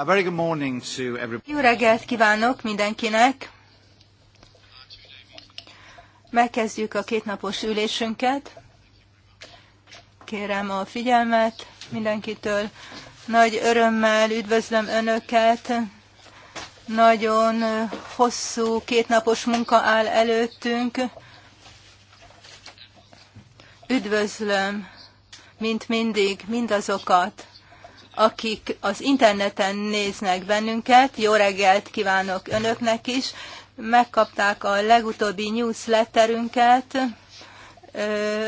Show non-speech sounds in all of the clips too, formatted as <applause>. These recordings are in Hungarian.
A very good morning to everybody. Jó reggelt kívánok mindenkinek! Megkezdjük a kétnapos ülésünket. Kérem a figyelmet mindenkitől. Nagy örömmel üdvözlöm Önöket. Nagyon hosszú kétnapos munka áll előttünk. Üdvözlöm, mint mindig, mindazokat, akik az interneten néznek bennünket. Jó reggelt kívánok önöknek is! Megkapták a legutóbbi newsletterünket.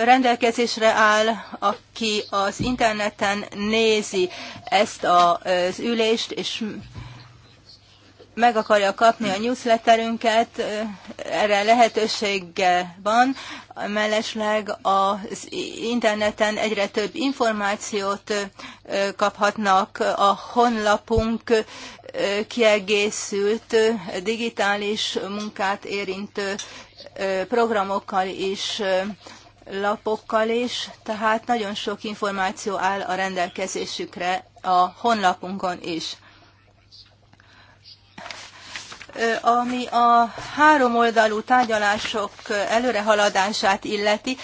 Rendelkezésre áll, aki az interneten nézi ezt az ülést, és meg akarja kapni a newsletterünket, erre lehetősége van. Mellesleg az interneten egyre több információt kaphatnak. A honlapunk kiegészült digitális munkát érintő programokkal is lapokkal is, tehát nagyon sok információ áll a rendelkezésükre a honlapunkon is ami a háromoldalú tárgyalások előrehaladását illeti,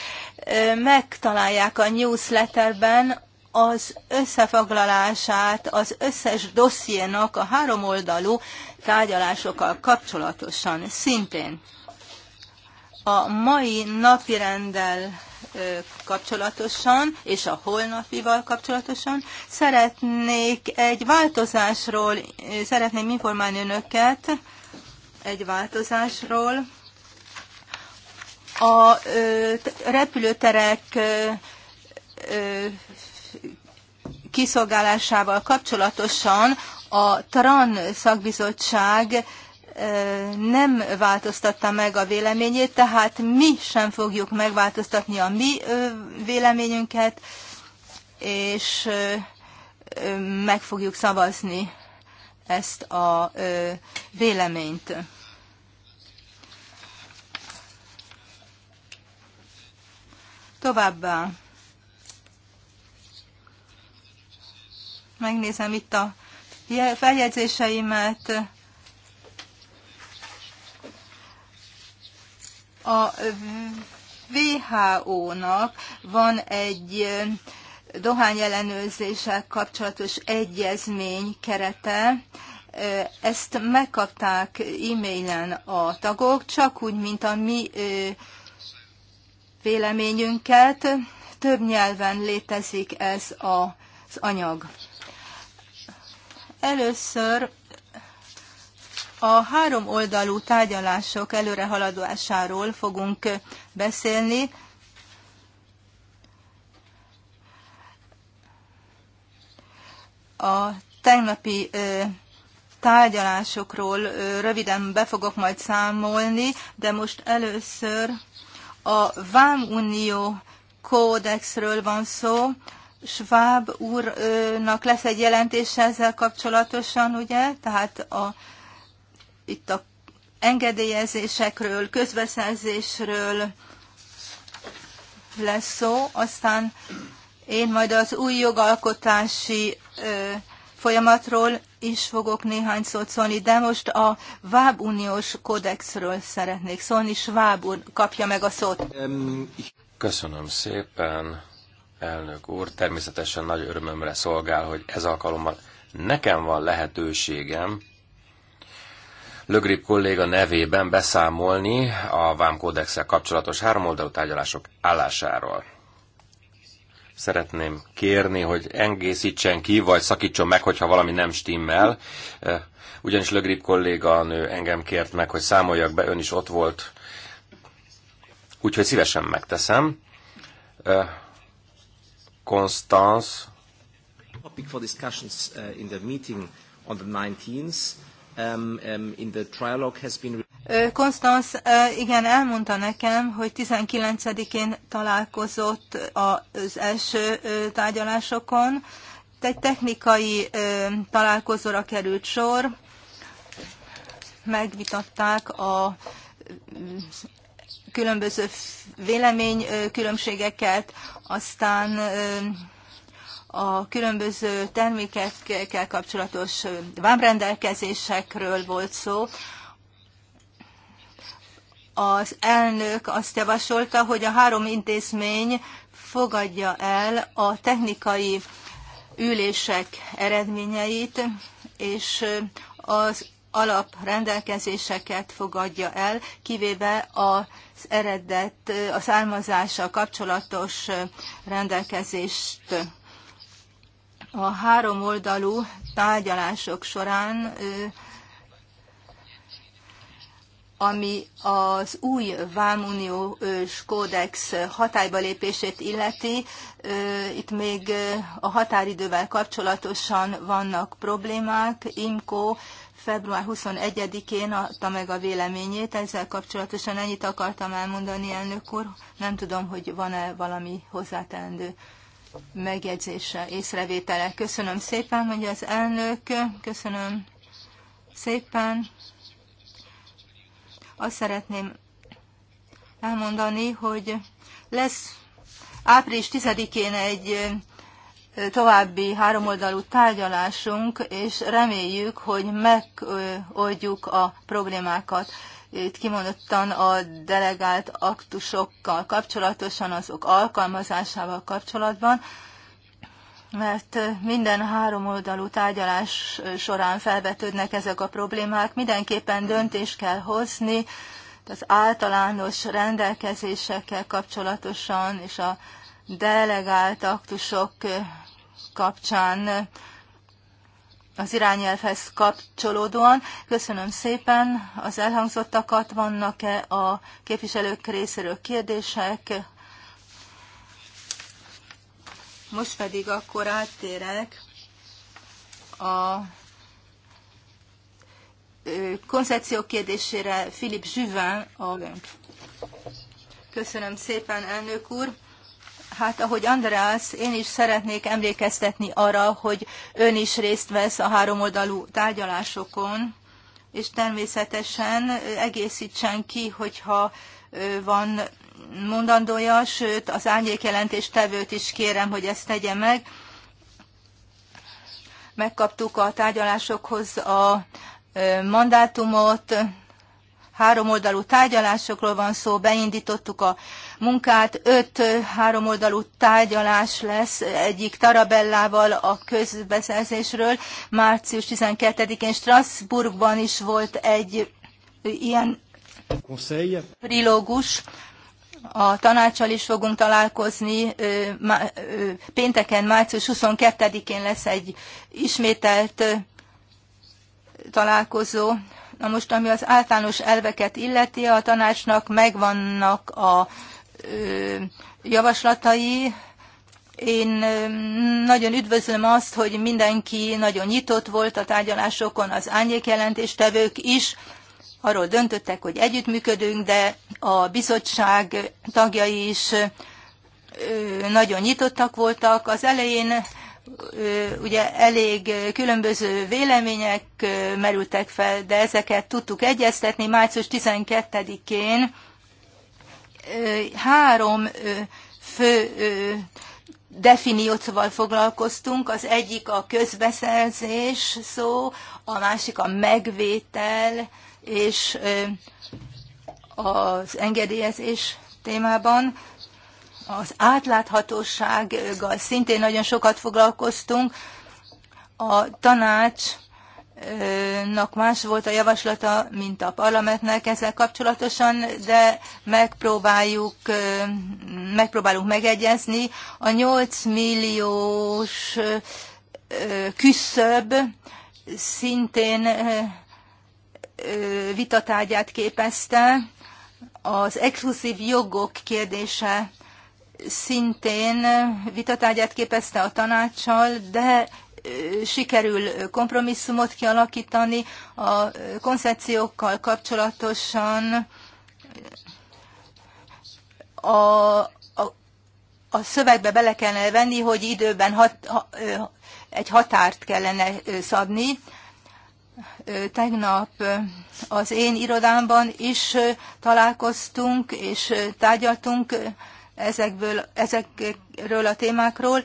megtalálják a newsletterben az összefoglalását az összes dossziénak a háromoldalú tárgyalásokkal kapcsolatosan szintén. A mai rendel kapcsolatosan és a holnapival kapcsolatosan szeretnék egy változásról, szeretném informálni önöket, egy változásról. A repülőterek kiszolgálásával kapcsolatosan a TRAN szakbizottság nem változtatta meg a véleményét, tehát mi sem fogjuk megváltoztatni a mi véleményünket, és meg fogjuk szavazni ezt a véleményt. Továbbá megnézem itt a feljegyzéseimet. A WHO-nak van egy dohányellenőrzéssel kapcsolatos egyezmény kerete, ezt megkapták e-mailen a tagok, csak úgy, mint a mi véleményünket. Több nyelven létezik ez az anyag. Először a három oldalú tárgyalások előrehaladásáról fogunk beszélni. A tegnapi tárgyalásokról röviden be fogok majd számolni, de most először a Vámunió kódexről van szó. Schwab úrnak lesz egy jelentése ezzel kapcsolatosan, ugye? Tehát a, itt a engedélyezésekről, közbeszerzésről lesz szó, aztán én majd az új jogalkotási folyamatról is fogok néhány szót szólni, de most a Váb uniós Kodexről szeretnék szólni. Schwab úr kapja meg a szót. Köszönöm szépen, elnök úr. Természetesen nagy örömömre szolgál, hogy ez alkalommal nekem van lehetőségem Lögrip kolléga nevében beszámolni a vámkódexsel kapcsolatos háromoldalú tárgyalások állásáról szeretném kérni, hogy engészítsen ki, vagy szakítson meg, hogyha valami nem stimmel. Eh, ugyanis Lögrip nő engem kért meg, hogy számoljak be, ön is ott volt. Úgyhogy szívesen megteszem. Eh, Constance. Topic for discussions eh, in the meeting on the 19th Um, um, Konstanz igen elmondta nekem, hogy 19-én találkozott az első tárgyalásokon, egy technikai találkozóra került sor, megvitatták a különböző véleménykülönbségeket, aztán a különböző termékekkel kapcsolatos vámrendelkezésekről volt szó. Az elnök azt javasolta, hogy a három intézmény fogadja el a technikai ülések eredményeit, és az alaprendelkezéseket fogadja el, kivéve az eredet, a származással kapcsolatos rendelkezést a három oldalú tárgyalások során, ami az új vámuniós kódex hatályba lépését illeti, itt még a határidővel kapcsolatosan vannak problémák. IMCO február 21-én adta meg a véleményét, ezzel kapcsolatosan ennyit akartam elmondani, elnök úr. Nem tudom, hogy van-e valami hozzátendő megjegyzése, észrevétele. Köszönöm szépen, hogy az elnök, köszönöm szépen. Azt szeretném elmondani, hogy lesz április 10-én egy további háromoldalú tárgyalásunk, és reméljük, hogy megoldjuk a problémákat itt kimondottan a delegált aktusokkal kapcsolatosan, azok alkalmazásával kapcsolatban, mert minden három oldalú tárgyalás során felvetődnek ezek a problémák. Mindenképpen döntést kell hozni az általános rendelkezésekkel kapcsolatosan és a delegált aktusok kapcsán az irányelvhez kapcsolódóan. Köszönöm szépen az elhangzottakat. Vannak-e a képviselők részéről kérdések? Most pedig akkor áttérek a koncepció kérdésére Philip Juvin Köszönöm szépen, elnök úr! Hát ahogy András, én is szeretnék emlékeztetni arra, hogy ön is részt vesz a háromoldalú tárgyalásokon, és természetesen egészítsen ki, hogyha van mondandója, sőt az tevőt is kérem, hogy ezt tegye meg. Megkaptuk a tárgyalásokhoz a mandátumot, háromoldalú tárgyalásokról van szó, beindítottuk a munkát. Öt háromoldalú tárgyalás lesz egyik Tarabellával a közbeszerzésről. Március 12-én Strasbourgban is volt egy ilyen prilógus. A tanácsal is fogunk találkozni. Pénteken, március 22-én lesz egy ismételt találkozó. Na most, ami az általános elveket illeti, a tanácsnak megvannak a javaslatai. Én nagyon üdvözlöm azt, hogy mindenki nagyon nyitott volt a tárgyalásokon, az árnyékjelentéstevők is. Arról döntöttek, hogy együttműködünk, de a bizottság tagjai is nagyon nyitottak voltak. Az elején ugye elég különböző vélemények merültek fel, de ezeket tudtuk egyeztetni március 12-én három fő szóval foglalkoztunk, az egyik a közbeszerzés szó, a másik a megvétel és az engedélyezés témában. Az átláthatósággal szintén nagyon sokat foglalkoztunk. A tanács nak más volt a javaslata, mint a parlamentnek ezzel kapcsolatosan, de megpróbáljuk, megpróbálunk megegyezni. A 8 milliós küszöb szintén vitatárgyát képezte, az exkluzív jogok kérdése szintén vitatárgyát képezte a tanácssal, de sikerül kompromisszumot kialakítani a koncepciókkal kapcsolatosan. A, a, a szövegbe bele kellene venni, hogy időben hat, ha, egy határt kellene szabni. Tegnap az én irodámban is találkoztunk és tárgyaltunk ezekből, ezekről a témákról.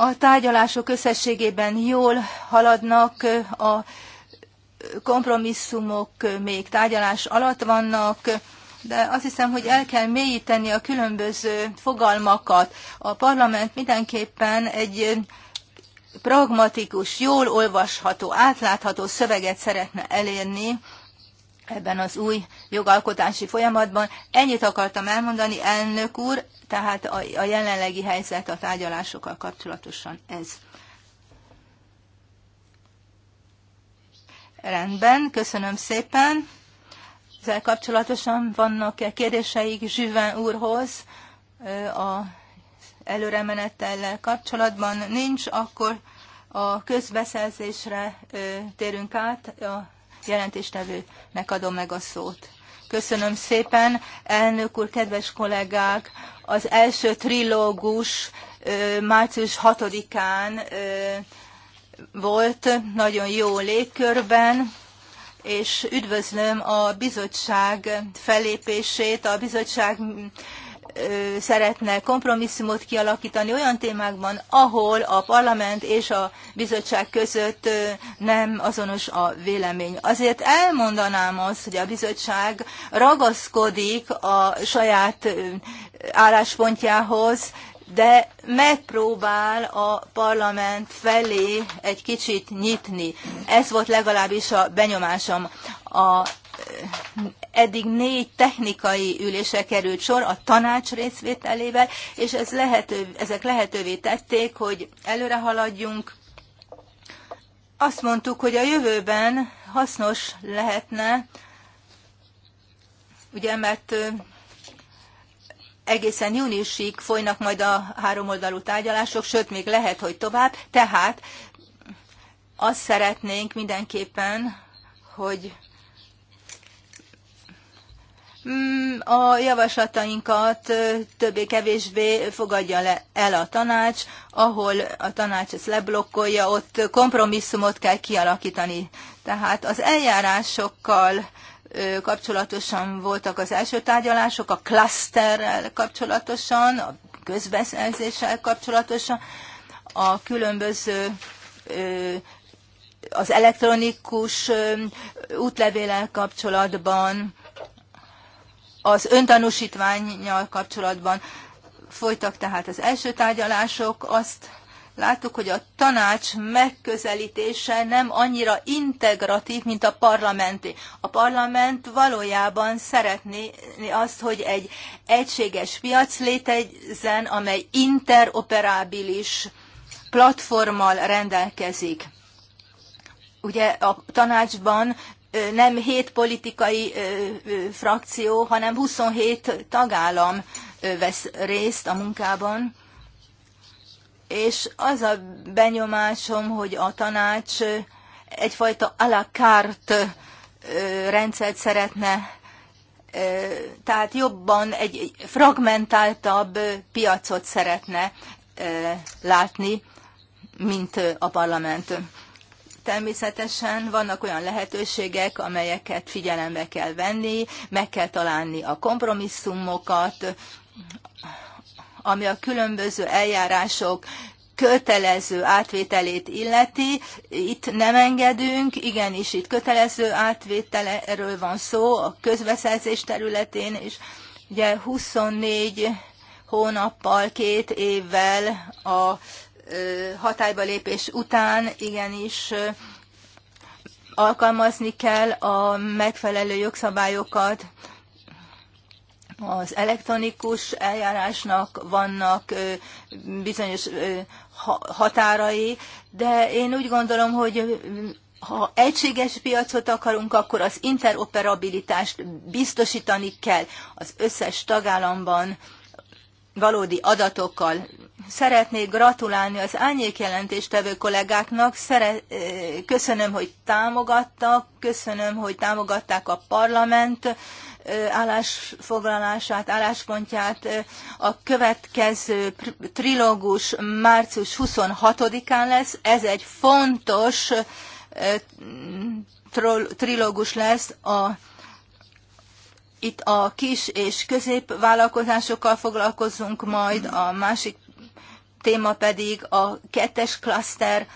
A tárgyalások összességében jól haladnak, a kompromisszumok még tárgyalás alatt vannak, de azt hiszem, hogy el kell mélyíteni a különböző fogalmakat. A parlament mindenképpen egy pragmatikus, jól olvasható, átlátható szöveget szeretne elérni, ebben az új jogalkotási folyamatban. Ennyit akartam elmondani, elnök úr, tehát a, a jelenlegi helyzet a tárgyalásokkal kapcsolatosan ez. Rendben, köszönöm szépen. Ezzel kapcsolatosan vannak-e kérdéseik Zsüven úrhoz a előre menettel kapcsolatban? Nincs, akkor a közbeszerzésre térünk át. A jelentéstevőnek adom meg a szót. Köszönöm szépen, elnök úr, kedves kollégák! Az első trilógus március 6-án volt, nagyon jó légkörben, és üdvözlöm a bizottság fellépését. A bizottság szeretne kompromisszumot kialakítani olyan témákban, ahol a parlament és a bizottság között nem azonos a vélemény. Azért elmondanám azt, hogy a bizottság ragaszkodik a saját álláspontjához, de megpróbál a parlament felé egy kicsit nyitni. Ez volt legalábbis a benyomásom. A eddig négy technikai ülése került sor a tanács részvételével, és ez lehető, ezek lehetővé tették, hogy előre haladjunk. Azt mondtuk, hogy a jövőben hasznos lehetne, ugye, mert egészen júniusig folynak majd a háromoldalú tárgyalások, sőt, még lehet, hogy tovább, tehát azt szeretnénk mindenképpen, hogy Mm, a javaslatainkat többé-kevésbé fogadja le el a tanács, ahol a tanács ezt leblokkolja, ott kompromisszumot kell kialakítani. Tehát az eljárásokkal kapcsolatosan voltak az első tárgyalások, a klaszterrel kapcsolatosan, a közbeszerzéssel kapcsolatosan, a különböző az elektronikus útlevélel kapcsolatban, az öntanúsítványjal kapcsolatban folytak tehát az első tárgyalások, azt láttuk, hogy a tanács megközelítése nem annyira integratív, mint a parlamenti. A parlament valójában szeretné azt, hogy egy egységes piac létezzen, amely interoperábilis platformmal rendelkezik. Ugye a tanácsban nem 7 politikai frakció, hanem 27 tagállam vesz részt a munkában, és az a benyomásom, hogy a tanács egyfajta à la carte rendszert szeretne, tehát jobban egy fragmentáltabb piacot szeretne látni, mint a parlament. Természetesen vannak olyan lehetőségek, amelyeket figyelembe kell venni, meg kell találni a kompromisszumokat, ami a különböző eljárások kötelező átvételét illeti. Itt nem engedünk, igenis itt kötelező átvételről van szó a közbeszerzés területén, és ugye 24 hónappal, két évvel a hatályba lépés után igenis alkalmazni kell a megfelelő jogszabályokat. Az elektronikus eljárásnak vannak bizonyos határai, de én úgy gondolom, hogy ha egységes piacot akarunk, akkor az interoperabilitást biztosítani kell az összes tagállamban valódi adatokkal. Szeretnék gratulálni az árnyék jelentéstevő kollégáknak, Szere- eh, köszönöm, hogy támogattak, köszönöm, hogy támogatták a parlament eh, állásfoglalását, álláspontját. Eh, a következő trilógus március 26-án lesz. Ez egy fontos trilógus lesz a itt a kis és középvállalkozásokkal foglalkozunk majd, a másik téma pedig a kettes klaszter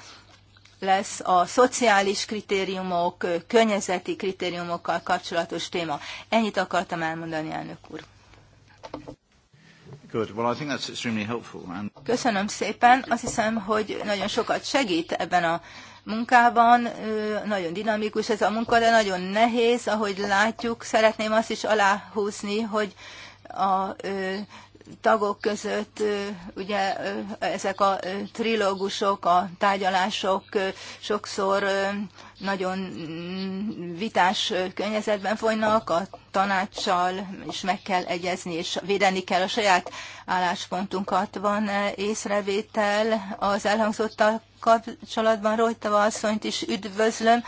lesz a szociális kritériumok, környezeti kritériumokkal kapcsolatos téma. Ennyit akartam elmondani, elnök úr. Köszönöm szépen. Azt hiszem, hogy nagyon sokat segít ebben a munkában. Nagyon dinamikus ez a munka, de nagyon nehéz, ahogy látjuk. Szeretném azt is aláhúzni, hogy a tagok között ugye ezek a trilógusok, a tárgyalások sokszor nagyon mm, vitás környezetben folynak, a tanácssal is meg kell egyezni, és védeni kell a saját álláspontunkat. Van észrevétel az elhangzottak kapcsolatban, Rojtava asszonyt is üdvözlöm,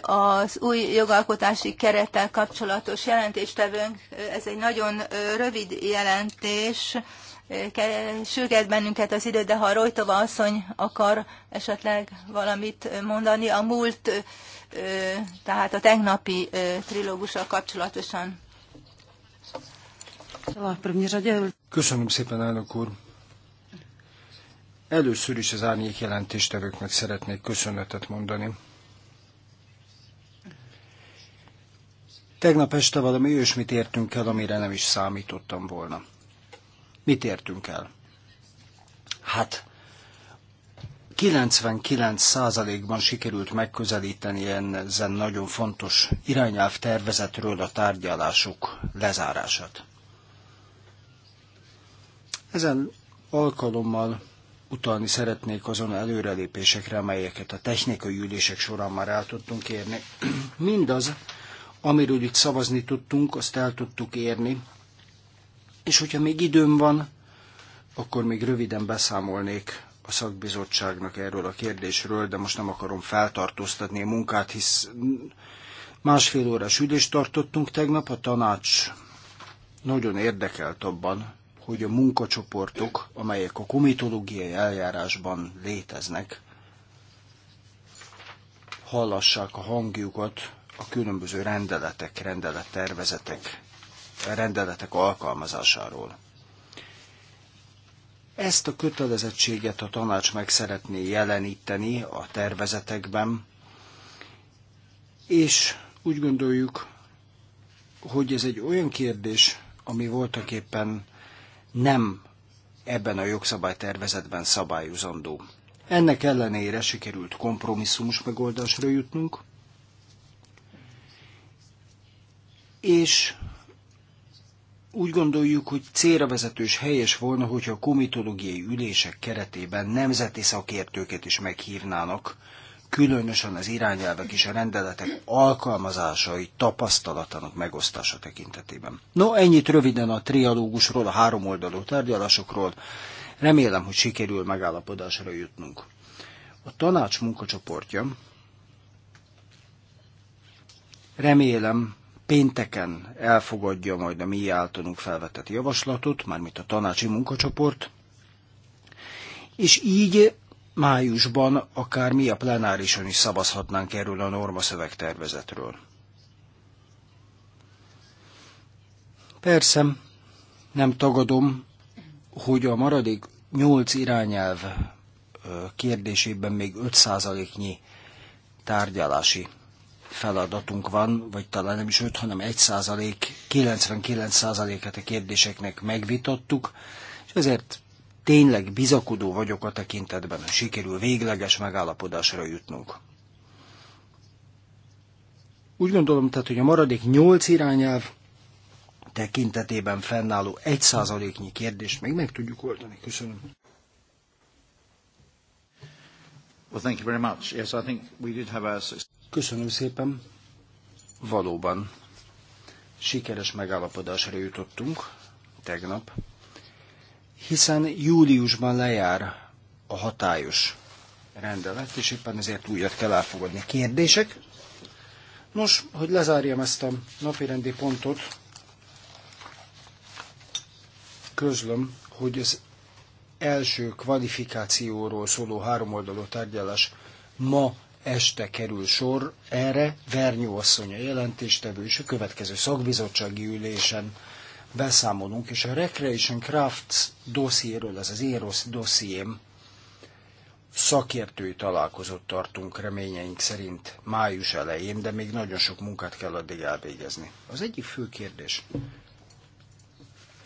az új jogalkotási kerettel kapcsolatos jelentéstevőnk. Ez egy nagyon rövid jelentés, sürget bennünket az idő, de ha Rojtova asszony akar esetleg valamit mondani, a múlt, tehát a tegnapi trilógussal kapcsolatosan. Köszönöm szépen, elnök úr! Először is az árnyék jelentéstevőknek szeretnék köszönetet mondani Tegnap este valami olyasmit értünk el, amire nem is számítottam volna. Mit értünk el? Hát 99%-ban sikerült megközelíteni ezen nagyon fontos irányelv tervezetről a tárgyalások lezárását. Ezen alkalommal utalni szeretnék azon előrelépésekre, amelyeket a technikai ülések során már el tudtunk érni. Mindaz, Amiről itt szavazni tudtunk, azt el tudtuk érni. És hogyha még időm van, akkor még röviden beszámolnék a szakbizottságnak erről a kérdésről, de most nem akarom feltartóztatni a munkát, hisz másfél órás ülést tartottunk tegnap, a tanács nagyon érdekelt abban, hogy a munkacsoportok, amelyek a komitológiai eljárásban léteznek, hallassák a hangjukat a különböző rendeletek, rendelettervezetek, rendeletek alkalmazásáról. Ezt a kötelezettséget a tanács meg szeretné jeleníteni a tervezetekben, és úgy gondoljuk, hogy ez egy olyan kérdés, ami voltak éppen nem ebben a jogszabálytervezetben szabályozandó. Ennek ellenére sikerült kompromisszumos megoldásra jutnunk, és úgy gondoljuk, hogy célra vezetős helyes volna, hogyha a komitológiai ülések keretében nemzeti szakértőket is meghívnának, különösen az irányelvek és a rendeletek alkalmazásai tapasztalatának megosztása tekintetében. No, ennyit röviden a trialógusról, a háromoldalú tárgyalásokról. Remélem, hogy sikerül megállapodásra jutnunk. A tanács munkacsoportja remélem pénteken elfogadja majd a mi általunk felvetett javaslatot, mármint a tanácsi munkacsoport, és így májusban akár mi a plenárison is szavazhatnánk erről a norma szövegtervezetről. Persze, nem tagadom, hogy a maradék 8 irányelv kérdésében még 5%-nyi tárgyalási feladatunk van, vagy talán nem is 5, hanem 1 százalék, 99 százalékát a kérdéseknek megvitattuk, és ezért tényleg bizakodó vagyok a tekintetben, hogy sikerül végleges megállapodásra jutnunk. Úgy gondolom, tehát, hogy a maradék 8 irányelv tekintetében fennálló 1 százaléknyi kérdést még meg tudjuk oldani. Köszönöm. Well, thank you very much. Yes, I think we did have a... Köszönöm szépen. Valóban sikeres megállapodásra jutottunk tegnap, hiszen júliusban lejár a hatályos rendelet, és éppen ezért újat kell elfogadni. Kérdések? Nos, hogy lezárjam ezt a napirendi pontot, közlöm, hogy az első kvalifikációról szóló háromoldalú tárgyalás ma este kerül sor erre, Vernyó asszonya jelentéstevő, és a következő szakbizottsági ülésen beszámolunk, és a Recreation Crafts dossziéről, ez az Eros dossziém, szakértői találkozót tartunk reményeink szerint május elején, de még nagyon sok munkát kell addig elvégezni. Az egyik fő kérdés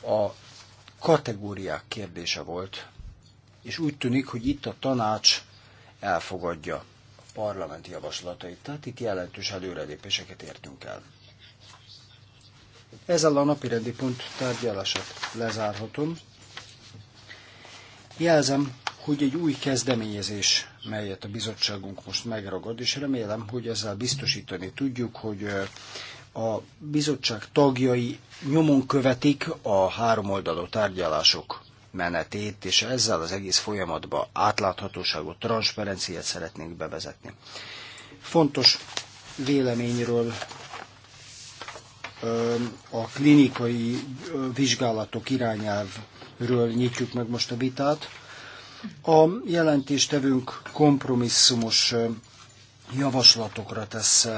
a kategóriák kérdése volt, és úgy tűnik, hogy itt a tanács elfogadja parlament javaslatait. Tehát itt jelentős előrelépéseket értünk el. Ezzel a napirendi pont tárgyalását lezárhatom. Jelzem, hogy egy új kezdeményezés, melyet a bizottságunk most megragad, és remélem, hogy ezzel biztosítani tudjuk, hogy a bizottság tagjai nyomon követik a háromoldalú tárgyalások menetét, és ezzel az egész folyamatba átláthatóságot, transzparenciát szeretnénk bevezetni. Fontos véleményről a klinikai vizsgálatok irányelvről nyitjuk meg most a vitát. A jelentéstevünk kompromisszumos javaslatokra tesz,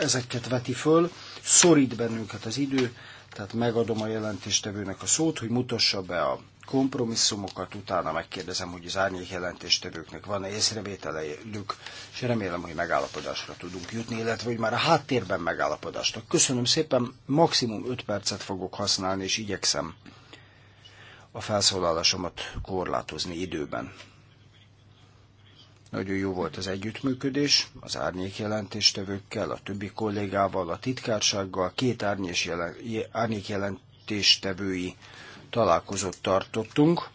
ezeket veti föl, szorít bennünket az idő, tehát megadom a jelentéstevőnek a szót, hogy mutassa be a kompromisszumokat, utána megkérdezem, hogy az árnyék jelentéstevőknek van-e észrevételejük, és remélem, hogy megállapodásra tudunk jutni, illetve hogy már a háttérben megállapodást. Köszönöm szépen, maximum 5 percet fogok használni, és igyekszem a felszólalásomat korlátozni időben. Nagyon jó volt az együttműködés az árnyék jelentéstevőkkel, a többi kollégával, a titkársággal, két árnyék jelentéstevői találkozót tartottunk.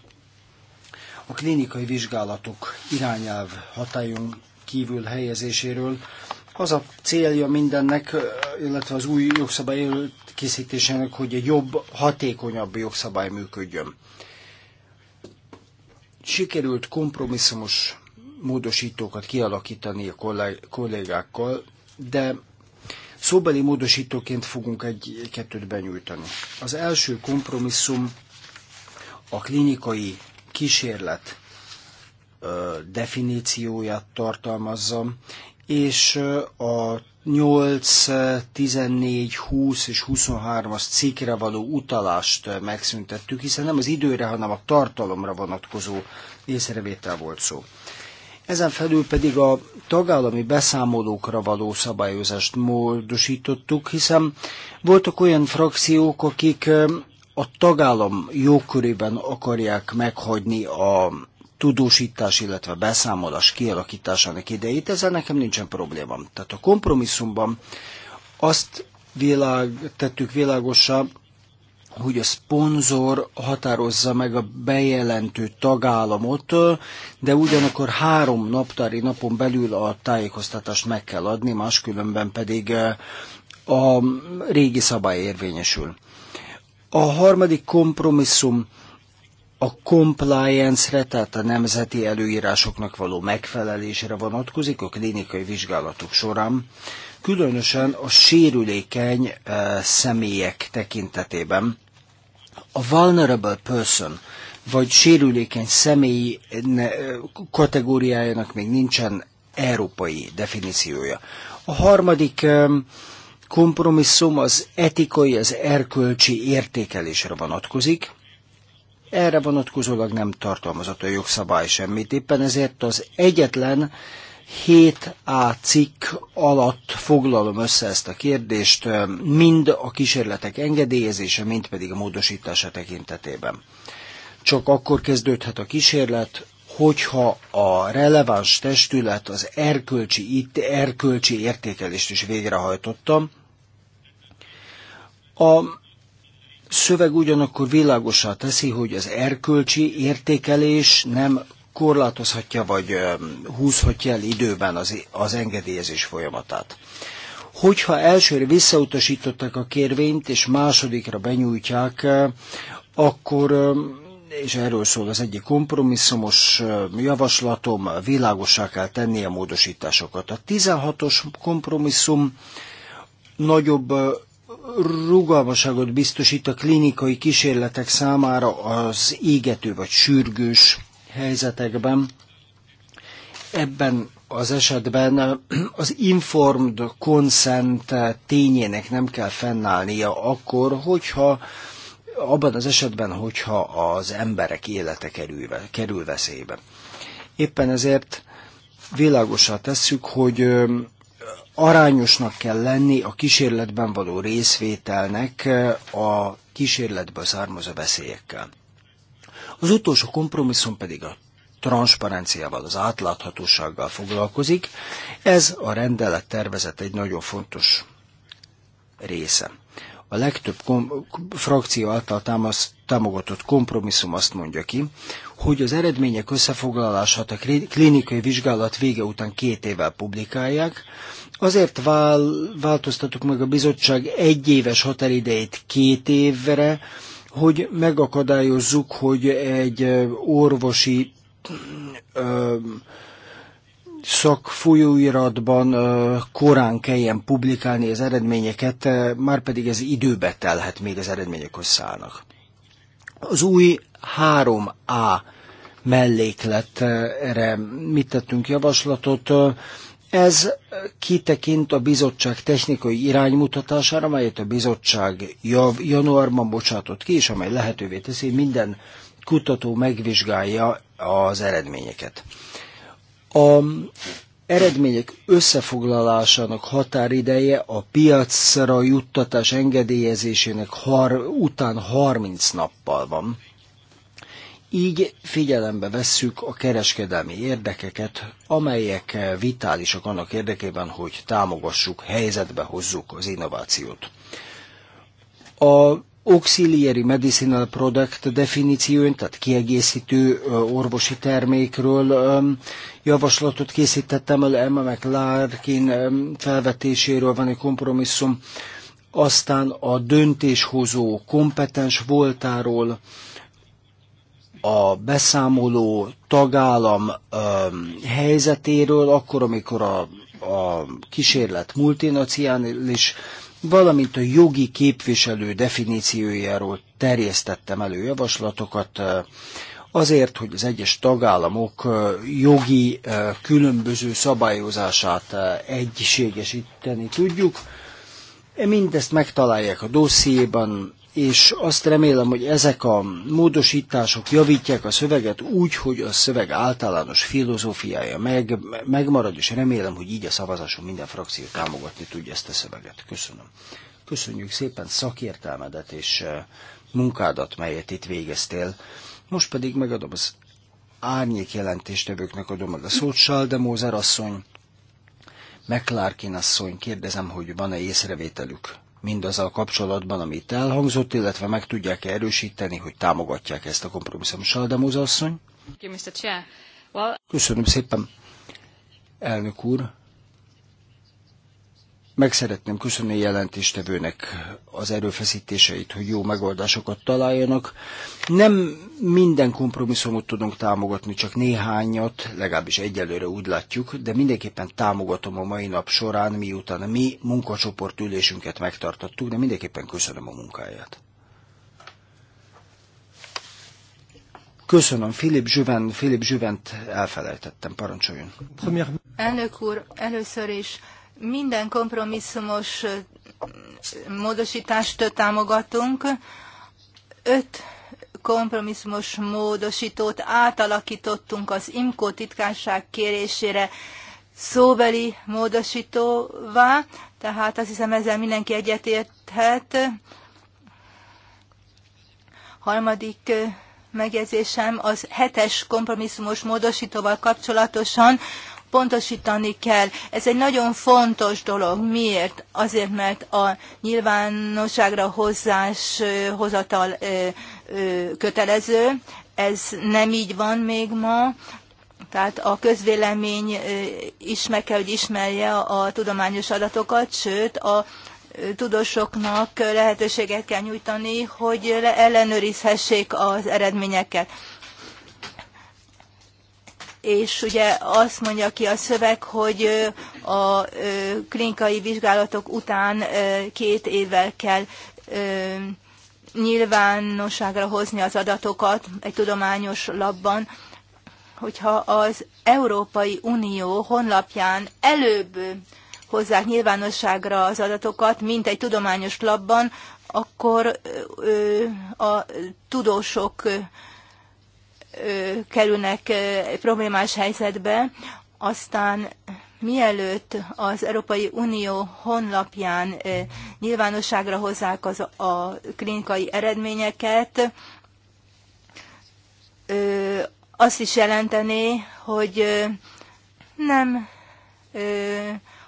A klinikai vizsgálatok irányelv hatályon kívül helyezéséről az a célja mindennek, illetve az új jogszabály készítésének, hogy egy jobb, hatékonyabb jogszabály működjön. Sikerült kompromisszumos módosítókat kialakítani a kollégákkal, de szóbeli módosítóként fogunk egy-kettőt benyújtani. Az első kompromisszum a klinikai kísérlet definícióját tartalmazza, és a 8, 14, 20 és 23-as cikkre való utalást megszüntettük, hiszen nem az időre, hanem a tartalomra vonatkozó észrevétel volt szó. Ezen felül pedig a tagállami beszámolókra való szabályozást módosítottuk, hiszen voltak olyan frakciók, akik a tagállam jókörében akarják meghagyni a tudósítás, illetve beszámolás kialakításának idejét, ezzel nekem nincsen problémám. Tehát a kompromisszumban azt világ, tettük világosá, hogy a szponzor határozza meg a bejelentő tagállamot, de ugyanakkor három naptári napon belül a tájékoztatást meg kell adni, máskülönben pedig eh, a régi szabály érvényesül. A harmadik kompromisszum a compliance-re, tehát a nemzeti előírásoknak való megfelelésre vonatkozik a klinikai vizsgálatok során, különösen a sérülékeny eh, személyek tekintetében a vulnerable person, vagy sérülékeny személy kategóriájának még nincsen európai definíciója. A harmadik kompromisszum az etikai, az erkölcsi értékelésre vonatkozik. Erre vonatkozólag nem tartalmazott a jogszabály semmit, éppen ezért az egyetlen 7A cikk alatt foglalom össze ezt a kérdést, mind a kísérletek engedélyezése, mind pedig a módosítása tekintetében. Csak akkor kezdődhet a kísérlet, hogyha a releváns testület az erkölcsi, itt erkölcsi értékelést is végrehajtotta. A szöveg ugyanakkor világosá teszi, hogy az erkölcsi értékelés nem korlátozhatja vagy húzhatja el időben az, az engedélyezés folyamatát. Hogyha elsőre visszautasították a kérvényt, és másodikra benyújtják, akkor és erről szól az egyik kompromisszumos javaslatom, világosá kell tenni a módosításokat. A 16-os kompromisszum nagyobb rugalmaságot biztosít a klinikai kísérletek számára az égető vagy sürgős helyzetekben ebben az esetben az informed consent tényének nem kell fennállnia akkor, hogyha abban az esetben, hogyha az emberek élete kerül, kerül veszélybe. Éppen ezért világosra tesszük, hogy arányosnak kell lenni a kísérletben való részvételnek a kísérletből származó veszélyekkel. Az utolsó kompromisszum pedig a transzparenciával, az átláthatósággal foglalkozik. Ez a rendelet tervezet egy nagyon fontos része. A legtöbb frakció által támasz, támogatott kompromisszum azt mondja ki, hogy az eredmények összefoglalását a klinikai vizsgálat vége után két évvel publikálják, azért változtatok meg a bizottság egyéves határidejét két évre, hogy megakadályozzuk, hogy egy orvosi ö, szakfolyóiratban korán kelljen publikálni az eredményeket, már pedig ez időbe telhet, még az eredmények összeállnak. Az új 3A mellékletre mit tettünk javaslatot? Ez kitekint a bizottság technikai iránymutatására, amelyet a bizottság jav, januárban bocsátott ki, és amely lehetővé teszi, minden kutató megvizsgálja az eredményeket. A eredmények összefoglalásának határideje a piacra juttatás engedélyezésének har, után 30 nappal van. Így figyelembe vesszük a kereskedelmi érdekeket, amelyek vitálisak annak érdekében, hogy támogassuk, helyzetbe hozzuk az innovációt. A auxiliary medicinal product definícióin, tehát kiegészítő orvosi termékről javaslatot készítettem el, Emma McLarkin felvetéséről van egy kompromisszum, aztán a döntéshozó kompetens voltáról, a beszámoló tagállam um, helyzetéről, akkor, amikor a, a kísérlet multinacionális, valamint a jogi képviselő definíciójáról terjesztettem elő javaslatokat, azért, hogy az egyes tagállamok jogi különböző szabályozását egységesíteni tudjuk. Mindezt megtalálják a dossziéban, és azt remélem, hogy ezek a módosítások javítják a szöveget úgy, hogy a szöveg általános filozófiája meg, megmarad, és remélem, hogy így a szavazáson minden frakció támogatni tudja ezt a szöveget. Köszönöm. Köszönjük szépen szakértelmedet és eh, munkádat, melyet itt végeztél. Most pedig megadom az árnyék jelentéstevőknek adom meg a szót, Saldemózer asszony, McClarkin asszony, kérdezem, hogy van-e észrevételük mindazzal kapcsolatban, amit elhangzott, illetve meg tudják -e erősíteni, hogy támogatják ezt a kompromisszumot. Saldemóz asszony? Köszönöm szépen. Elnök úr, meg szeretném köszönni a jelentéstevőnek az erőfeszítéseit, hogy jó megoldásokat találjanak. Nem minden kompromisszumot tudunk támogatni, csak néhányat, legalábbis egyelőre úgy látjuk, de mindenképpen támogatom a mai nap során, miután a mi munkacsoport ülésünket megtartottuk, de mindenképpen köszönöm a munkáját. Köszönöm, Filip Zsüven, Filip Zsüvent elfelejtettem, parancsoljon. Elnök úr, először is minden kompromisszumos módosítást támogatunk. Öt kompromisszumos módosítót átalakítottunk az IMCO titkárság kérésére szóbeli módosítóvá, tehát azt hiszem ezzel mindenki egyetérthet. Harmadik megjegyzésem az hetes kompromisszumos módosítóval kapcsolatosan pontosítani kell. Ez egy nagyon fontos dolog. Miért? Azért, mert a nyilvánosságra hozás hozatal kötelező. Ez nem így van még ma. Tehát a közvélemény is meg kell, hogy ismerje a tudományos adatokat, sőt a tudósoknak lehetőséget kell nyújtani, hogy ellenőrizhessék az eredményeket és ugye azt mondja ki a szöveg, hogy a klinikai vizsgálatok után két évvel kell nyilvánosságra hozni az adatokat egy tudományos labban, hogyha az Európai Unió honlapján előbb hozzák nyilvánosságra az adatokat, mint egy tudományos labban, akkor a tudósok kerülnek problémás helyzetbe, aztán mielőtt az Európai Unió honlapján nyilvánosságra hozzák az, a klinikai eredményeket, azt is jelenteni, hogy nem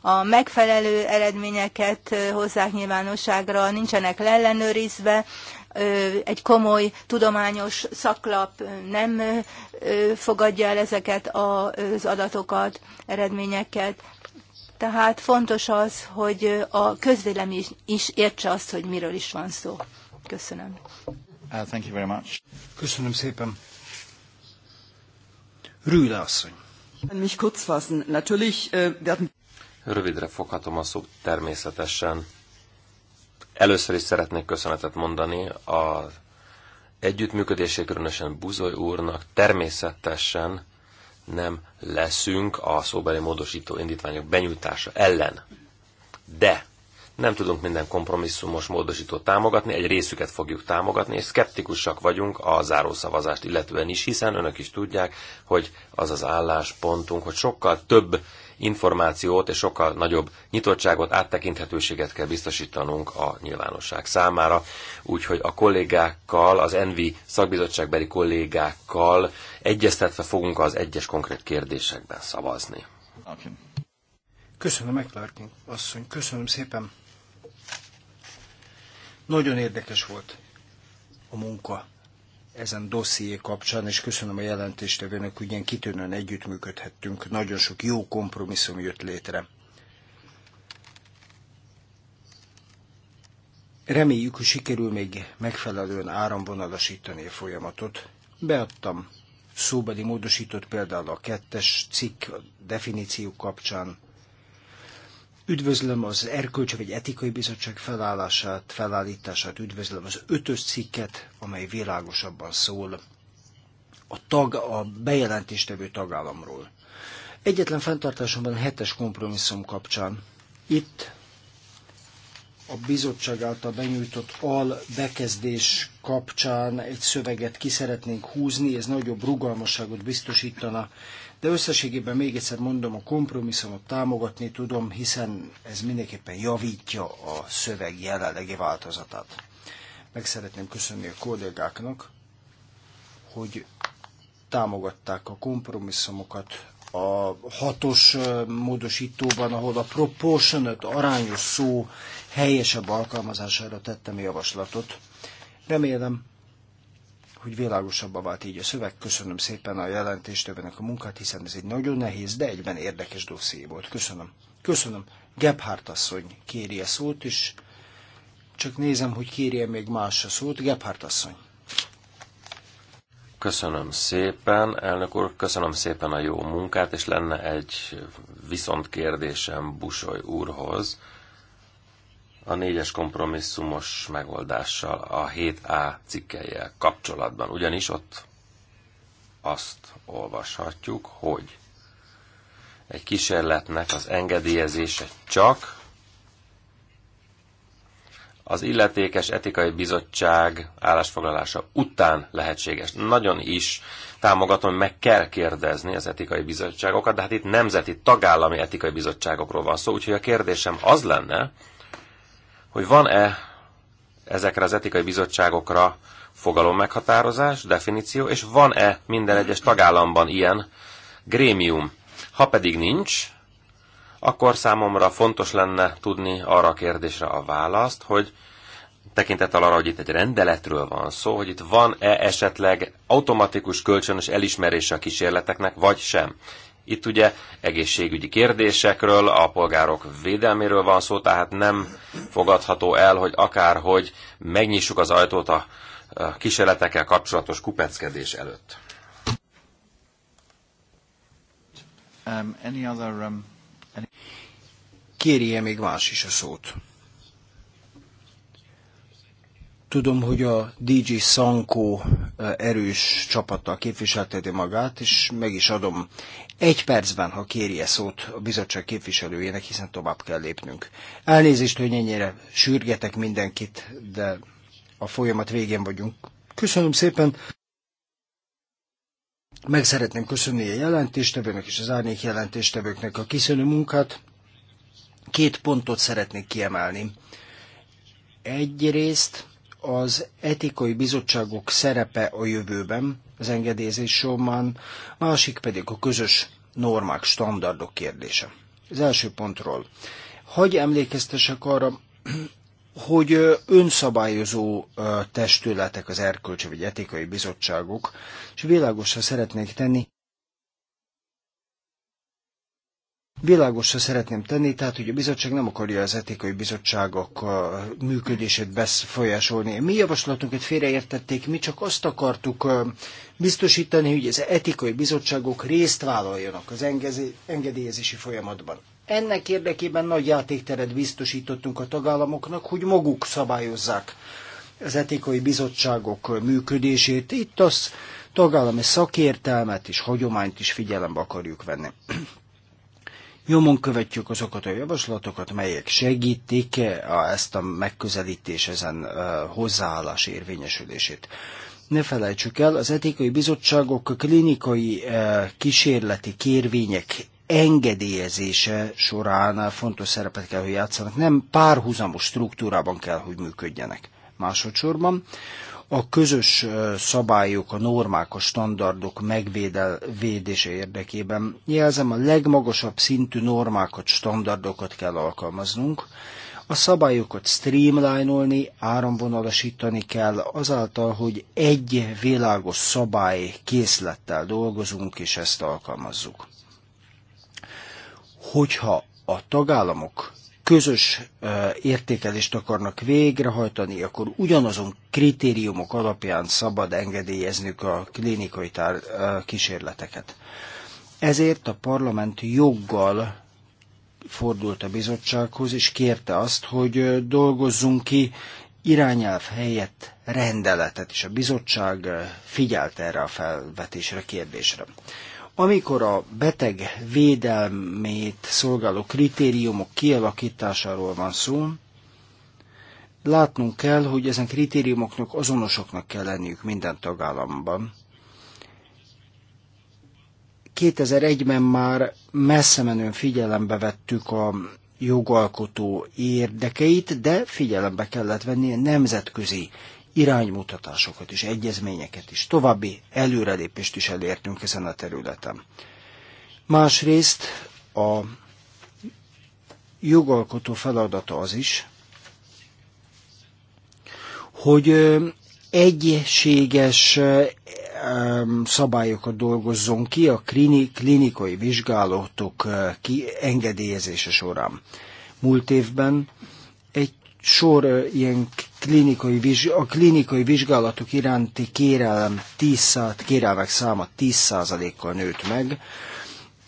a megfelelő eredményeket hozzák nyilvánosságra, nincsenek leellenőrizve, egy komoly tudományos szaklap nem fogadja el ezeket az adatokat, eredményeket. Tehát fontos az, hogy a közvélem is, is értse azt, hogy miről is van szó. Köszönöm. Uh, thank you very much. Köszönöm szépen. Rühle asszony. Röviden kurz äh, Rövidre foghatom a szót természetesen Először is szeretnék köszönetet mondani az együttműködésé, különösen Buzoly úrnak. Természetesen nem leszünk a szóbeli módosító indítványok benyújtása ellen. De nem tudunk minden kompromisszumos módosítót támogatni, egy részüket fogjuk támogatni, és szkeptikusak vagyunk a zárószavazást illetően is, hiszen önök is tudják, hogy az az álláspontunk, hogy sokkal több információt és sokkal nagyobb nyitottságot, áttekinthetőséget kell biztosítanunk a nyilvánosság számára. Úgyhogy a kollégákkal, az ENVI szakbizottságbeli kollégákkal egyeztetve fogunk az egyes konkrét kérdésekben szavazni. Okay. Köszönöm, McClarkin asszony, köszönöm szépen. Nagyon érdekes volt a munka ezen dosszié kapcsán, és köszönöm a jelentéstevőnek, hogy ilyen kitűnően együttműködhettünk, nagyon sok jó kompromisszum jött létre. Reméljük, hogy sikerül még megfelelően áramvonalasítani a folyamatot. Beadtam szóbeli módosított például a kettes cikk definíció kapcsán, Üdvözlöm az Erkölcsi vagy Etikai Bizottság felállását, felállítását, üdvözlöm az ötös cikket, amely világosabban szól a tag, a bejelentéstevő tagállamról. Egyetlen fenntartásomban a hetes kompromisszum kapcsán. Itt a bizottság által benyújtott al bekezdés kapcsán egy szöveget ki szeretnénk húzni, ez nagyobb rugalmasságot biztosítana, de összességében még egyszer mondom, a kompromisszumot támogatni tudom, hiszen ez mindenképpen javítja a szöveg jelenlegi változatát. Meg szeretném köszönni a kollégáknak, hogy támogatták a kompromisszumokat, a hatos módosítóban, ahol a proportionate arányos szó helyesebb alkalmazására tettem javaslatot. Remélem, hogy világosabbá vált így a szöveg. Köszönöm szépen a jelentéstevőnek a munkát, hiszen ez egy nagyon nehéz, de egyben érdekes dosszié volt. Köszönöm. Köszönöm. Gebhardt asszony kéri a szót, és csak nézem, hogy kérje még más a szót. Gebhardt asszony. Köszönöm szépen, elnök úr, köszönöm szépen a jó munkát, és lenne egy viszont kérdésem Busoly úrhoz. A négyes kompromisszumos megoldással, a 7A cikkelyel kapcsolatban. Ugyanis ott azt olvashatjuk, hogy egy kísérletnek az engedélyezése csak az illetékes etikai bizottság állásfoglalása után lehetséges. Nagyon is támogatom, meg kell kérdezni az etikai bizottságokat, de hát itt nemzeti, tagállami etikai bizottságokról van szó, úgyhogy a kérdésem az lenne, hogy van-e ezekre az etikai bizottságokra fogalom meghatározás, definíció, és van-e minden egyes tagállamban ilyen grémium? Ha pedig nincs, akkor számomra fontos lenne tudni arra a kérdésre a választ, hogy tekintettel arra, hogy itt egy rendeletről van szó, hogy itt van-e esetleg automatikus kölcsönös elismerése a kísérleteknek, vagy sem. Itt ugye egészségügyi kérdésekről, a polgárok védelméről van szó, tehát nem fogadható el, hogy akárhogy megnyissuk az ajtót a kísérletekkel kapcsolatos kupeckedés előtt. Um, any other, um... Kérje még más is a szót. Tudom, hogy a DJ Sanko erős csapattal képviselteti magát, és meg is adom egy percben, ha kérje szót a bizottság képviselőjének, hiszen tovább kell lépnünk. Elnézést, hogy ennyire sürgetek mindenkit, de a folyamat végén vagyunk. Köszönöm szépen! Meg szeretném köszönni a jelentéstevőnek és az árnyék jelentéstevőknek a kiszönő munkát. Két pontot szeretnék kiemelni. Egyrészt az etikai bizottságok szerepe a jövőben, az engedélyezés során, másik pedig a közös normák, standardok kérdése. Az első pontról. Hogy emlékeztesek arra, hogy önszabályozó testületek, az erkölcsi vagy etikai bizottságok, és világosra szeretnék tenni, Világosra szeretném tenni, tehát hogy a bizottság nem akarja az etikai bizottságok működését befolyásolni. Mi javaslatunkat félreértették, mi csak azt akartuk biztosítani, hogy az etikai bizottságok részt vállaljanak az engedélyezési folyamatban. Ennek érdekében nagy játékteret biztosítottunk a tagállamoknak, hogy maguk szabályozzák az etikai bizottságok működését. Itt az tagállami szakértelmet és hagyományt is figyelembe akarjuk venni. Nyomon követjük azokat a javaslatokat, melyek segítik ezt a megközelítés, ezen hozzáállás érvényesülését. Ne felejtsük el, az etikai bizottságok klinikai kísérleti kérvények engedélyezése során fontos szerepet kell, hogy játszanak, nem párhuzamos struktúrában kell, hogy működjenek. Másodszorban a közös szabályok, a normák, a standardok megvédése érdekében jelzem, a legmagasabb szintű normákat, standardokat kell alkalmaznunk, a szabályokat streamline-olni, áramvonalasítani kell azáltal, hogy egy világos szabály készlettel dolgozunk és ezt alkalmazzuk hogyha a tagállamok közös értékelést akarnak végrehajtani, akkor ugyanazon kritériumok alapján szabad engedélyezniük a klinikai tár, kísérleteket. Ezért a parlament joggal fordult a bizottsághoz, és kérte azt, hogy dolgozzunk ki irányelv helyett rendeletet, és a bizottság figyelt erre a felvetésre, kérdésre. Amikor a beteg védelmét szolgáló kritériumok kialakításáról van szó, látnunk kell, hogy ezen kritériumoknak azonosoknak kell lenniük minden tagállamban. 2001-ben már messze menően figyelembe vettük a jogalkotó érdekeit, de figyelembe kellett venni a nemzetközi iránymutatásokat és egyezményeket is, további előrelépést is elértünk ezen a területen. Másrészt a jogalkotó feladata az is, hogy egységes szabályokat dolgozzon ki a klinikai vizsgálatok engedélyezése során. Múlt évben egy sor ilyen klinikai, vizs, a klinikai vizsgálatok iránti kérelem 10, kérelmek száma 10%-kal nőtt meg.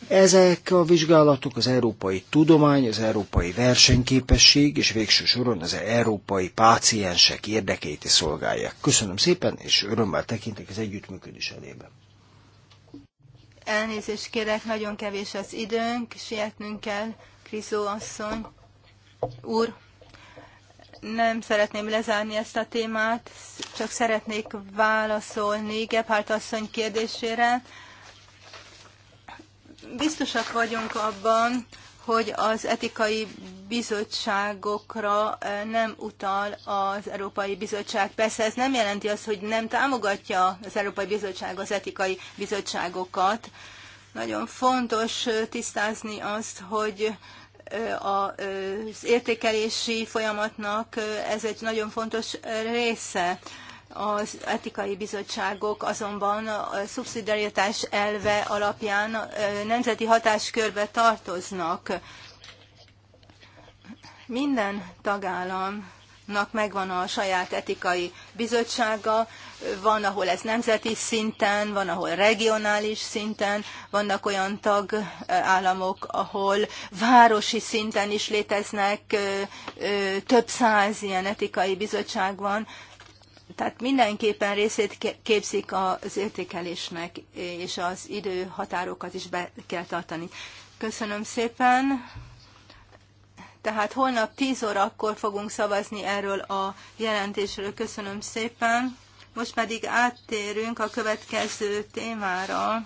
Ezek a vizsgálatok az európai tudomány, az európai versenyképesség és végső soron az európai páciensek érdekeit is szolgálják. Köszönöm szépen, és örömmel tekintek az együttműködés elébe. Elnézést kérek, nagyon kevés az időnk, sietnünk kell, Kriszó asszony, úr nem szeretném lezárni ezt a témát, csak szeretnék válaszolni Gebhardt asszony kérdésére. Biztosak vagyunk abban, hogy az etikai bizottságokra eh, nem utal az Európai Bizottság. Persze ez nem jelenti azt, hogy nem támogatja az Európai Bizottság az etikai bizottságokat. Nagyon fontos eh, tisztázni azt, hogy az értékelési folyamatnak ez egy nagyon fontos része. Az etikai bizottságok azonban a szubszidiaritás elve alapján nemzeti hatáskörbe tartoznak. Minden tagállam nak megvan a saját etikai bizottsága, van, ahol ez nemzeti szinten, van, ahol regionális szinten, vannak olyan tagállamok, ahol városi szinten is léteznek, több száz ilyen etikai bizottság van, tehát mindenképpen részét képzik az értékelésnek, és az időhatárokat is be kell tartani. Köszönöm szépen! Tehát holnap 10 órakor fogunk szavazni erről a jelentésről. Köszönöm szépen. Most pedig áttérünk a következő témára.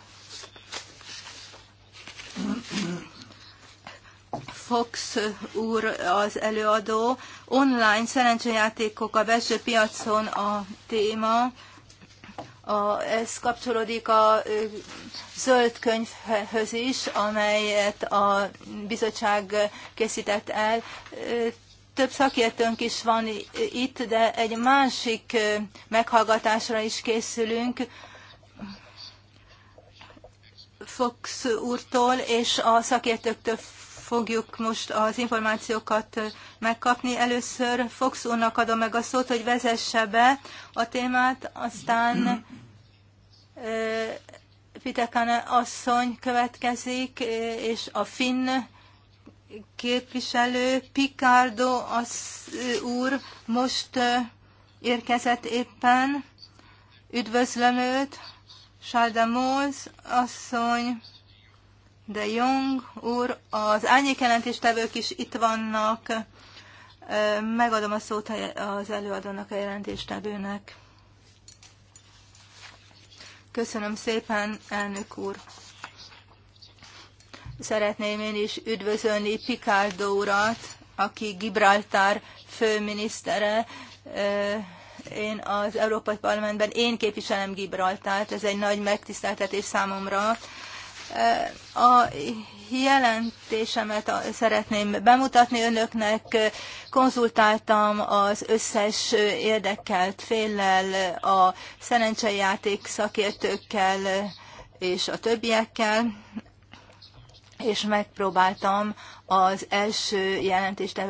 Fox úr az előadó. Online szerencsejátékok a belső piacon a téma. A, ez kapcsolódik a zöld könyvhöz is, amelyet a bizottság készített el. Több szakértőnk is van itt, de egy másik meghallgatásra is készülünk. Fox úrtól és a szakértőktől fogjuk most az információkat megkapni. Először Fox úrnak adom meg a szót, hogy vezesse be a témát, aztán Pitekane asszony következik, és a finn képviselő Picardo az úr most érkezett éppen. Üdvözlöm őt, Sáldamóz asszony de Jong úr, az árnyékjelentéstevők is itt vannak. Megadom a szót az előadónak, a jelentéstevőnek. Köszönöm szépen, elnök úr. Szeretném én is üdvözölni Picardo urat, aki Gibraltar főminisztere. Én az Európai Parlamentben én képviselem Gibraltárt, ez egy nagy megtiszteltetés számomra, a jelentésemet szeretném bemutatni önöknek. Konzultáltam az összes érdekelt féllel, a szerencsejáték szakértőkkel és a többiekkel, és megpróbáltam az első jelentést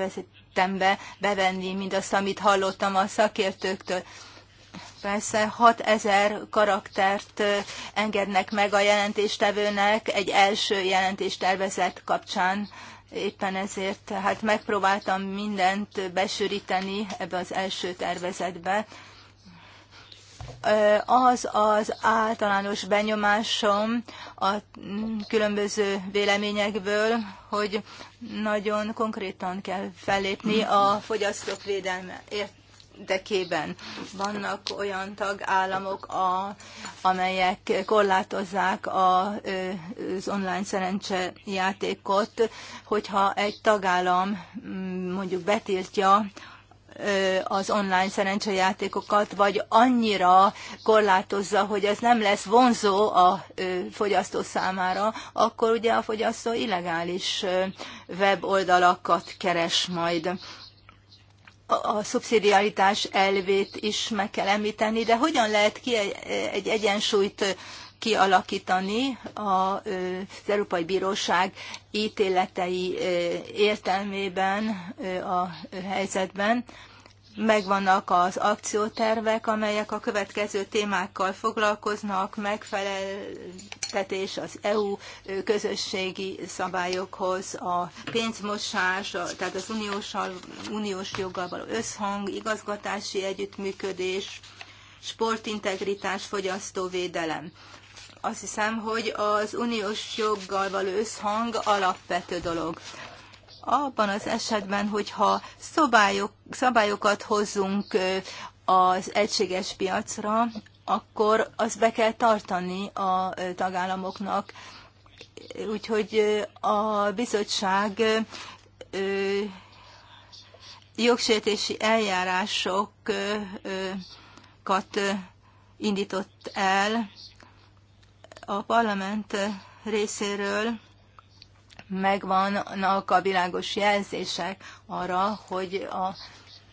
be, bevenni mindazt, amit hallottam a szakértőktől persze 6000 karaktert engednek meg a jelentéstevőnek egy első jelentéstervezet kapcsán. Éppen ezért hát megpróbáltam mindent besűríteni ebbe az első tervezetbe. Az az általános benyomásom a különböző véleményekből, hogy nagyon konkrétan kell fellépni a fogyasztók védelme ért érdekében. Vannak olyan tagállamok, a, amelyek korlátozzák a, az online játékot, hogyha egy tagállam mm, mondjuk betiltja az online szerencsejátékokat, vagy annyira korlátozza, hogy ez nem lesz vonzó a fogyasztó számára, akkor ugye a fogyasztó illegális weboldalakat keres majd a szubszidiaritás elvét is meg kell említeni, de hogyan lehet ki egy egyensúlyt kialakítani az Európai Bíróság ítéletei értelmében a helyzetben megvannak az akciótervek, amelyek a következő témákkal foglalkoznak, megfeleltetés az EU közösségi szabályokhoz, a pénzmosás, tehát az uniós, uniós joggal való összhang, igazgatási együttműködés, sportintegritás, fogyasztóvédelem. Azt hiszem, hogy az uniós joggal való összhang alapvető dolog abban az esetben, hogyha szabályok, szabályokat hozzunk az egységes piacra, akkor azt be kell tartani a tagállamoknak. Úgyhogy a bizottság jogsértési eljárásokat indított el a parlament részéről megvannak a világos jelzések arra, hogy a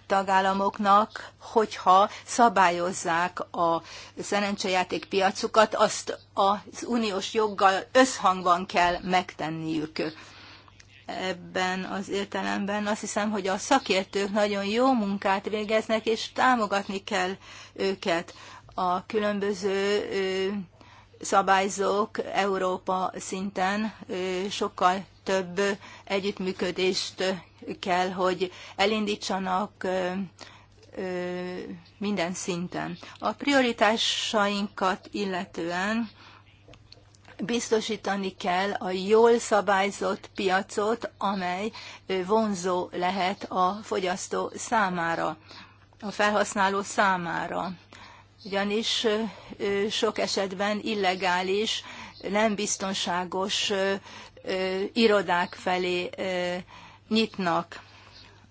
tagállamoknak, hogyha szabályozzák a szerencsejáték piacukat, azt az uniós joggal összhangban kell megtenniük. Ebben az értelemben azt hiszem, hogy a szakértők nagyon jó munkát végeznek, és támogatni kell őket a különböző szabályzók Európa szinten sokkal több együttműködést kell, hogy elindítsanak minden szinten. A prioritásainkat illetően biztosítani kell a jól szabályzott piacot, amely vonzó lehet a fogyasztó számára, a felhasználó számára ugyanis sok esetben illegális, nem biztonságos irodák felé nyitnak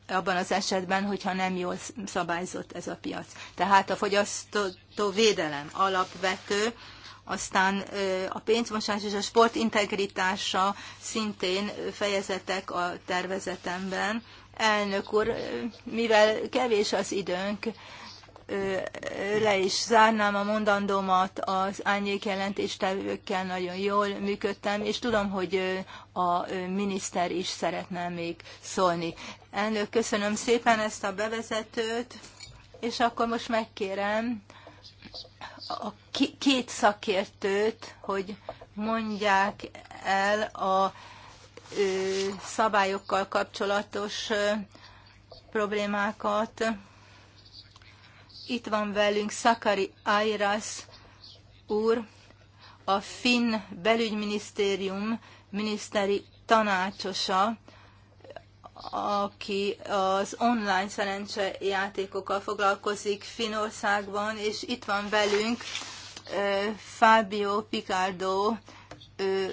abban az esetben, hogyha nem jól szabályzott ez a piac. Tehát a fogyasztó védelem alapvető, aztán a pénzmosás és a sport integritása szintén fejezetek a tervezetemben. Elnök úr, mivel kevés az időnk, le is zárnám a mondandómat, az árnyék jelentéstevőkkel nagyon jól működtem, és tudom, hogy a miniszter is szeretne még szólni. Elnök, köszönöm szépen ezt a bevezetőt, és akkor most megkérem a két szakértőt, hogy mondják el a szabályokkal kapcsolatos problémákat itt van velünk Szakari Airas úr, a Finn belügyminisztérium miniszteri tanácsosa, aki az online szerencsejátékokkal foglalkozik Finországban, és itt van velünk Fábio Picardo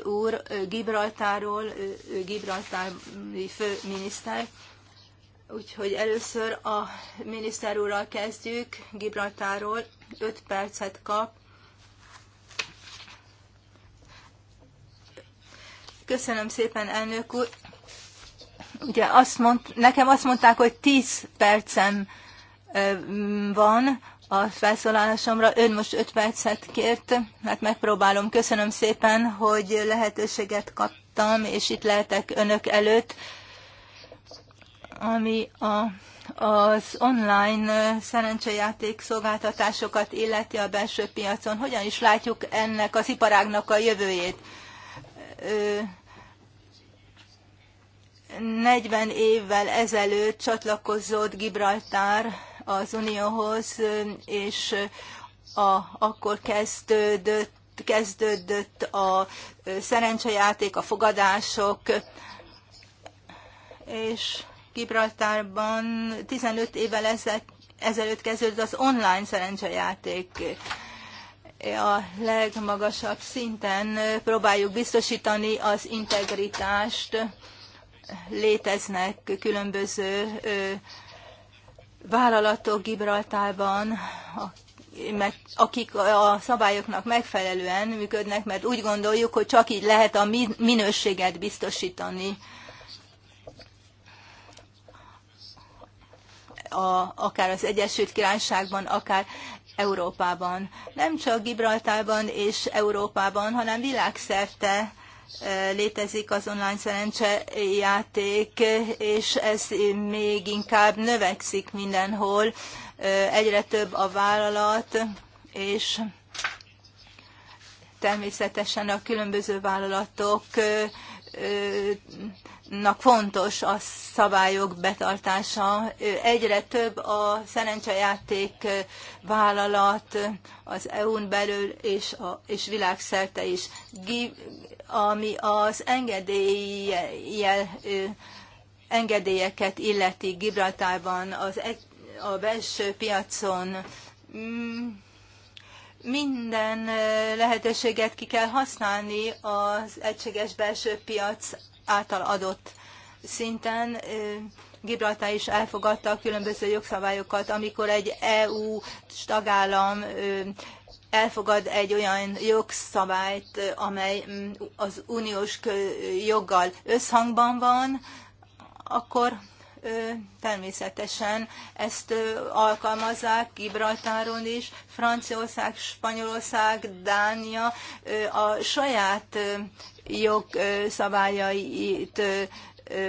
úr Gibraltáról, Gibraltári főminiszter, Úgyhogy először a miniszter úrral kezdjük, Gibraltáról 5 percet kap. Köszönöm szépen, elnök úr. Ugye azt mond, nekem azt mondták, hogy 10 percem van a felszólalásomra. Ön most 5 percet kért, hát megpróbálom. Köszönöm szépen, hogy lehetőséget kaptam, és itt lehetek önök előtt ami a, az online szerencsejáték szolgáltatásokat illeti a belső piacon. Hogyan is látjuk ennek az iparágnak a jövőjét? 40 évvel ezelőtt csatlakozott Gibraltár az Unióhoz, és a, akkor kezdődött, kezdődött a szerencsejáték, a fogadások, és Gibraltárban 15 évvel ezelőtt kezdődött az online szerencsejáték a legmagasabb szinten próbáljuk biztosítani az integritást. Léteznek különböző vállalatok Gibraltárban, akik a szabályoknak megfelelően működnek, mert úgy gondoljuk, hogy csak így lehet a minőséget biztosítani. a, akár az Egyesült Királyságban, akár Európában. Nem csak Gibraltárban és Európában, hanem világszerte e, létezik az online szerencsejáték, és ez még inkább növekszik mindenhol. E, egyre több a vállalat, és természetesen a különböző vállalatok e, nak fontos a szabályok betartása. Egyre több a szerencsejáték vállalat az EU-n belül és, a, és világszerte is, ami az engedéllyel, engedélyeket illeti Gibraltárban, az, a belső piacon mm, minden lehetőséget ki kell használni az egységes belső piac által adott szinten. Gibraltar is elfogadta a különböző jogszabályokat, amikor egy EU tagállam elfogad egy olyan jogszabályt, amely az uniós joggal összhangban van, akkor természetesen ezt alkalmazzák Gibraltáron is, Franciaország, Spanyolország, Dánia a saját jogszabályait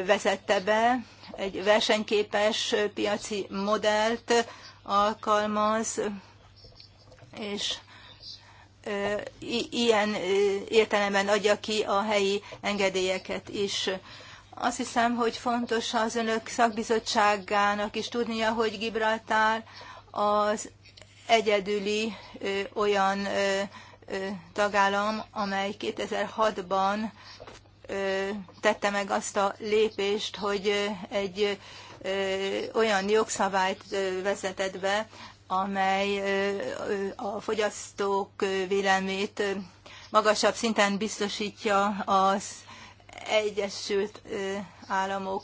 vezette be, egy versenyképes piaci modellt alkalmaz, és ilyen értelemben adja ki a helyi engedélyeket is. Azt hiszem, hogy fontos az önök szakbizottságának is tudnia, hogy Gibraltár az egyedüli ö, olyan ö, ö, tagállam, amely 2006-ban tette meg azt a lépést, hogy egy olyan jogszabályt vezetett be, amely a fogyasztók vélemét magasabb szinten biztosítja az Egyesült Államok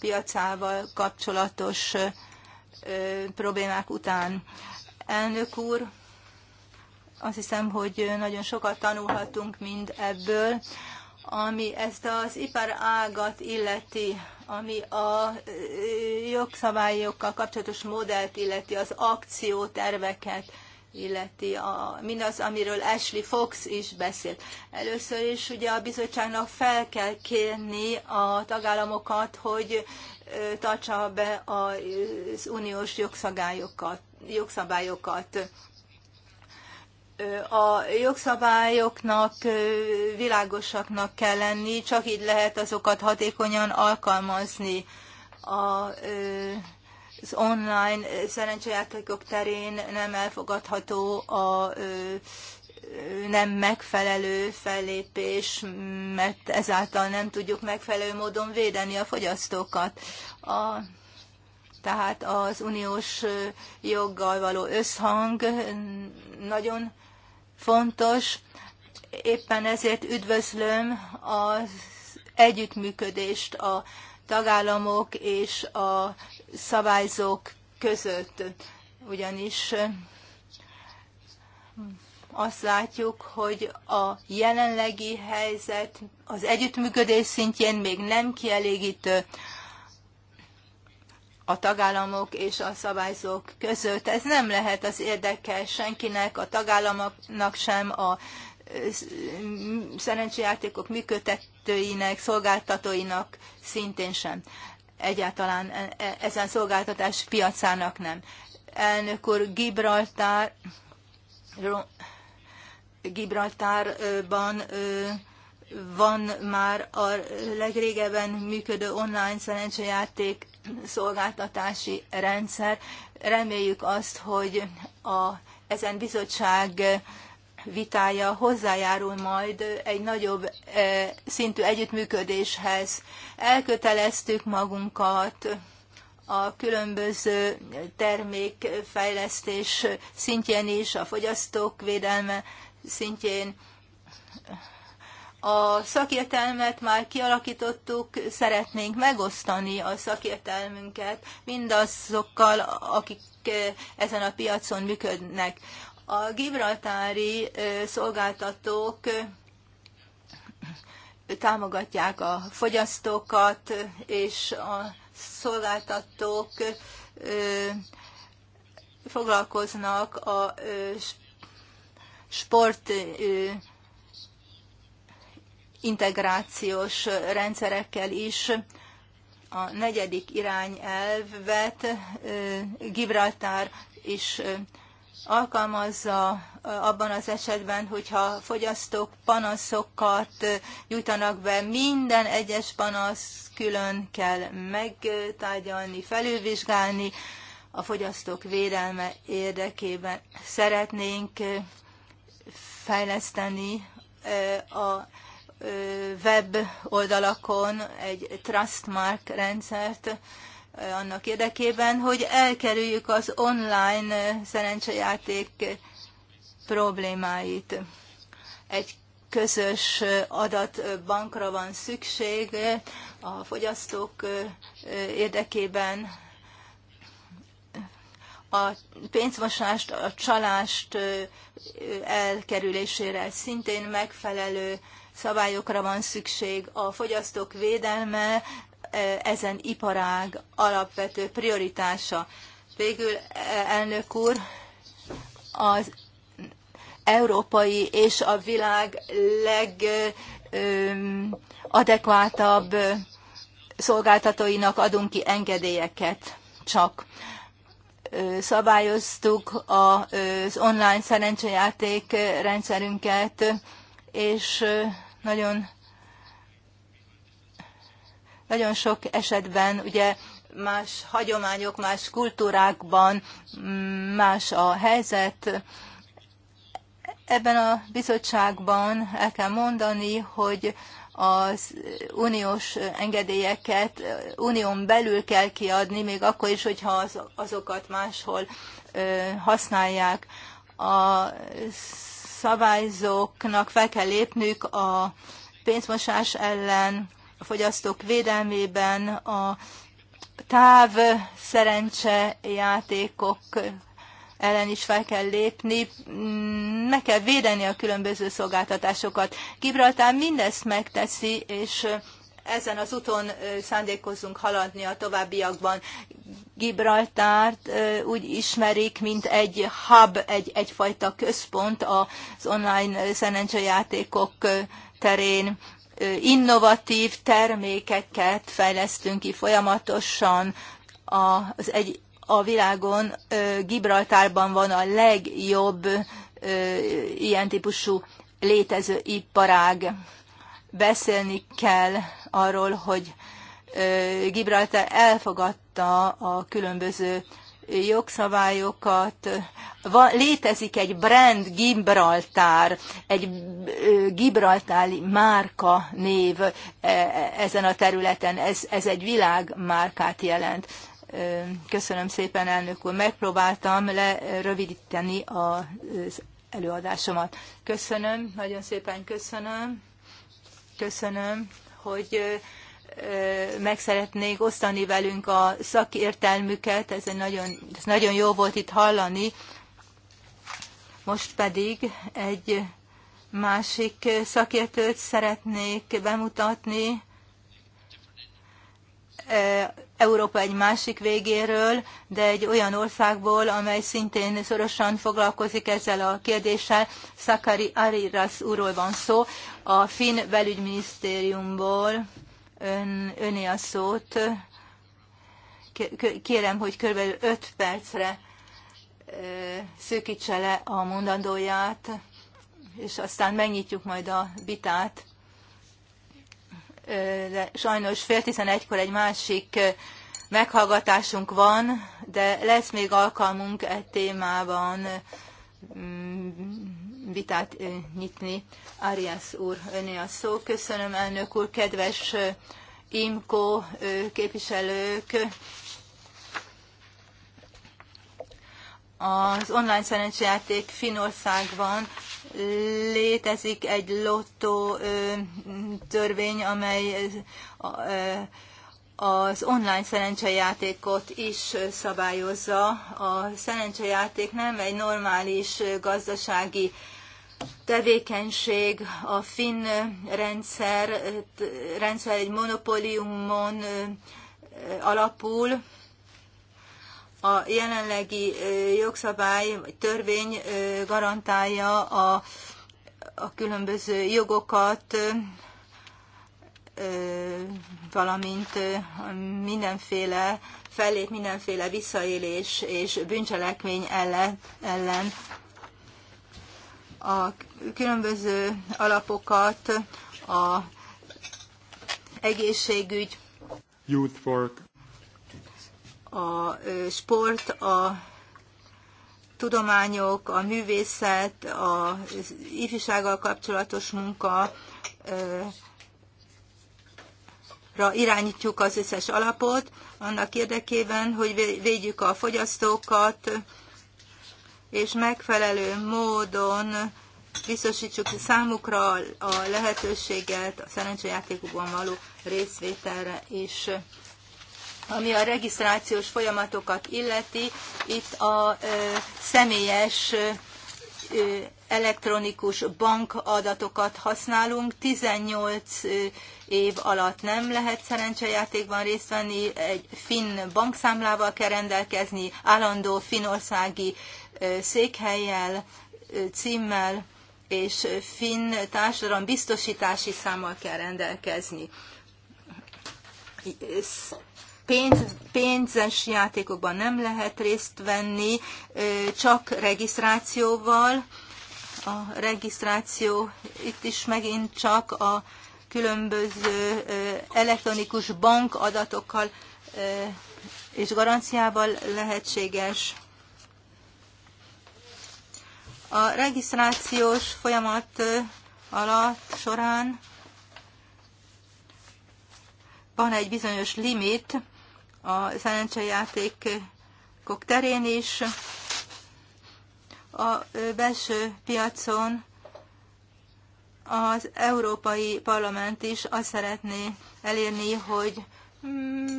piacával kapcsolatos problémák után. Elnök úr, azt hiszem, hogy nagyon sokat tanulhatunk mind ebből, ami ezt az iparágat illeti, ami a jogszabályokkal kapcsolatos modellt illeti, az akcióterveket, illeti a, mindaz, amiről Ashley Fox is beszélt. Először is ugye a bizottságnak fel kell kérni a tagállamokat, hogy tartsa be az uniós jogszabályokat. jogszabályokat. A jogszabályoknak világosaknak kell lenni, csak így lehet azokat hatékonyan alkalmazni. A az online szerencsejátékok terén nem elfogadható a nem megfelelő fellépés, mert ezáltal nem tudjuk megfelelő módon védeni a fogyasztókat. A, tehát az uniós joggal való összhang nagyon fontos. Éppen ezért üdvözlöm az együttműködést a tagállamok és a szabályzók között, ugyanis azt látjuk, hogy a jelenlegi helyzet az együttműködés szintjén még nem kielégítő a tagállamok és a szabályzók között. Ez nem lehet az érdeke senkinek, a tagállamoknak sem, a szerencsejátékok működtetőinek, szolgáltatóinak szintén sem egyáltalán e, e, ezen szolgáltatás piacának nem. Elnök úr, Gibraltár, Gibraltárban van már a legrégebben működő online szerencsejáték szolgáltatási rendszer. Reméljük azt, hogy a, ezen bizottság vitája hozzájárul majd egy nagyobb e, szintű együttműködéshez. Elköteleztük magunkat a különböző termékfejlesztés szintjén is, a fogyasztók védelme szintjén. A szakértelmet már kialakítottuk, szeretnénk megosztani a szakértelmünket mindazokkal, akik e, ezen a piacon működnek. A gibraltári szolgáltatók támogatják a fogyasztókat, és a szolgáltatók foglalkoznak a sport integrációs rendszerekkel is. A negyedik irányelvet Gibraltár is alkalmazza abban az esetben, hogyha fogyasztók panaszokat nyújtanak be, minden egyes panasz külön kell megtárgyalni, felülvizsgálni a fogyasztók védelme érdekében. Szeretnénk fejleszteni a web oldalakon egy Trustmark rendszert, annak érdekében, hogy elkerüljük az online eh, szerencsejáték eh, problémáit. Egy közös eh, adatbankra van szükség a fogyasztók érdekében. A pénzmosást, a csalást elkerülésére szintén megfelelő szabályokra van szükség. A fogyasztók védelme ezen iparág alapvető prioritása. Végül, elnök úr, az európai és a világ legadekvátabb szolgáltatóinak adunk ki engedélyeket csak. Szabályoztuk az online szerencsejáték rendszerünket, és nagyon nagyon sok esetben ugye más hagyományok, más kultúrákban mm, más a helyzet. Ebben a bizottságban el kell mondani, hogy az uniós engedélyeket unión belül kell kiadni, még akkor is, hogyha az, azokat máshol ö, használják. A szabályzóknak fel kell lépnük a pénzmosás ellen, a fogyasztók védelmében, a táv szerencse játékok ellen is fel kell lépni, meg kell védeni a különböző szolgáltatásokat. Gibraltár mindezt megteszi, és ezen az úton szándékozzunk haladni a továbbiakban. Gibraltárt úgy ismerik, mint egy hub, egy, egyfajta központ az online szerencsejátékok terén innovatív termékeket fejlesztünk ki folyamatosan az egy, a világon. Gibraltárban van a legjobb ilyen típusú létező iparág. Beszélni kell arról, hogy Gibraltár elfogadta a különböző jogszabályokat. Van, létezik egy brand Gibraltár, egy Gibraltári márka név ezen a területen. Ez, ez egy világmárkát jelent. Köszönöm szépen, elnök úr. Megpróbáltam lerövidíteni az előadásomat. Köszönöm, nagyon szépen köszönöm. Köszönöm, hogy meg szeretnék osztani velünk a szakértelmüket, ez, egy nagyon, ez nagyon jó volt itt hallani. Most pedig egy másik szakértőt szeretnék bemutatni Európa egy másik végéről, de egy olyan országból, amely szintén szorosan foglalkozik ezzel a kérdéssel. Szakari Ariras úrról van szó, a Finn belügyminisztériumból ön, öné a szót. Kérem, hogy körülbelül 5 percre szűkítse le a mondandóját, és aztán megnyitjuk majd a vitát. De sajnos fél tizenegykor egy másik meghallgatásunk van, de lesz még alkalmunk e témában vitát nyitni. Arias úr, öné a szó. Köszönöm, elnök úr, kedves IMKO képviselők. Az online szerencsejáték Finországban létezik egy lottó törvény, amely az online szerencsejátékot is szabályozza. A szerencsejáték nem egy normális gazdasági tevékenység, a finn rendszer, rendszer egy monopóliumon alapul, a jelenlegi jogszabály vagy törvény garantálja a, a különböző jogokat, valamint mindenféle fellép mindenféle visszaélés és bűncselekmény ellen, ellen a különböző alapokat, a egészségügy, youth work. a sport, a tudományok, a művészet, a ifjúsággal kapcsolatos munka, irányítjuk az összes alapot, annak érdekében, hogy védjük a fogyasztókat, és megfelelő módon biztosítsuk számukra a lehetőséget a szerencsejátékokban való részvételre is. Ami a regisztrációs folyamatokat illeti, itt a ö, személyes ö, elektronikus bankadatokat használunk. 18 év alatt nem lehet szerencsejátékban részt venni, egy finn bankszámlával kell rendelkezni, állandó finországi székhelyjel, címmel és finn társadalom biztosítási számmal kell rendelkezni. Pénz, pénzes játékokban nem lehet részt venni, csak regisztrációval. A regisztráció itt is megint csak a különböző elektronikus bankadatokkal és garanciával lehetséges. A regisztrációs folyamat alatt során van egy bizonyos limit a szerencsejátékok terén is. A belső piacon az Európai Parlament is azt szeretné elérni, hogy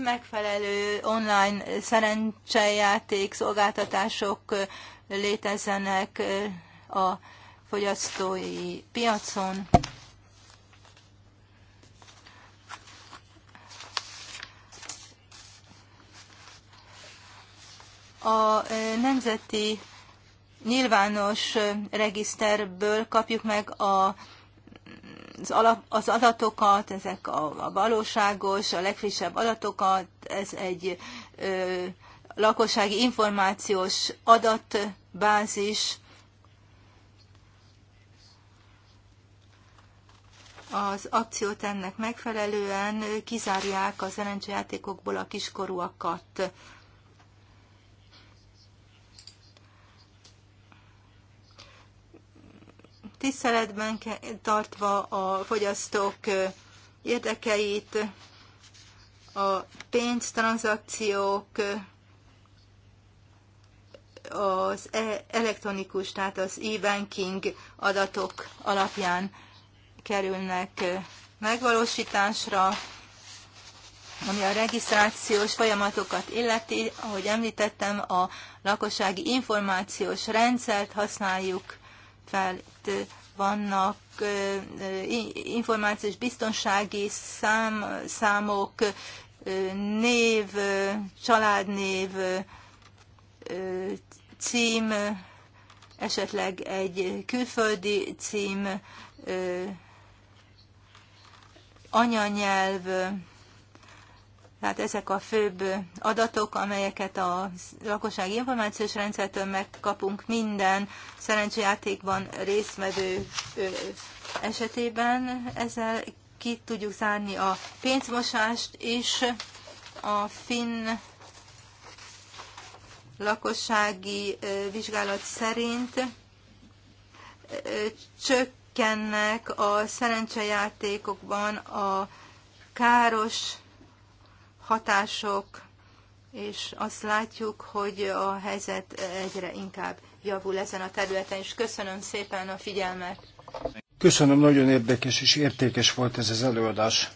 megfelelő online szerencsejáték szolgáltatások létezzenek a fogyasztói piacon. A nemzeti nyilvános regiszterből kapjuk meg a az, alap, az adatokat, ezek a, a valóságos, a legfrissebb adatokat, ez egy ö, lakossági információs adat bázis, az akciót ennek megfelelően kizárják a szerencsejátékokból a kiskorúakat. Tiszteletben tartva a fogyasztók érdekeit, a pénztranszakciók az e- elektronikus, tehát az e-banking adatok alapján kerülnek megvalósításra, ami a regisztrációs folyamatokat illeti, ahogy említettem, a lakossági információs rendszert használjuk fel. vannak információs biztonsági szám, számok, név, családnév, cím, esetleg egy külföldi cím, anyanyelv, tehát ezek a főbb adatok, amelyeket a lakossági információs rendszertől megkapunk minden szerencsejátékban résztvevő esetében. Ezzel ki tudjuk zárni a pénzmosást is. A finn lakossági vizsgálat szerint csökkennek a szerencsejátékokban a káros hatások, és azt látjuk, hogy a helyzet egyre inkább javul ezen a területen, és köszönöm szépen a figyelmet. Köszönöm, nagyon érdekes és értékes volt ez az előadás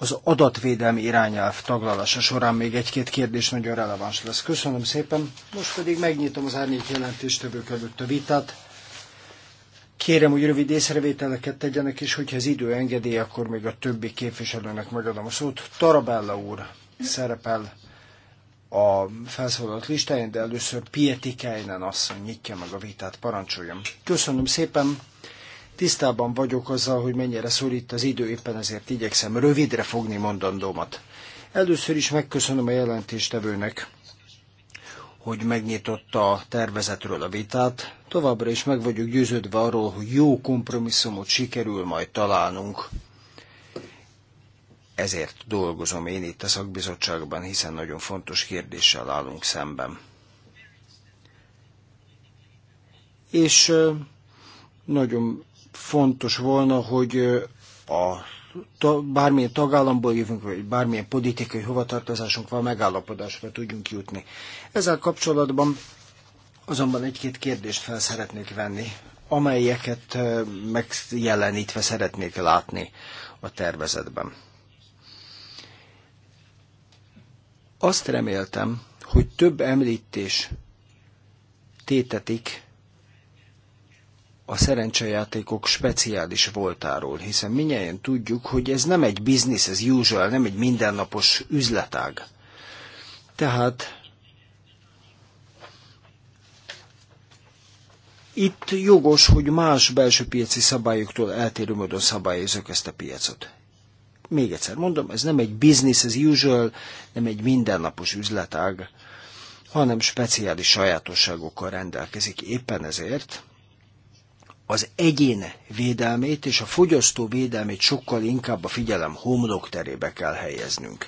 az adatvédelmi irányelv taglalása során még egy-két kérdés nagyon releváns lesz. Köszönöm szépen. Most pedig megnyitom az árnyék jelentéstevők előtt a vitát. Kérem, hogy rövid észrevételeket tegyenek, és hogyha az idő engedi, akkor még a többi képviselőnek megadom a szót. Tarabella úr szerepel a felszólalt listáján, de először Pieti Kejnen asszony nyitja meg a vitát. parancsoljam. Köszönöm szépen. Tisztában vagyok azzal, hogy mennyire szorít az idő, éppen ezért igyekszem rövidre fogni mondandómat. Először is megköszönöm a jelentéstevőnek, hogy megnyitotta a tervezetről a vitát. Továbbra is meg vagyok győződve arról, hogy jó kompromisszumot sikerül majd találnunk. Ezért dolgozom én itt a szakbizottságban, hiszen nagyon fontos kérdéssel állunk szemben. És nagyon fontos volna, hogy a ta, bármilyen tagállamból jövünk, vagy bármilyen politikai hovatartozásunk van, megállapodásra tudjunk jutni. Ezzel kapcsolatban azonban egy-két kérdést fel szeretnék venni, amelyeket megjelenítve szeretnék látni a tervezetben. Azt reméltem, hogy több említés tétetik a szerencsejátékok speciális voltáról, hiszen minnyáján tudjuk, hogy ez nem egy business as usual, nem egy mindennapos üzletág. Tehát itt jogos, hogy más belső piaci szabályoktól eltérő módon szabályozok ezt a piacot. Még egyszer mondom, ez nem egy business as usual, nem egy mindennapos üzletág, hanem speciális sajátosságokkal rendelkezik. Éppen ezért az egyén védelmét és a fogyasztó védelmét sokkal inkább a figyelem homlok terébe kell helyeznünk.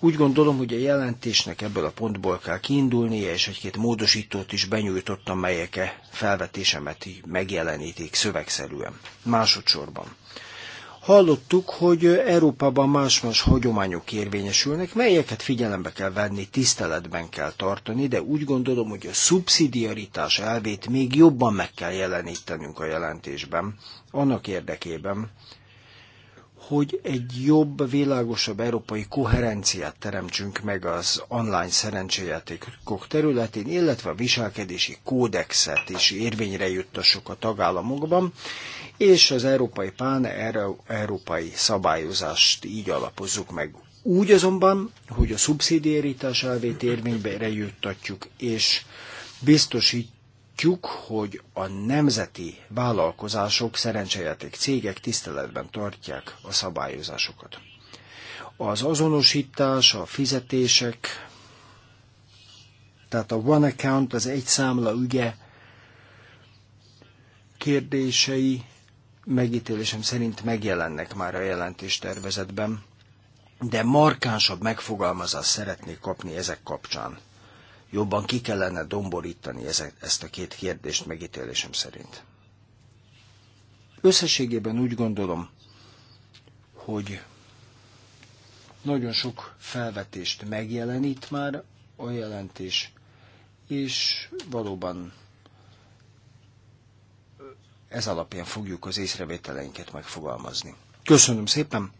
Úgy gondolom, hogy a jelentésnek ebből a pontból kell kiindulnia, és egy-két módosítót is benyújtottam, melyek e felvetésemet megjelenítik szövegszerűen. Másodszorban. Hallottuk, hogy Európában más-más hagyományok érvényesülnek, melyeket figyelembe kell venni, tiszteletben kell tartani, de úgy gondolom, hogy a szubszidiaritás elvét még jobban meg kell jelenítenünk a jelentésben, annak érdekében, hogy egy jobb, világosabb európai koherenciát teremtsünk meg az online szerencséjátékok területén, illetve a viselkedési kódexet is érvényre juttassuk a tagállamokban, és az európai pán-európai szabályozást így alapozzuk meg. Úgy azonban, hogy a szubszidiaritás elvét érvénybe juttatjuk, és biztosítjuk, hogy a nemzeti vállalkozások, szerencsejáték cégek tiszteletben tartják a szabályozásokat. Az azonosítás, a fizetések, tehát a One Account, az egy számla ügye kérdései megítélésem szerint megjelennek már a jelentéstervezetben, de markánsabb megfogalmazást szeretnék kapni ezek kapcsán. Jobban ki kellene domborítani ezek, ezt a két kérdést megítélésem szerint. Összességében úgy gondolom, hogy nagyon sok felvetést megjelenít már a jelentés, és valóban ez alapján fogjuk az észrevételeinket megfogalmazni. Köszönöm szépen,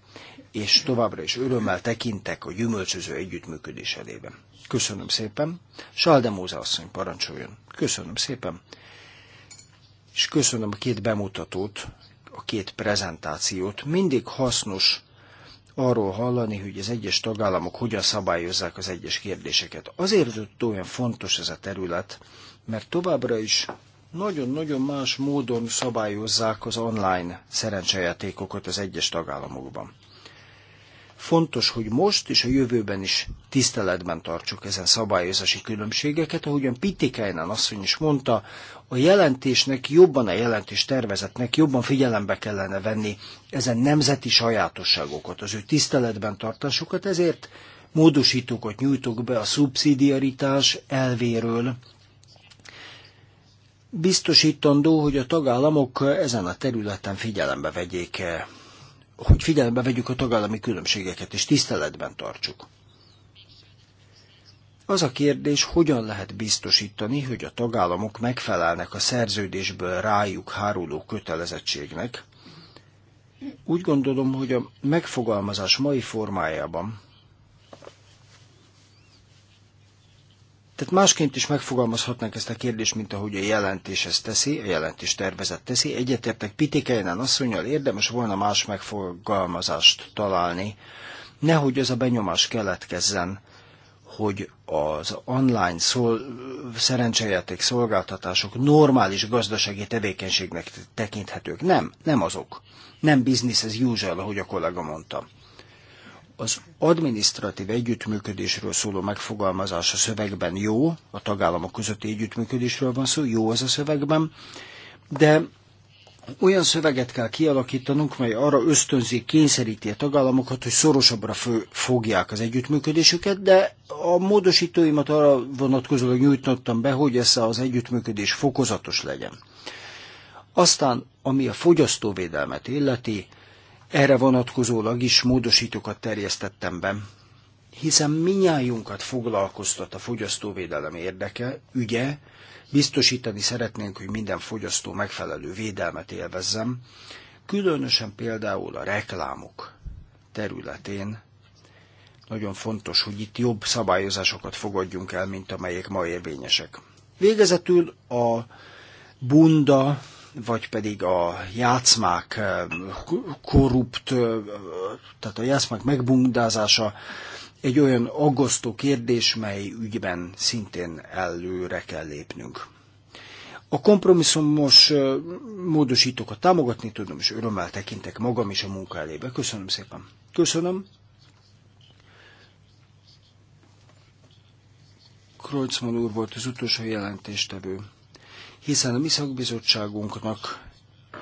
és továbbra is örömmel tekintek a gyümölcsöző együttműködés elében. Köszönöm szépen. Saldemóza asszony parancsoljon. Köszönöm szépen. És köszönöm a két bemutatót, a két prezentációt. Mindig hasznos arról hallani, hogy az egyes tagállamok hogyan szabályozzák az egyes kérdéseket. Azért olyan fontos ez a terület, mert továbbra is nagyon-nagyon más módon szabályozzák az online szerencsejátékokat az egyes tagállamokban. Fontos, hogy most és a jövőben is tiszteletben tartsuk ezen szabályozási különbségeket, ahogyan Pitikainen asszony is mondta, a jelentésnek jobban a jelentés tervezetnek jobban figyelembe kellene venni ezen nemzeti sajátosságokat, az ő tiszteletben tartásukat, ezért módosítókat nyújtok be a szubszidiaritás elvéről, biztosítandó, hogy a tagállamok ezen a területen figyelembe vegyék, eh, hogy figyelembe vegyük a tagállami különbségeket, és tiszteletben tartsuk. Az a kérdés, hogyan lehet biztosítani, hogy a tagállamok megfelelnek a szerződésből rájuk háruló kötelezettségnek. Úgy gondolom, hogy a megfogalmazás mai formájában Tehát másként is megfogalmazhatnánk ezt a kérdést, mint ahogy a jelentés ezt teszi, a jelentés tervezet teszi. Egyetértek Pitikeinen asszonyal, érdemes volna más megfogalmazást találni. Nehogy az a benyomás keletkezzen, hogy az online szol, szerencsejáték szolgáltatások normális gazdasági tevékenységnek tekinthetők. Nem, nem azok. Nem business as usual, ahogy a kollega mondta az adminisztratív együttműködésről szóló megfogalmazás a szövegben jó, a tagállamok közötti együttműködésről van szó, jó az a szövegben, de olyan szöveget kell kialakítanunk, mely arra ösztönzi, kényszeríti a tagállamokat, hogy szorosabbra fő, fogják az együttműködésüket, de a módosítóimat arra vonatkozóan nyújtottam be, hogy ez az együttműködés fokozatos legyen. Aztán, ami a fogyasztóvédelmet illeti, erre vonatkozólag is módosítókat terjesztettem be, hiszen minnyájunkat foglalkoztat a fogyasztóvédelem érdeke, ügye, biztosítani szeretnénk, hogy minden fogyasztó megfelelő védelmet élvezzem, különösen például a reklámok területén nagyon fontos, hogy itt jobb szabályozásokat fogadjunk el, mint amelyek ma érvényesek. Végezetül a bunda vagy pedig a játszmák eh, korrupt, eh, tehát a játszmák megbundázása egy olyan aggasztó kérdés, mely ügyben szintén előre kell lépnünk. A kompromisszumos eh, módosítókat támogatni tudom, és örömmel tekintek magam is a munka elébe. Köszönöm szépen. Köszönöm. Kreuzmann úr volt az utolsó jelentéstevő hiszen a mi szakbizottságunknak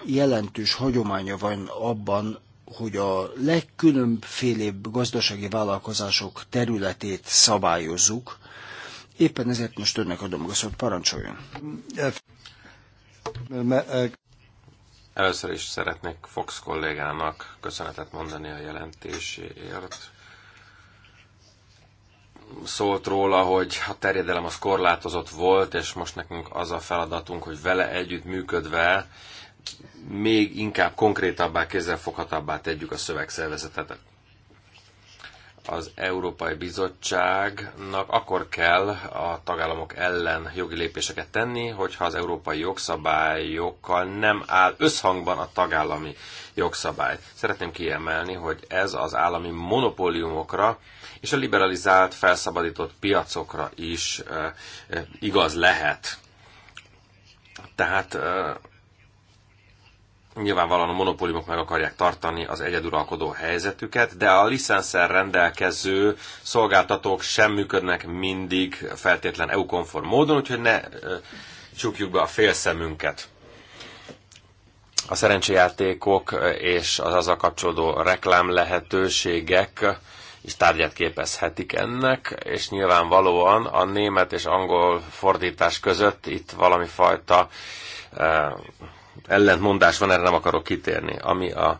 jelentős hagyománya van abban, hogy a legkülönfélébb gazdasági vállalkozások területét szabályozzuk. Éppen ezért most önnek adom a szót, parancsoljon. Először is szeretnék Fox kollégának köszönetet mondani a jelentéséért szólt róla, hogy a terjedelem az korlátozott volt, és most nekünk az a feladatunk, hogy vele együtt működve még inkább konkrétabbá, kézzelfoghatabbá tegyük a szövegszervezetet az Európai Bizottságnak akkor kell a tagállamok ellen jogi lépéseket tenni, hogyha az európai jogszabályokkal nem áll összhangban a tagállami jogszabály. Szeretném kiemelni, hogy ez az állami monopóliumokra és a liberalizált, felszabadított piacokra is eh, eh, igaz lehet. Tehát eh, Nyilvánvalóan a monopóliumok meg akarják tartani az egyeduralkodó helyzetüket, de a licenszer rendelkező szolgáltatók sem működnek mindig feltétlen EU-konform módon, úgyhogy ne csukjuk be a félszemünket a szerencséjátékok és az azzal kapcsolódó reklám lehetőségek is tárgyát képezhetik ennek, és nyilvánvalóan a német és angol fordítás között itt valami fajta ellentmondás van, erre nem akarok kitérni. Ami a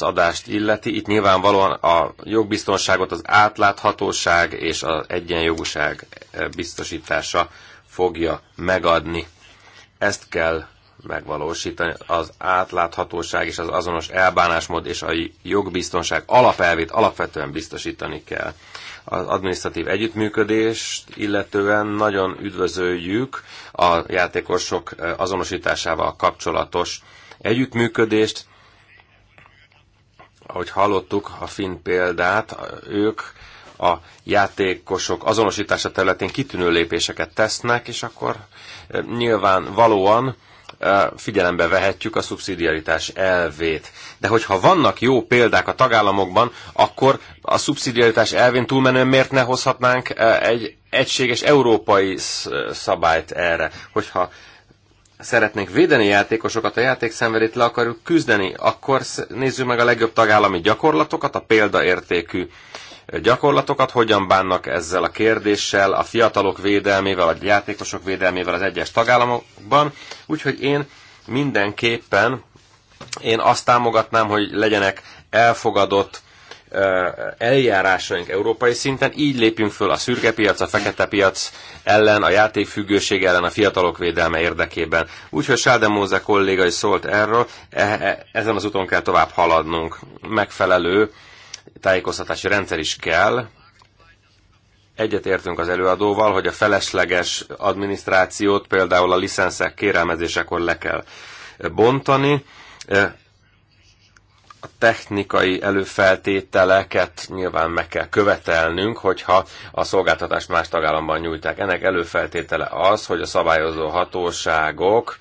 adást illeti, itt nyilvánvalóan a jogbiztonságot az átláthatóság és az egyenjogúság e, biztosítása fogja megadni. Ezt kell megvalósítani. Az átláthatóság és az azonos elbánásmód és a jogbiztonság alapelvét alapvetően biztosítani kell az adminisztratív együttműködést, illetően nagyon üdvözöljük a játékosok eh, azonosításával kapcsolatos együttműködést. Ahogy hallottuk a finn példát, ők a játékosok azonosítása területén kitűnő lépéseket tesznek, és akkor eh, nyilván valóan eh, figyelembe vehetjük a szubszidiaritás elvét de hogyha vannak jó példák a tagállamokban, akkor a szubszidiaritás elvén túlmenően miért ne hozhatnánk e, egy egységes európai e, szabályt erre, hogyha szeretnénk védeni játékosokat, a játékszenvedét le akarjuk küzdeni, akkor nézzük meg a legjobb tagállami gyakorlatokat, a példaértékű gyakorlatokat, hogyan bánnak ezzel a kérdéssel, a fiatalok védelmével, a játékosok védelmével az egyes tagállamokban. Úgyhogy én mindenképpen én azt támogatnám, hogy legyenek elfogadott eljárásaink európai szinten, így lépünk föl a szürke piac, a fekete piac ellen, a játékfüggőség ellen, a fiatalok védelme érdekében. Úgyhogy Móze kolléga is szólt erről, e, e, ezen az úton kell tovább haladnunk. Megfelelő tájékoztatási rendszer is kell, Egyetértünk az előadóval, hogy a felesleges adminisztrációt például a licenszek kérelmezésekor le kell bontani, E, a technikai előfeltételeket nyilván meg kell követelnünk, hogyha a szolgáltatást más tagállamban nyújták. Ennek előfeltétele az, hogy a szabályozó hatóságok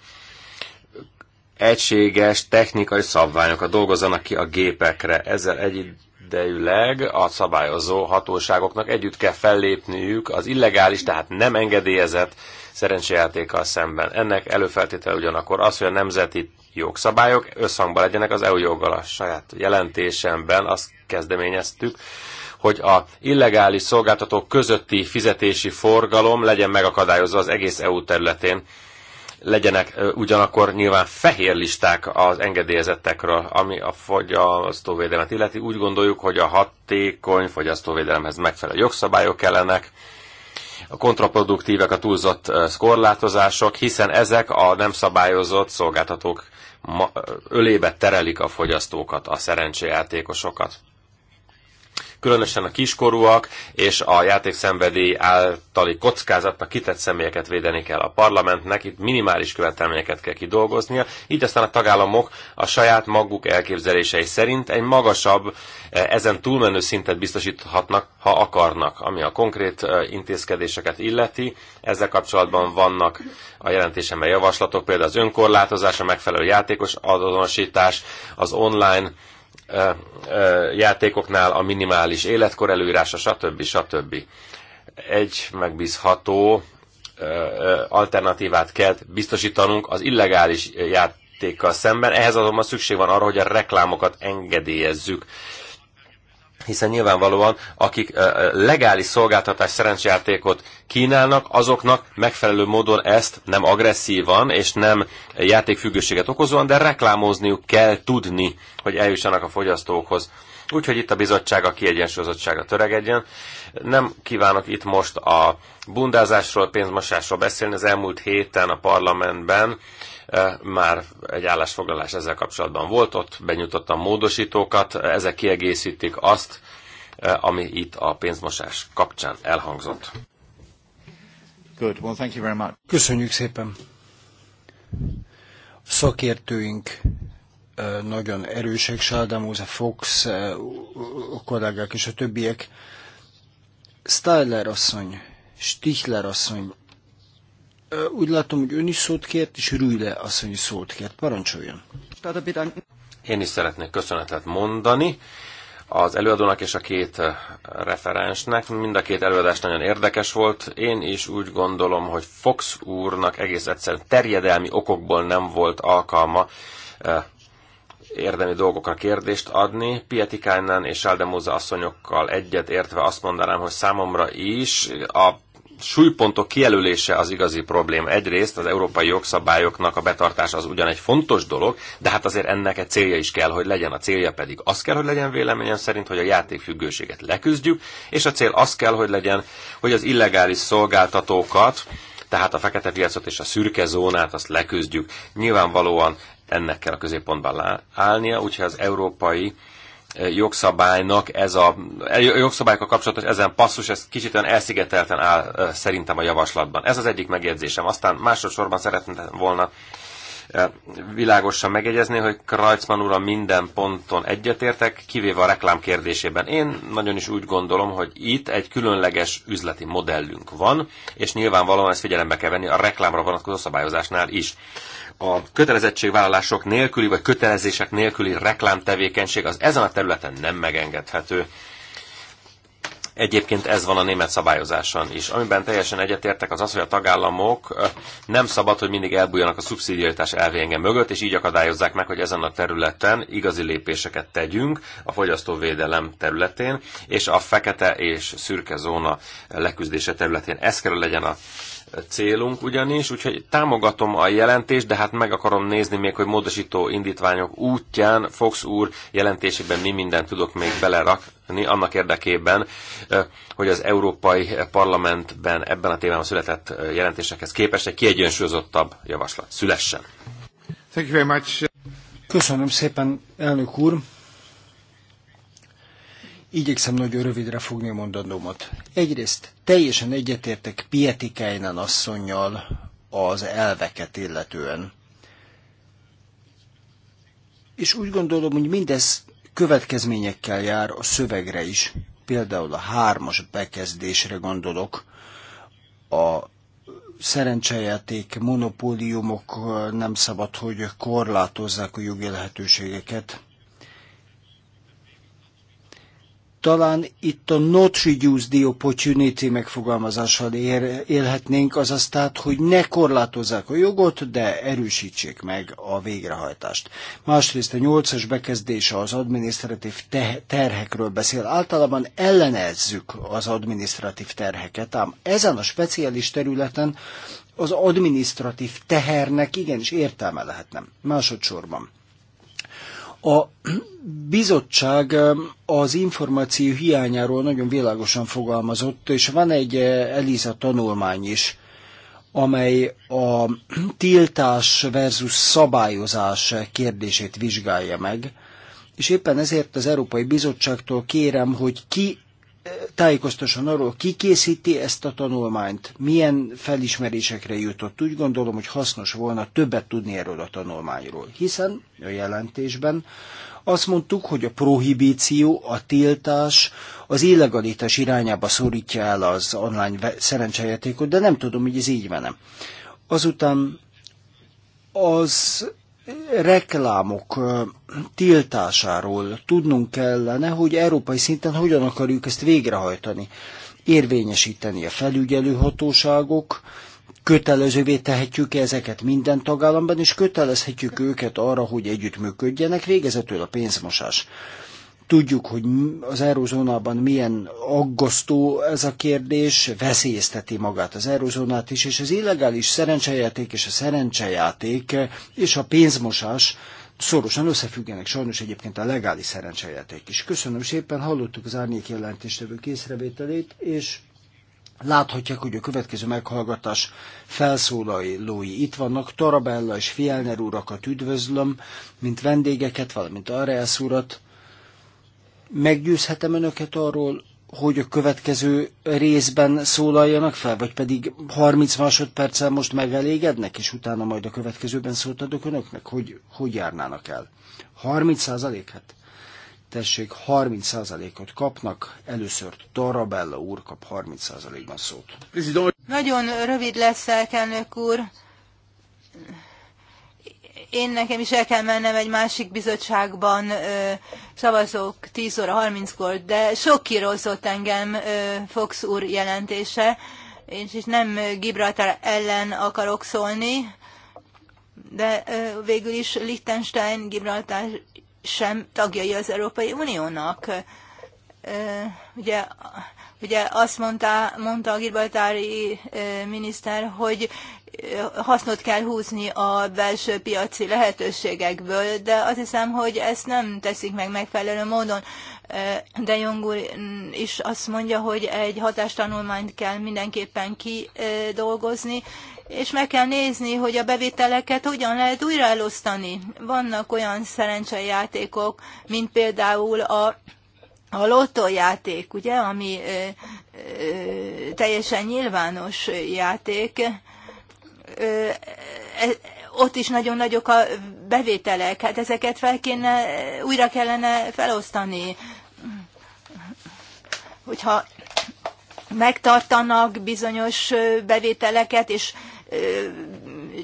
egységes technikai szabványokat dolgozzanak ki a gépekre. Ezzel egyidejűleg a szabályozó hatóságoknak együtt kell fellépniük az illegális, tehát nem engedélyezett szerencsejátékkal szemben. Ennek előfeltétele ugyanakkor az, hogy a nemzeti jogszabályok összhangban legyenek az EU joggal. A saját jelentésemben azt kezdeményeztük, hogy a illegális szolgáltatók közötti fizetési forgalom legyen megakadályozva az egész EU területén. Legyenek ugyanakkor nyilván fehér listák az engedélyezettekről, ami a fogyasztóvédelmet illeti. Úgy gondoljuk, hogy a hatékony fogyasztóvédelemhez megfelelő jogszabályok kellenek, a kontraproduktívek a túlzott korlátozások, hiszen ezek a nem szabályozott szolgáltatók ölébe terelik a fogyasztókat, a szerencsejátékosokat különösen a kiskorúak és a játékszenvedély általi kockázatnak kitett személyeket védeni kell a parlamentnek, itt minimális követelményeket kell kidolgoznia, így aztán a tagállamok a saját maguk elképzelései szerint egy magasabb, e, ezen túlmenő szintet biztosíthatnak, ha akarnak, ami a konkrét e, intézkedéseket illeti. Ezzel kapcsolatban vannak a jelentésemben javaslatok, például az önkorlátozás, a megfelelő játékos azonosítás, az online játékoknál a minimális életkor előírása, stb. stb. Egy megbízható alternatívát kell biztosítanunk az illegális játékkal szemben, ehhez azonban szükség van arra, hogy a reklámokat engedélyezzük hiszen nyilvánvalóan akik legális szolgáltatás szerencsjátékot kínálnak, azoknak megfelelő módon ezt nem agresszívan és nem játékfüggőséget okozóan, de reklámozniuk kell tudni, hogy eljussanak a fogyasztókhoz. Úgyhogy itt a bizottság a kiegyensúlyozottságra töregedjen. Nem kívánok itt most a bundázásról, pénzmosásról beszélni. Az elmúlt héten a parlamentben E, már egy állásfoglalás ezzel kapcsolatban volt, ott benyújtottam módosítókat, ezek kiegészítik azt, e, ami itt a pénzmosás kapcsán elhangzott. Good. Well, thank you very much. Köszönjük szépen. A szakértőink e, nagyon erősek, a Fox, a kollégák és a többiek. Styler asszony, Stichler asszony úgy látom, hogy ön is szót kért, és Rüle asszony is szót kért. Parancsoljon! Én is szeretnék köszönetet mondani az előadónak és a két referensnek. Mind a két előadás nagyon érdekes volt. Én is úgy gondolom, hogy Fox úrnak egész egyszerűen terjedelmi okokból nem volt alkalma érdemi dolgokra kérdést adni. Pietikánen és Sáldemóza asszonyokkal egyet értve azt mondanám, hogy számomra is a súlypontok kijelölése az igazi probléma. Egyrészt az európai jogszabályoknak a betartása az ugyan egy fontos dolog, de hát azért ennek egy célja is kell, hogy legyen. A célja pedig az kell, hogy legyen véleményem szerint, hogy a játékfüggőséget leküzdjük, és a cél az kell, hogy legyen, hogy az illegális szolgáltatókat, tehát a fekete piacot és a szürke zónát azt leküzdjük. Nyilvánvalóan ennek kell a középpontban állnia, úgyhogy az európai jogszabálynak ez a, a e, jogszabályokkal kapcsolatos ezen passzus, ez kicsit olyan elszigetelten áll szerintem a javaslatban. Ez az egyik megjegyzésem. Aztán másodszorban szeretném volna világosan megegyezni, hogy Krajcman úr a minden ponton egyetértek, kivéve a reklám kérdésében. Én nagyon is úgy gondolom, hogy itt egy különleges üzleti modellünk van, és nyilvánvalóan ezt figyelembe kell venni a reklámra vonatkozó szabályozásnál is. A kötelezettségvállalások nélküli vagy kötelezések nélküli reklámtevékenység az ezen a területen nem megengedhető Egyébként ez van a német szabályozáson is. Amiben teljesen egyetértek az az, hogy a tagállamok nem szabad, hogy mindig elbújjanak a szubszidiaritás elvénge mögött, és így akadályozzák meg, hogy ezen a területen igazi lépéseket tegyünk a fogyasztóvédelem területén, és a fekete és szürke zóna leküzdése területén. Ez kell legyen a célunk ugyanis, úgyhogy támogatom a jelentést, de hát meg akarom nézni még, hogy módosító indítványok útján Fox úr jelentésében mi mindent tudok még belerakni annak érdekében, hogy az Európai Parlamentben ebben a témában született jelentésekhez képest egy kiegyensúlyozottabb javaslat szülessen. Thank you very much. Köszönöm szépen, elnök úr. Igyekszem nagyon rövidre fogni a mondandómat. Egyrészt teljesen egyetértek Pietikeinen asszonynal az elveket illetően. És úgy gondolom, hogy mindez következményekkel jár a szövegre is. Például a hármas bekezdésre gondolok, a szerencsejáték monopóliumok nem szabad, hogy korlátozzák a jogi lehetőségeket. talán itt a not reduce the opportunity megfogalmazással élhetnénk, azaz tehát, hogy ne korlátozzák a jogot, de erősítsék meg a végrehajtást. Másrészt a nyolcas bekezdése az adminisztratív terhekről beszél. Általában ellenezzük az adminisztratív terheket, ám ezen a speciális területen az adminisztratív tehernek igenis értelme lehetne. Másodszorban a bizottság az információ hiányáról nagyon világosan fogalmazott, és van egy eh, Eliza tanulmány is, amely a tiltás versus szabályozás kérdését vizsgálja meg, és éppen ezért az Európai Bizottságtól kérem, hogy ki tájékoztasson arról, ki készíti ezt a tanulmányt, milyen felismerésekre jutott. Úgy gondolom, hogy hasznos volna többet tudni erről a tanulmányról, hiszen a jelentésben azt mondtuk, hogy a prohibíció, a tiltás az illegalitás irányába szorítja el az online szerencsejátékot, de nem tudom, hogy ez így van-e. Azután az reklámok tiltásáról tudnunk kellene, hogy európai szinten hogyan akarjuk ezt végrehajtani. Érvényesíteni a felügyelőhatóságok, kötelezővé tehetjük -e ezeket minden tagállamban, és kötelezhetjük őket arra, hogy együttműködjenek, végezetül a pénzmosás. Tudjuk, hogy az eurozónában milyen aggasztó ez a kérdés, veszélyezteti magát az eurozónát is, és az illegális szerencsejáték és a szerencsejáték és a pénzmosás szorosan összefüggenek sajnos egyébként a legális szerencsejáték is. Köszönöm szépen, hallottuk az árnyék jelentéstevő készrevételét, és láthatják, hogy a következő meghallgatás felszólalói itt vannak. Tarabella és Fielner úrakat üdvözlöm, mint vendégeket, valamint Areász urat. Meggyőzhetem önöket arról, hogy a következő részben szólaljanak fel, vagy pedig 30 másodperccel most megelégednek, és utána majd a következőben szót adok önöknek, hogy hogy járnának el. 30 százalék? Hát tessék, 30 százalékot kapnak, először Tarabella úr kap 30 százalékban szót. Nagyon rövid leszek, elnök úr. Én nekem is el kell mennem egy másik bizottságban, ö, szavazok 10 óra 30-kor, de sok kirozott engem ö, Fox úr jelentése, és is nem Gibraltar ellen akarok szólni, de ö, végül is Liechtenstein, Gibraltar sem tagjai az Európai Uniónak. Ö, ugye Ugye azt mondta, mondta a gibraltári miniszter, hogy hasznot kell húzni a belső piaci lehetőségekből, de azt hiszem, hogy ezt nem teszik meg megfelelő módon. De Jong úr is azt mondja, hogy egy hatástanulmányt kell mindenképpen kidolgozni, és meg kell nézni, hogy a bevételeket hogyan lehet újra elosztani. Vannak olyan szerencsejátékok, mint például a a lottójáték, ugye, ami ö, ö, teljesen nyilvános játék, E, ott is nagyon nagyok a bevételek, hát ezeket fel kéne, újra kellene felosztani. Hogyha megtartanak bizonyos bevételeket, és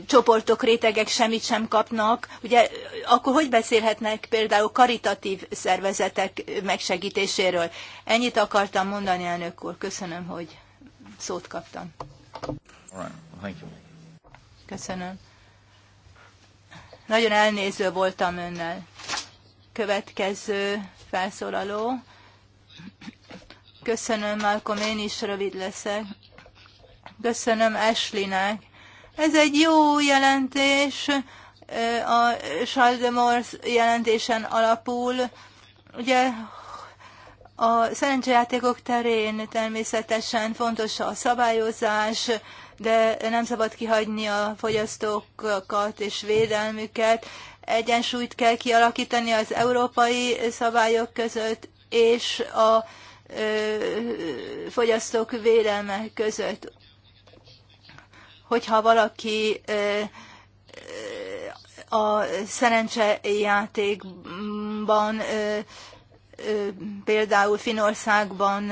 csoportok, rétegek semmit sem kapnak, ugye akkor hogy beszélhetnek például karitatív szervezetek megsegítéséről? Ennyit akartam mondani, elnök úr. Köszönöm, hogy szót kaptam. All right. Well, thank you. Köszönöm. Nagyon elnéző voltam önnel. Következő felszólaló. Köszönöm, Malcolm, én is rövid leszek. Köszönöm Ashleynek. Ez egy jó jelentés, a Saldemors jelentésen alapul. Ugye a szerencsejátékok terén természetesen fontos a szabályozás, de nem szabad kihagyni a fogyasztókat és védelmüket. Egyensúlyt kell kialakítani az európai szabályok között és a fogyasztók védelme között. Hogyha valaki a szerencsejátékban például Finországban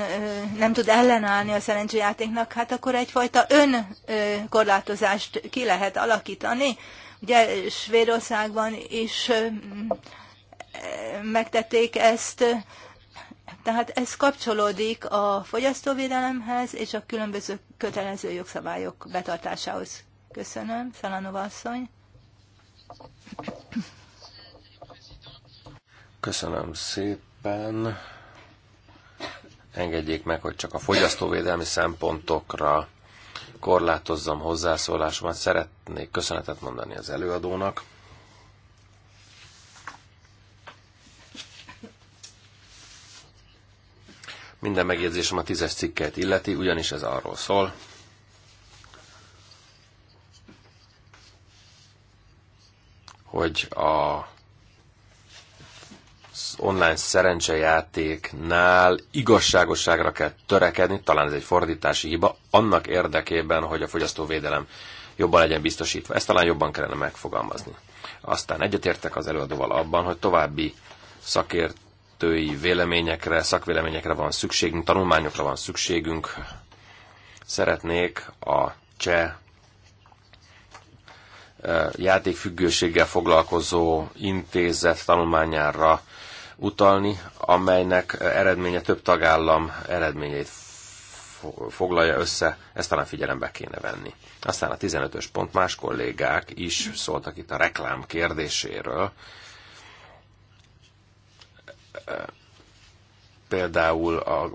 nem tud ellenállni a szerencséjátéknak, hát akkor egyfajta önkorlátozást ki lehet alakítani. Ugye Svédországban is megtették ezt, tehát ez kapcsolódik a fogyasztóvédelemhez és a különböző kötelező jogszabályok betartásához. Köszönöm, Szalanova asszony. Köszönöm szépen szépen. Engedjék meg, hogy csak a fogyasztóvédelmi szempontokra korlátozzam hozzászólásomat. Szeretnék köszönetet mondani az előadónak. Minden megjegyzésem a tízes cikket illeti, ugyanis ez arról szól, hogy a online szerencsejátéknál igazságosságra kell törekedni, talán ez egy fordítási hiba, annak érdekében, hogy a fogyasztóvédelem jobban legyen biztosítva. Ezt talán jobban kellene megfogalmazni. Aztán egyetértek az előadóval abban, hogy további szakértői véleményekre, szakvéleményekre van szükségünk, tanulmányokra van szükségünk. Szeretnék a cseh eh, játékfüggőséggel foglalkozó intézet tanulmányára utalni, amelynek eredménye több tagállam eredményeit foglalja össze, ezt talán figyelembe kéne venni. Aztán a 15-ös pont, más kollégák is szóltak itt a reklám kérdéséről. Például a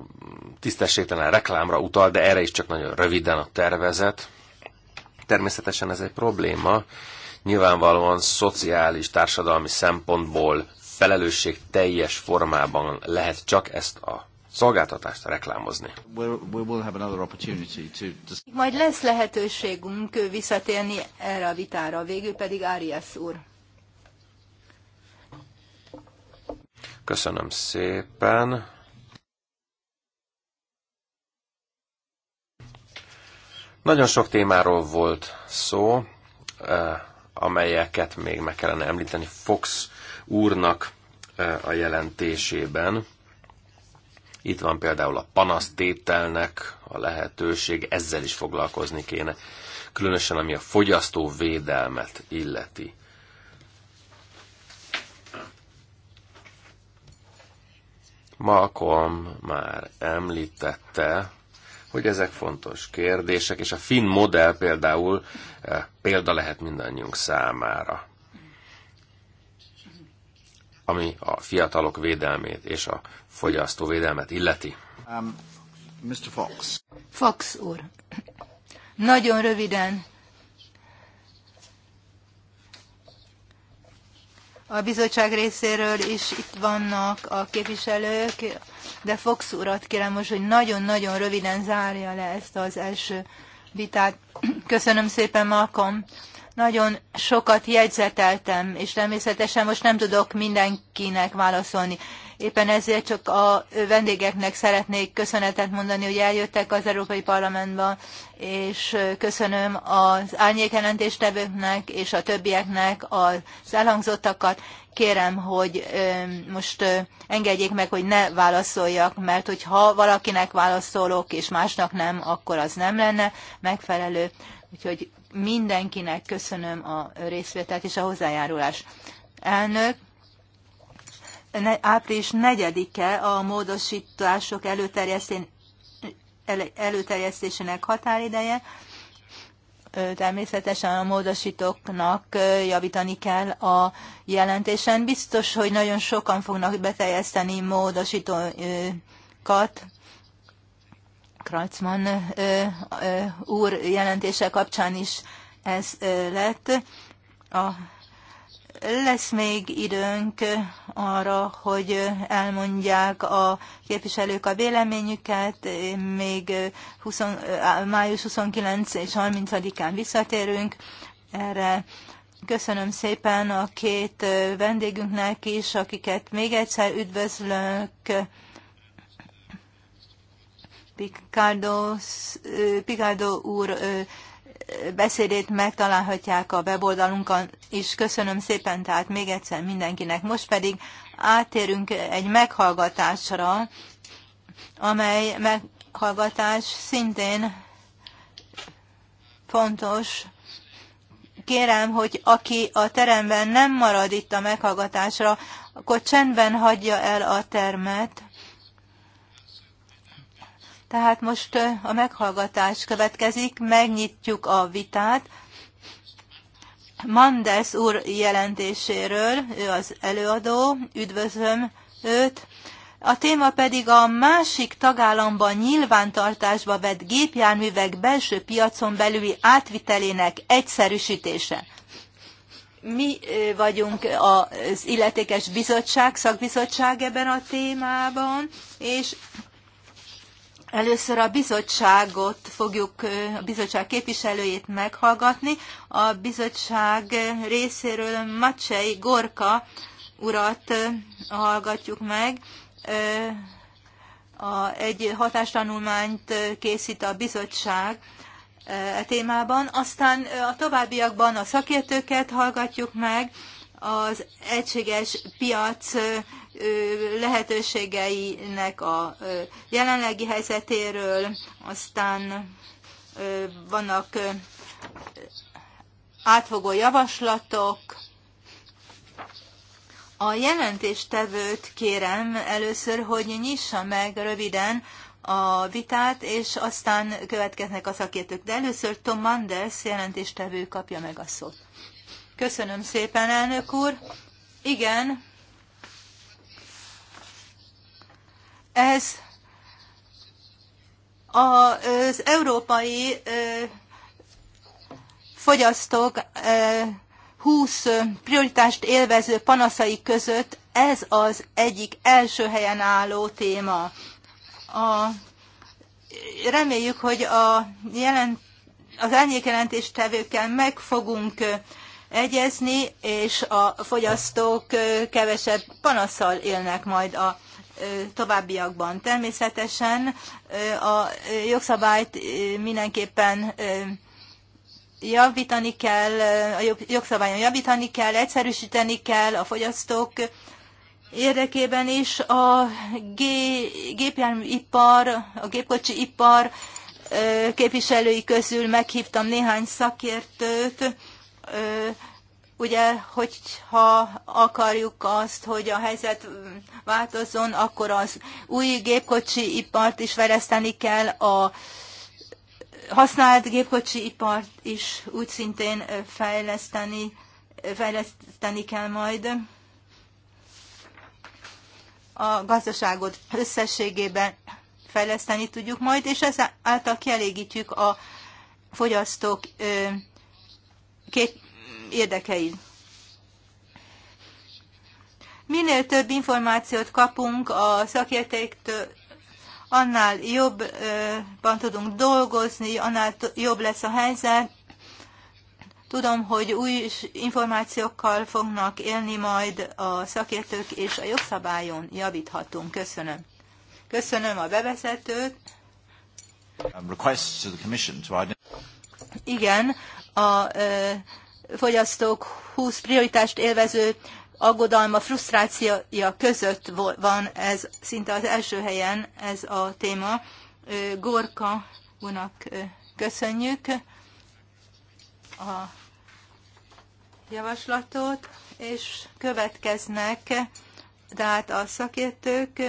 tisztességtelen reklámra utal, de erre is csak nagyon röviden a tervezet. Természetesen ez egy probléma, nyilvánvalóan szociális, társadalmi szempontból felelősség teljes formában lehet csak ezt a szolgáltatást reklámozni. Majd lesz lehetőségünk visszatérni erre a vitára, végül pedig Arias úr. Köszönöm szépen. Nagyon sok témáról volt szó, eh, amelyeket még meg kellene említeni. Fox úrnak e, a jelentésében. Itt van például a panasztételnek a lehetőség, ezzel is foglalkozni kéne, különösen ami a fogyasztó védelmet illeti. Malcolm már említette, hogy ezek fontos kérdések, és a finn modell például e, példa lehet mindannyiunk számára ami a fiatalok védelmét és a védelmet illeti. Um, Mr. Fox. Fox úr. Nagyon röviden. A bizottság részéről is itt vannak a képviselők, de Fox urat kérem most, hogy nagyon-nagyon röviden zárja le ezt az első vitát. Köszönöm szépen, Malcolm nagyon sokat jegyzeteltem, és természetesen most nem tudok mindenkinek válaszolni. Éppen ezért csak a vendégeknek szeretnék köszönetet mondani, hogy eljöttek az Európai Parlamentba, és köszönöm az árnyékelentéstevőknek és a többieknek az elhangzottakat. Kérem, hogy most engedjék meg, hogy ne válaszoljak, mert hogyha valakinek válaszolok, és másnak nem, akkor az nem lenne megfelelő. Úgyhogy mindenkinek köszönöm a részvételt és a hozzájárulás. Elnök, április 4-e a módosítások előterjesztésének határideje. Természetesen a módosítóknak javítani kell a jelentésen. Biztos, hogy nagyon sokan fognak beteljeszteni módosítókat, Kralcman úr jelentése kapcsán is ez lett. A, lesz még időnk arra, hogy elmondják a képviselők a véleményüket, még 20, május 29 és 30-án visszatérünk erre. Köszönöm szépen a két vendégünknek is, akiket még egyszer üdvözlök. Picardo, Picardo úr beszédét megtalálhatják a weboldalunkon is. Köszönöm szépen tehát még egyszer mindenkinek. Most pedig átérünk egy meghallgatásra, amely meghallgatás szintén fontos. Kérem, hogy aki a teremben nem marad itt a meghallgatásra, akkor csendben hagyja el a termet. Tehát most a meghallgatás következik, megnyitjuk a vitát. Mandes úr jelentéséről, ő az előadó, üdvözlöm őt. A téma pedig a másik tagállamban nyilvántartásba vett gépjárművek belső piacon belüli átvitelének egyszerűsítése. Mi vagyunk az illetékes bizottság, szakbizottság ebben a témában, és Először a bizottságot fogjuk, a bizottság képviselőjét meghallgatni. A bizottság részéről Macsei Gorka urat hallgatjuk meg. Egy hatástanulmányt készít a bizottság e témában. Aztán a továbbiakban a szakértőket hallgatjuk meg, az egységes piac lehetőségeinek a jelenlegi helyzetéről, aztán vannak átfogó javaslatok. A jelentéstevőt kérem először, hogy nyissa meg röviden a vitát, és aztán következnek a szakértők. De először Tom Manders jelentéstevő kapja meg a szót. Köszönöm szépen, elnök úr. Igen, ez az európai fogyasztók 20 prioritást élvező panaszai között ez az egyik első helyen álló téma. A, reméljük, hogy a jelent, az árnyékjelentéstevőkkel meg fogunk egyezni, és a fogyasztók kevesebb panaszsal élnek majd a továbbiakban. Természetesen a jogszabályt mindenképpen javítani kell, a jogszabályon javítani kell, egyszerűsíteni kell a fogyasztók érdekében is. A gépjárműipar, a gépkocsi ipar képviselői közül meghívtam néhány szakértőt, ugye, hogyha akarjuk azt, hogy a helyzet változzon, akkor az új gépkocsi ipart is fejleszteni kell, a használt gépkocsi ipart is úgy szintén fejleszteni, fejleszteni kell majd. A gazdaságot összességében fejleszteni tudjuk majd, és ezáltal kielégítjük a fogyasztók két érdekeid. Minél több információt kapunk a szakértőktől, annál jobban tudunk dolgozni, annál jobb lesz a helyzet. Tudom, hogy új információkkal fognak élni majd a szakértők, és a jogszabályon javíthatunk. Köszönöm. Köszönöm a bevezetőt. Um, Igen, a fogyasztók 20 prioritást élvező aggodalma, frusztrációja között van ez, szinte az első helyen ez a téma. Gorka unak köszönjük a javaslatot, és következnek tehát a szakértők.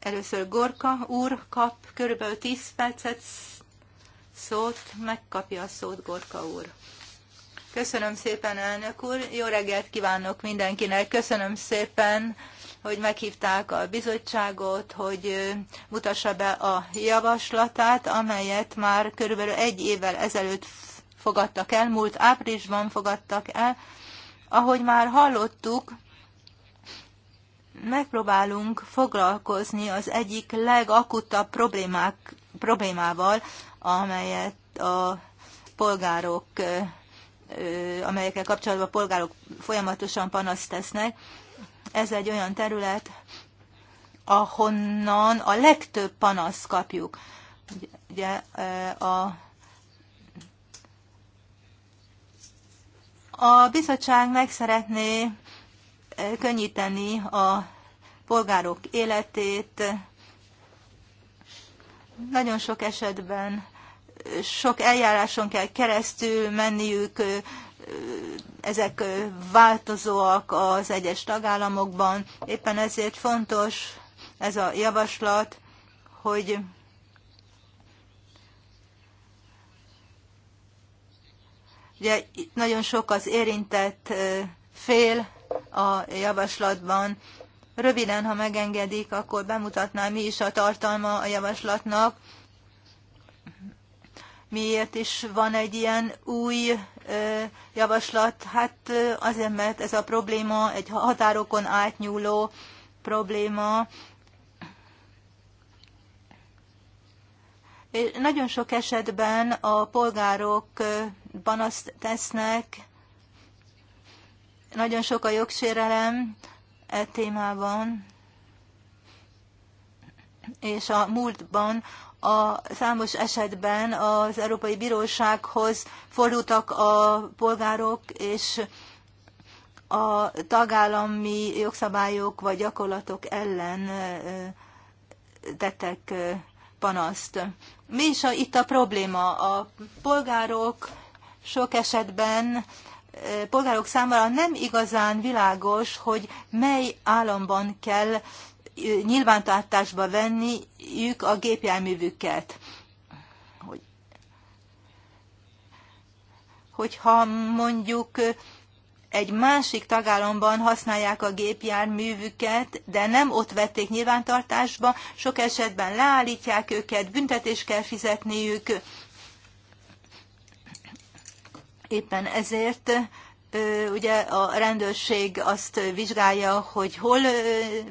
Először Gorka úr kap körülbelül 10 percet, szót, megkapja a szót Gorka úr. Köszönöm szépen, elnök úr. Jó reggelt kívánok mindenkinek. Köszönöm szépen, hogy meghívták a bizottságot, hogy mutassa be a javaslatát, amelyet már körülbelül egy évvel ezelőtt fogadtak el, múlt áprilisban fogadtak el. Ahogy már hallottuk, megpróbálunk foglalkozni az egyik legakutabb problémák, problémával, amelyet a polgárok, amelyekkel kapcsolatban a polgárok folyamatosan panaszt tesznek. Ez egy olyan terület, ahonnan a legtöbb panaszt kapjuk. Ugye a A bizottság meg szeretné könnyíteni a polgárok életét. Nagyon sok esetben sok eljáráson kell keresztül menniük, ezek változóak az egyes tagállamokban. Éppen ezért fontos ez a javaslat, hogy ugye itt nagyon sok az érintett fél a javaslatban. Röviden, ha megengedik, akkor bemutatnám mi is a tartalma a javaslatnak. Miért is van egy ilyen új javaslat? Hát azért, mert ez a probléma egy határokon átnyúló probléma. És nagyon sok esetben a polgárok panaszt tesznek, nagyon sok a jogsérelem e témában, és a múltban a számos esetben az Európai Bírósághoz fordultak a polgárok, és a tagállami jogszabályok vagy gyakorlatok ellen tettek panaszt. Mi is a, itt a probléma? A polgárok sok esetben polgárok számára nem igazán világos, hogy mely államban kell nyilvántartásba ők a gépjárművüket. Hogy, hogyha mondjuk egy másik tagállamban használják a gépjárművüket, de nem ott vették nyilvántartásba, sok esetben leállítják őket, büntetést kell fizetniük. Éppen ezért ugye a rendőrség azt vizsgálja, hogy hol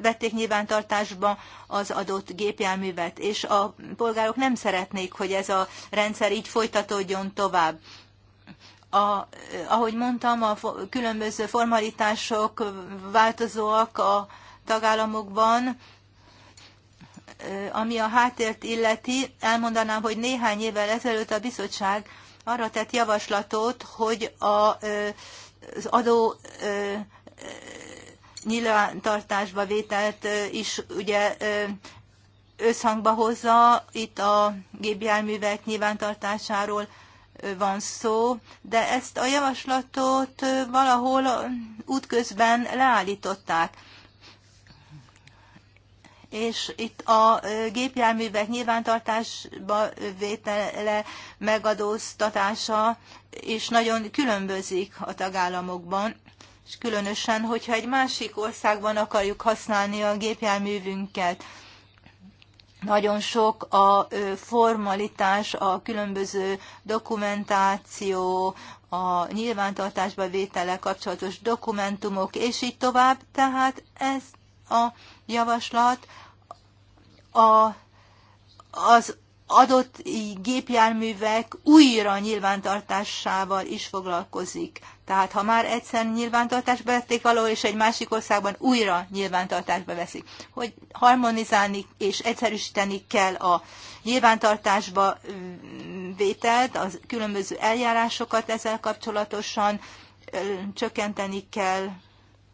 vették nyilvántartásba az adott gépjárművet, és a polgárok nem szeretnék, hogy ez a rendszer így folytatódjon tovább. A, ahogy mondtam, a különböző formalitások változóak a tagállamokban, ami a háttért illeti, elmondanám, hogy néhány évvel ezelőtt a bizottság arra tett javaslatot, hogy a az adó nyilvántartásba vételt is ugye összhangba hozza, itt a gépjárművek nyilvántartásáról van szó, de ezt a javaslatot valahol útközben leállították és itt a gépjárművek nyilvántartásba vétele megadóztatása is nagyon különbözik a tagállamokban, és különösen, hogyha egy másik országban akarjuk használni a gépjárművünket, nagyon sok a formalitás, a különböző dokumentáció, a nyilvántartásba vétele kapcsolatos dokumentumok, és így tovább. Tehát ez a javaslat a, az adott gépjárművek újra nyilvántartásával is foglalkozik. Tehát ha már egyszer nyilvántartást vették való, és egy másik országban újra nyilvántartásba veszik. Hogy harmonizálni és egyszerűsíteni kell a nyilvántartásba mm, vételt, az különböző eljárásokat ezzel kapcsolatosan, csökkenteni kell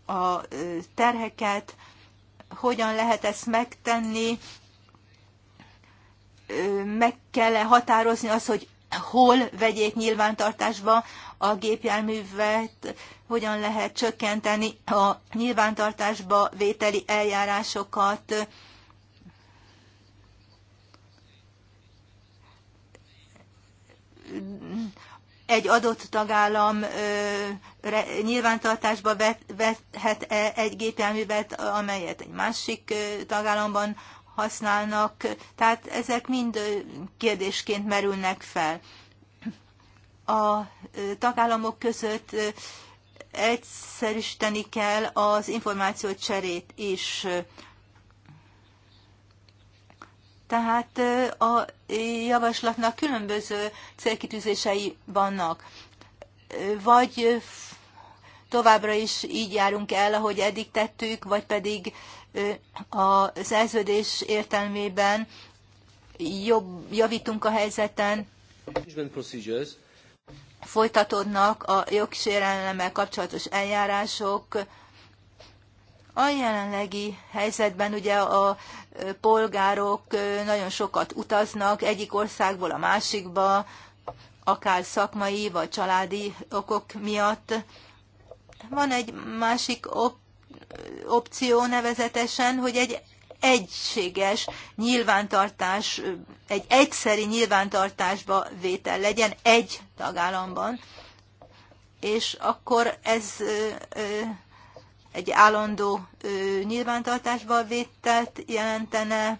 a terheket, hogyan lehet ezt megtenni, meg kell -e határozni az, hogy hol vegyék nyilvántartásba a gépjárművet, hogyan lehet csökkenteni a nyilvántartásba vételi eljárásokat, egy adott tagállam nyilvántartásba vethet -e egy gépjárművet, amelyet egy másik tagállamban használnak, tehát ezek mind kérdésként merülnek fel. A tagállamok között egyszerűsíteni kell az információ cserét is. Tehát a javaslatnak különböző célkitűzései vannak. Vagy továbbra is így járunk el, ahogy eddig tettük, vagy pedig a szerződés értelmében jobb, javítunk a helyzeten, folytatódnak a jogsérelemmel kapcsolatos eljárások. A jelenlegi helyzetben ugye a polgárok nagyon sokat utaznak egyik országból a másikba, akár szakmai vagy családi okok miatt. Van egy másik ok, opció nevezetesen, hogy egy egységes nyilvántartás, egy egyszeri nyilvántartásba vétel legyen egy tagállamban, és akkor ez egy állandó nyilvántartásba vételt jelentene.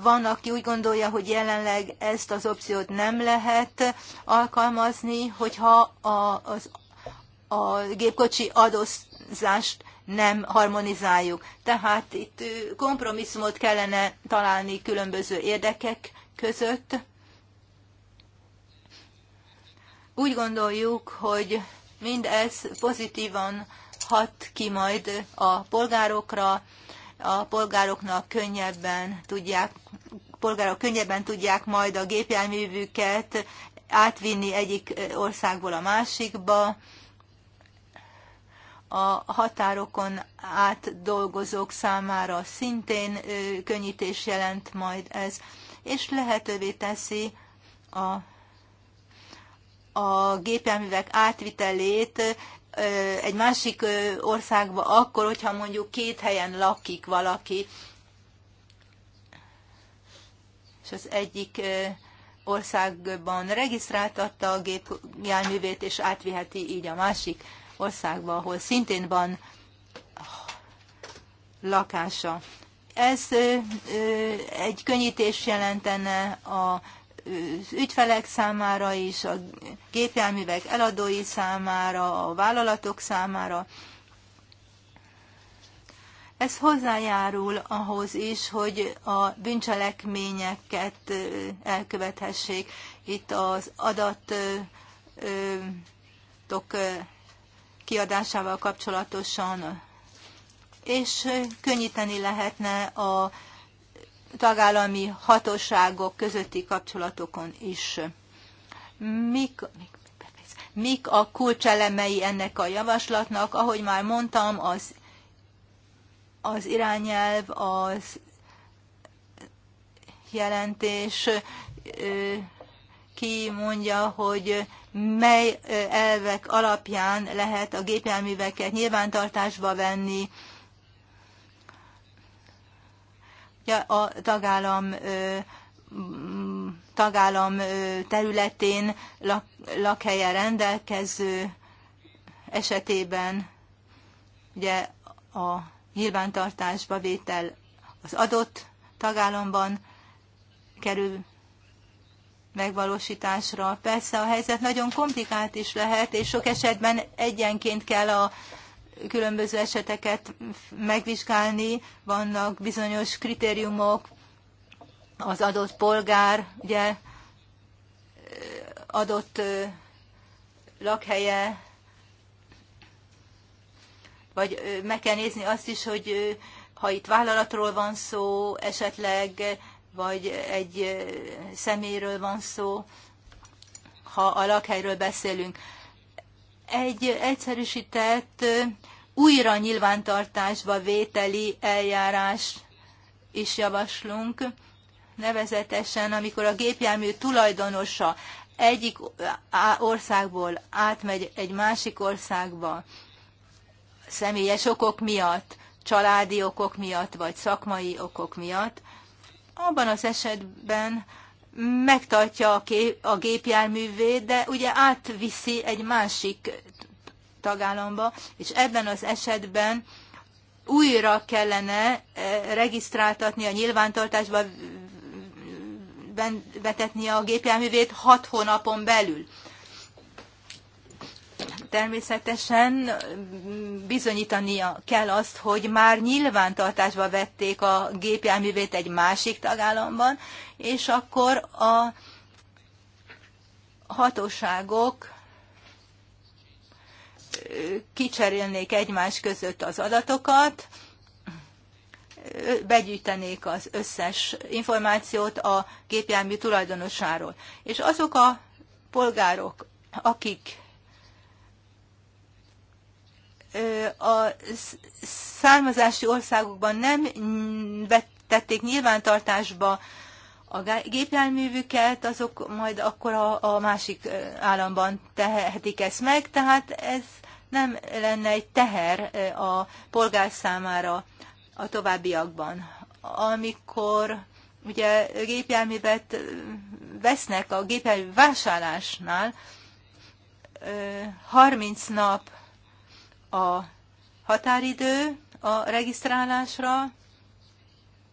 Van, aki úgy gondolja, hogy jelenleg ezt az opciót nem lehet alkalmazni, hogyha az a gépkocsi adózást nem harmonizáljuk. Tehát itt kompromisszumot kellene találni különböző érdekek között. Úgy gondoljuk, hogy mindez pozitívan hat ki majd a polgárokra, a polgároknak könnyebben tudják, polgárok könnyebben tudják majd a gépjárművüket átvinni egyik országból a másikba, a határokon át dolgozók számára szintén könnyítés jelent majd ez, és lehetővé teszi a, a gépjárművek átvitelét egy másik országba akkor, hogyha mondjuk két helyen lakik valaki, és az egyik országban regisztráltatta a gépjárművét, és átviheti így a másik országba, ahol szintén van lakása. Ez egy könnyítés jelentene a ügyfelek számára is, a gépjárművek eladói számára, a vállalatok számára. Ez hozzájárul ahhoz is, hogy a bűncselekményeket elkövethessék. Itt az adatok kiadásával kapcsolatosan, és könnyíteni lehetne a tagállami hatóságok közötti kapcsolatokon is. Mik, mik, mik a kulcselemei ennek a javaslatnak? Ahogy már mondtam, az, az irányelv, az jelentés ki mondja, hogy mely elvek alapján lehet a gépjárműveket nyilvántartásba venni. A tagállam tagállam területén lak, lakhelye rendelkező esetében ugye a nyilvántartásba vétel az adott tagállamban kerül megvalósításra. Persze a helyzet nagyon komplikált is lehet, és sok esetben egyenként kell a különböző eseteket megvizsgálni, vannak bizonyos kritériumok, az adott polgár, ugye adott lakhelye, vagy meg kell nézni azt is, hogy ha itt vállalatról van szó, esetleg vagy egy személyről van szó, ha a lakhelyről beszélünk. Egy egyszerűsített újra nyilvántartásba vételi eljárás is javaslunk, nevezetesen, amikor a gépjármű tulajdonosa egyik országból átmegy egy másik országba, személyes okok miatt, családi okok miatt, vagy szakmai okok miatt, abban az esetben megtartja a, kép, a gépjárművét, de ugye átviszi egy másik tagállamba, és ebben az esetben újra kellene eh, regisztráltatni a nyilvántartásba betetni a gépjárművét hat hónapon belül. Természetesen bizonyítania kell azt, hogy már nyilvántartásba vették a gépjárművét egy másik tagállamban, és akkor a hatóságok kicserélnék egymás között az adatokat, begyűjtenék az összes információt a gépjármű tulajdonosáról. És azok a polgárok, akik a származási országokban nem vettették nyilvántartásba a gépjárművüket, azok majd akkor a, a másik államban tehetik ezt meg, tehát ez nem lenne egy teher a polgár számára a továbbiakban. Amikor ugye gépjárművet vesznek a gépjármű vásárlásnál, 30 nap a határidő a regisztrálásra,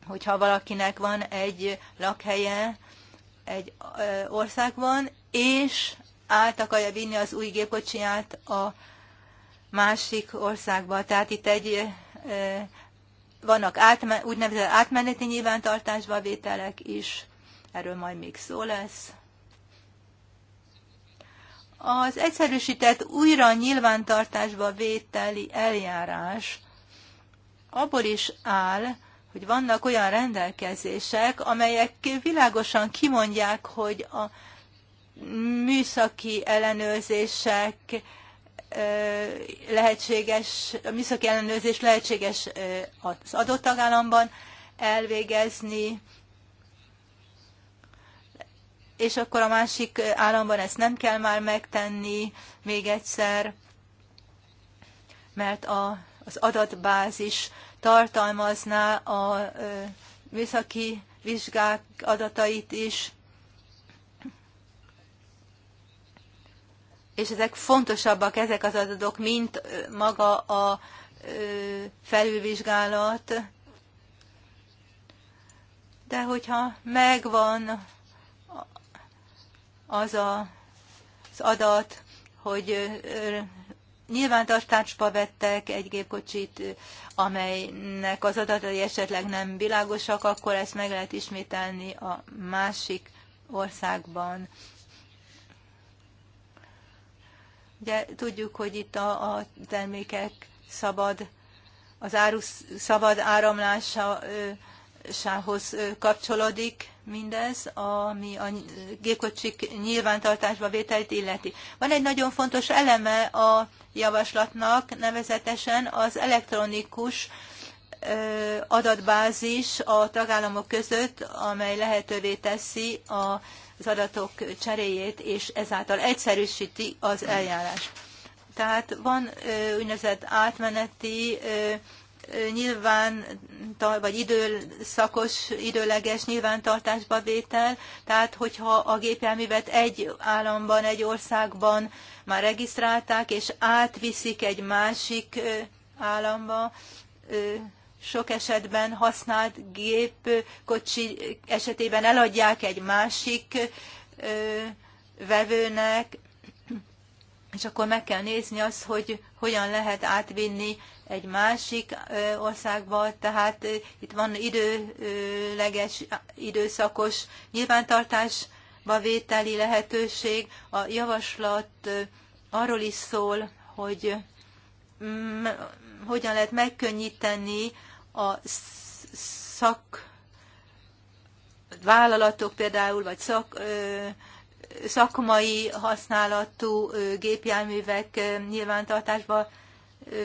hogyha valakinek van egy lakhelye egy országban, és át akarja vinni az új gépkocsiját a másik országba. Tehát itt egy vannak átme, úgynevezett átmeneti nyilvántartásba vételek is, erről majd még szó lesz. Az egyszerűsített újra nyilvántartásba vételi eljárás abból is áll, hogy vannak olyan rendelkezések, amelyek világosan kimondják, hogy a műszaki ellenőrzések lehetséges, a műszaki ellenőrzés lehetséges az adott tagállamban elvégezni, és akkor a másik államban ezt nem kell már megtenni még egyszer, mert a, az adatbázis tartalmazná a műszaki vizsgák adatait is, és ezek fontosabbak, ezek az adatok, mint maga a felülvizsgálat. De hogyha megvan az a, az adat, hogy nyilvántartásba vettek egy gépkocsit, amelynek az adatai esetleg nem világosak, akkor ezt meg lehet ismételni a másik országban. Ugye tudjuk, hogy itt a, a termékek szabad, az áru szabad áramlása biztonsához kapcsolódik mindez, ami a gépkocsik nyilvántartásba vételt illeti. Van egy nagyon fontos eleme a javaslatnak, nevezetesen az elektronikus adatbázis a tagállamok között, amely lehetővé teszi az adatok cseréjét, és ezáltal egyszerűsíti az eljárást. Tehát van úgynevezett átmeneti nyilván, vagy időszakos, időleges nyilvántartásba vétel, tehát hogyha a gépjárművet egy államban, egy országban már regisztrálták, és átviszik egy másik államba, sok esetben használt gépkocsi esetében eladják egy másik vevőnek, és akkor meg kell nézni azt, hogy hogyan lehet átvinni egy másik országba, tehát itt van időleges, időszakos nyilvántartásba vételi lehetőség. A javaslat arról is szól, hogy mm, hogyan lehet megkönnyíteni a szak vállalatok például, vagy szak szakmai használatú gépjárművek nyilvántartásba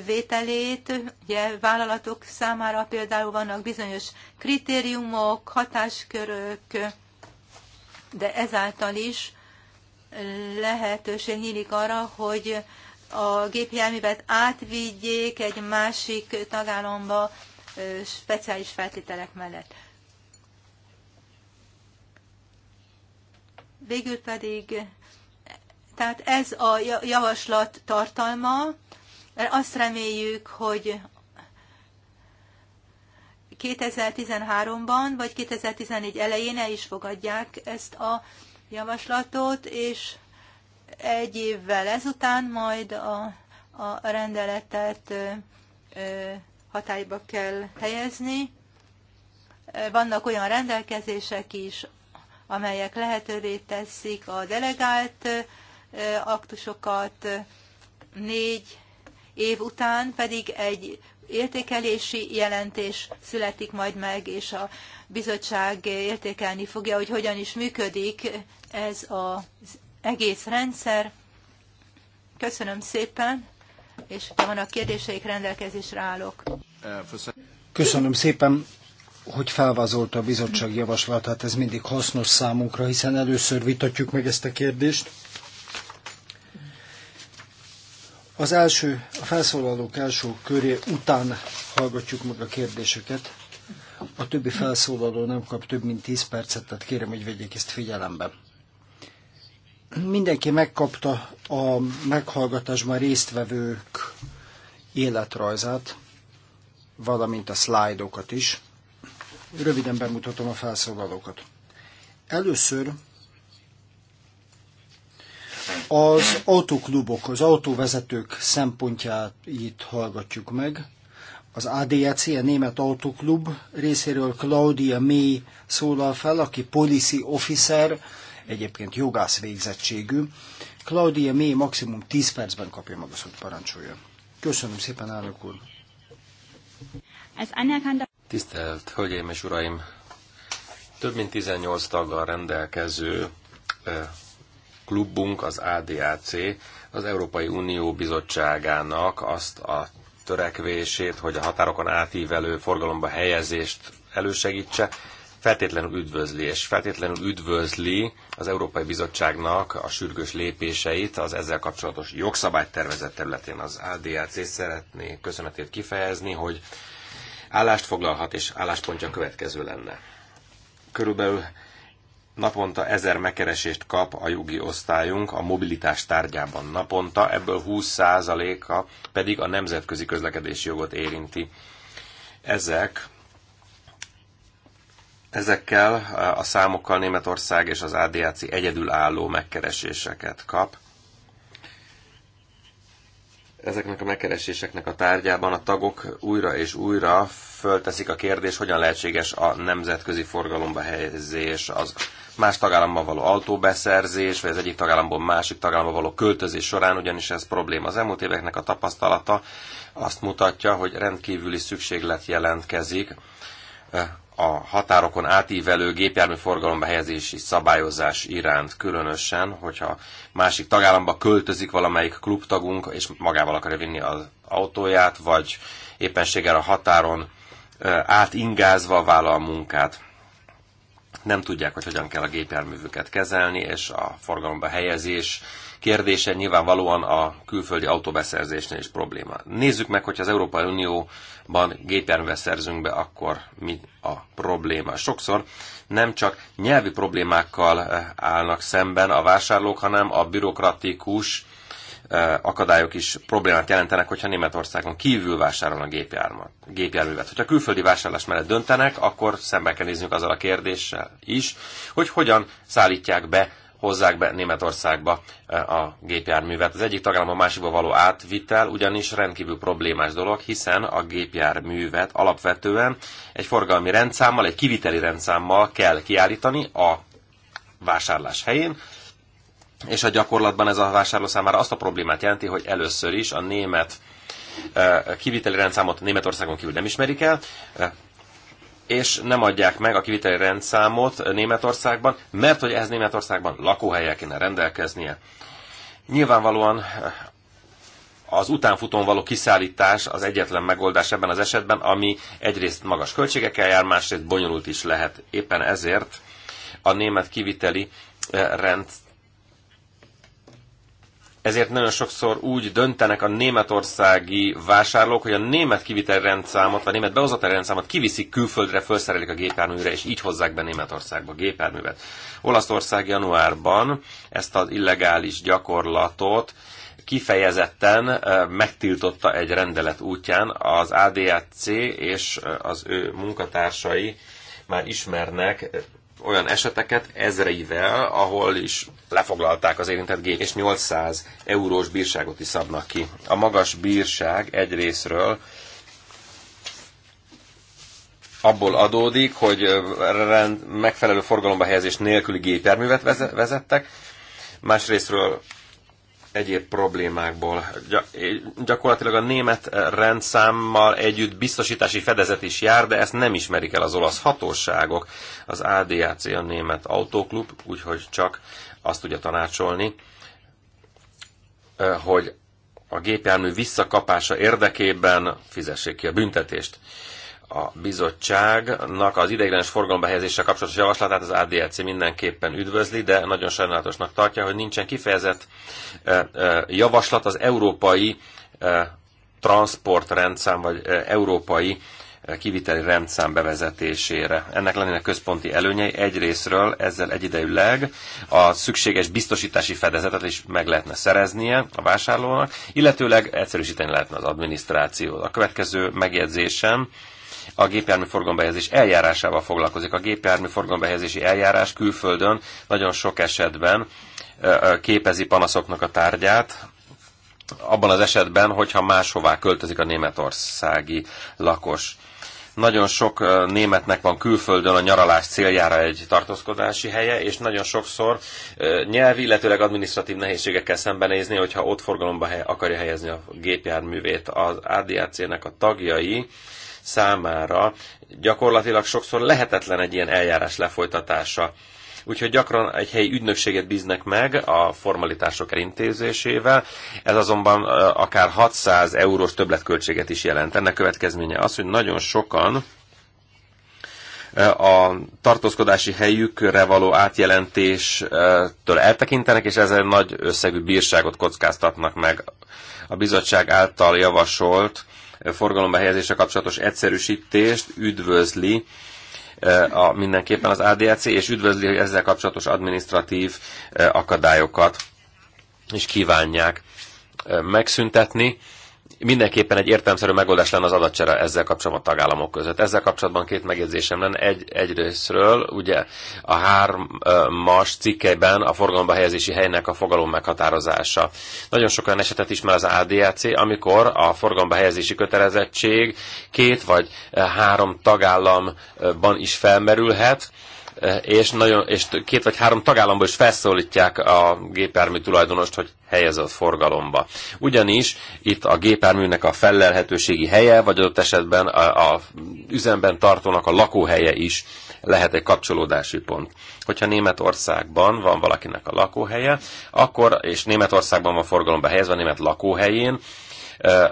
vételét. Ugye vállalatok számára például vannak bizonyos kritériumok, hatáskörök, de ezáltal is lehetőség nyílik arra, hogy a gépjárművet átvigyék egy másik tagállamba speciális feltételek mellett. Végül pedig, tehát ez a javaslat tartalma, azt reméljük, hogy 2013-ban vagy 2014 elején el is fogadják ezt a javaslatot, és egy évvel ezután majd a, a rendeletet hatályba kell helyezni. Vannak olyan rendelkezések is, amelyek lehetővé teszik a delegált aktusokat, négy év után pedig egy értékelési jelentés születik majd meg, és a bizottság értékelni fogja, hogy hogyan is működik ez az egész rendszer. Köszönöm szépen, és ha vannak kérdéseik, rendelkezésre állok. Köszönöm szépen hogy felvázolta a bizottság javaslatát, ez mindig hasznos számunkra, hiszen először vitatjuk meg ezt a kérdést. Az első, a felszólalók első köré után hallgatjuk meg a kérdéseket. A többi felszólaló nem kap több mint 10 percet, tehát kérem, hogy vegyék ezt figyelembe. Mindenki megkapta a meghallgatásban résztvevők életrajzát, valamint a szlájdokat is. Röviden bemutatom a felszólalókat. Először az autóklubok, az autóvezetők szempontját hallgatjuk meg. Az ADAC, a Német Autoklub részéről Claudia May szólal fel, aki policy officer, egyébként jogász végzettségű. Claudia May maximum 10 percben kapja maga szót, parancsolja. Köszönöm szépen, elnök úr. Tisztelt Hölgyeim és Uraim! Több mint 18 taggal rendelkező klubunk, az ADAC, az Európai Unió Bizottságának azt a törekvését, hogy a határokon átívelő forgalomba helyezést elősegítse, feltétlenül üdvözli, és feltétlenül üdvözli az Európai Bizottságnak a sürgős lépéseit az ezzel kapcsolatos jogszabálytervezet területén. Az ADAC szeretné köszönetét kifejezni, hogy állást foglalhat, és álláspontja következő lenne. Körülbelül naponta ezer megkeresést kap a jogi osztályunk a mobilitás tárgyában naponta, ebből 20%-a pedig a nemzetközi közlekedési jogot érinti. Ezek Ezekkel a számokkal Németország és az ADAC egyedülálló megkereséseket kap ezeknek a megkereséseknek a tárgyában a tagok újra és újra fölteszik a kérdés, hogyan lehetséges a nemzetközi forgalomba helyezés, az más tagállamban való autóbeszerzés, vagy az egyik tagállamból másik tagállamba való költözés során, ugyanis ez probléma. Az elmúlt éveknek a tapasztalata azt mutatja, hogy rendkívüli szükséglet jelentkezik eh, a határokon átívelő gépjárműforgalomba helyezési szabályozás iránt különösen, hogyha másik tagállamba költözik valamelyik klubtagunk, és magával akarja vinni az autóját, vagy éppenséggel a határon átingázva vállal munkát. Nem tudják, hogy hogyan kell a gépjárművüket kezelni, és a forgalomba helyezés kérdése nyilvánvalóan a külföldi autóbeszerzésnél is probléma. Nézzük meg, hogy az Európai Unióban gépjárművet szerzünk be, akkor mi a probléma. Sokszor nem csak nyelvi problémákkal eh, állnak szemben a vásárlók, hanem a bürokratikus eh, akadályok is problémát jelentenek, hogyha Németországon kívül vásárolnak gépjárművet. Hogyha külföldi vásárlás mellett döntenek, akkor szembe kell néznünk azzal a kérdéssel is, hogy hogyan szállítják be hozzák be Németországba e, a gépjárművet. Az egyik tagállam a másikba való átvitel ugyanis rendkívül problémás dolog, hiszen a gépjárművet alapvetően egy forgalmi rendszámmal, egy kiviteli rendszámmal kell kiállítani a vásárlás helyén, és a gyakorlatban ez a vásárló számára azt a problémát jelenti, hogy először is a német e, kiviteli rendszámot Németországon kívül nem ismerik el, e, és nem adják meg a kiviteli rendszámot Németországban, mert hogy ez Németországban lakóhelyek kéne rendelkeznie. Nyilvánvalóan az utánfutón való kiszállítás az egyetlen megoldás ebben az esetben, ami egyrészt magas költségekkel jár, másrészt bonyolult is lehet. Éppen ezért a német kiviteli eh, rend, ezért nagyon sokszor úgy döntenek a németországi vásárlók, hogy a német kivitelrendszámot, vagy a német behozatalrendszámot kiviszik külföldre, felszerelik a gépjárműre, és így hozzák be Németországba a gépjárművet. Olaszország januárban ezt az illegális gyakorlatot kifejezetten megtiltotta egy rendelet útján. Az ADAC és az ő munkatársai már ismernek olyan eseteket ezreivel, ahol is lefoglalták az érintett gép, és 800 eurós bírságot is szabnak ki. A magas bírság egyrésztről abból adódik, hogy rend, megfelelő forgalomba helyezés nélküli gépjárművet vezettek, másrésztről egyéb problémákból. Gyakorlatilag a német rendszámmal együtt biztosítási fedezet is jár, de ezt nem ismerik el az olasz hatóságok. Az ADAC a német autóklub, úgyhogy csak azt tudja tanácsolni, hogy a gépjármű visszakapása érdekében fizessék ki a büntetést a bizottságnak az ideiglenes forgalomba helyezéssel kapcsolatos javaslatát az ADLC mindenképpen üdvözli, de nagyon sajnálatosnak tartja, hogy nincsen kifejezett eh, eh, javaslat az európai eh, transportrendszám, vagy európai kiviteli rendszám bevezetésére. Ennek lennének központi előnyei egyrésztről ezzel egyidejűleg a szükséges biztosítási fedezetet is meg lehetne szereznie a vásárlónak, illetőleg egyszerűsíteni lehetne az adminisztrációt. A következő megjegyzésem a gépjármű forgalombehelyezés eljárásával foglalkozik. A gépjármű forgalombehelyezési eljárás külföldön nagyon sok esetben képezi panaszoknak a tárgyát, abban az esetben, hogyha máshová költözik a németországi lakos. Nagyon sok németnek van külföldön a nyaralás céljára egy tartózkodási helye, és nagyon sokszor nyelvi, illetőleg administratív nehézségekkel szembenézni, hogyha ott forgalomba akarja helyezni a gépjárművét. Az ADAC-nek a tagjai számára gyakorlatilag sokszor lehetetlen egy ilyen eljárás lefolytatása. Úgyhogy gyakran egy helyi ügynökséget bíznek meg a formalitások elintézésével, ez azonban akár 600 eurós többletköltséget is jelent. Ennek következménye az, hogy nagyon sokan a tartózkodási helyükre való átjelentéstől eltekintenek, és ezzel nagy összegű bírságot kockáztatnak meg. A bizottság által javasolt forgalomba helyezése kapcsolatos egyszerűsítést üdvözli eh, a, mindenképpen az ADAC, és üdvözli ezzel kapcsolatos administratív eh, akadályokat, és kívánják eh, megszüntetni mindenképpen egy értelmszerű megoldás lenne az adatcsere ezzel kapcsolatban a tagállamok között. Ezzel kapcsolatban két megjegyzésem lenne. Egy, egyrésztről ugye a hármas cikkeiben a forgalomba helyezési helynek a fogalom meghatározása. Nagyon sok olyan esetet ismer az ADAC, amikor a forgalomba helyezési kötelezettség két vagy három tagállamban is felmerülhet, Eh, és, nagyon, és két vagy három tagállamban is felszólítják a gépjármű tulajdonost, hogy helyezze a forgalomba. Ugyanis itt a gépjárműnek a fellelhetőségi helye, vagy adott esetben a, a üzemben tartónak a lakóhelye is lehet egy kapcsolódási pont. Hogyha Németországban van valakinek a lakóhelye, akkor, és Németországban van forgalomba helyezve a német lakóhelyén,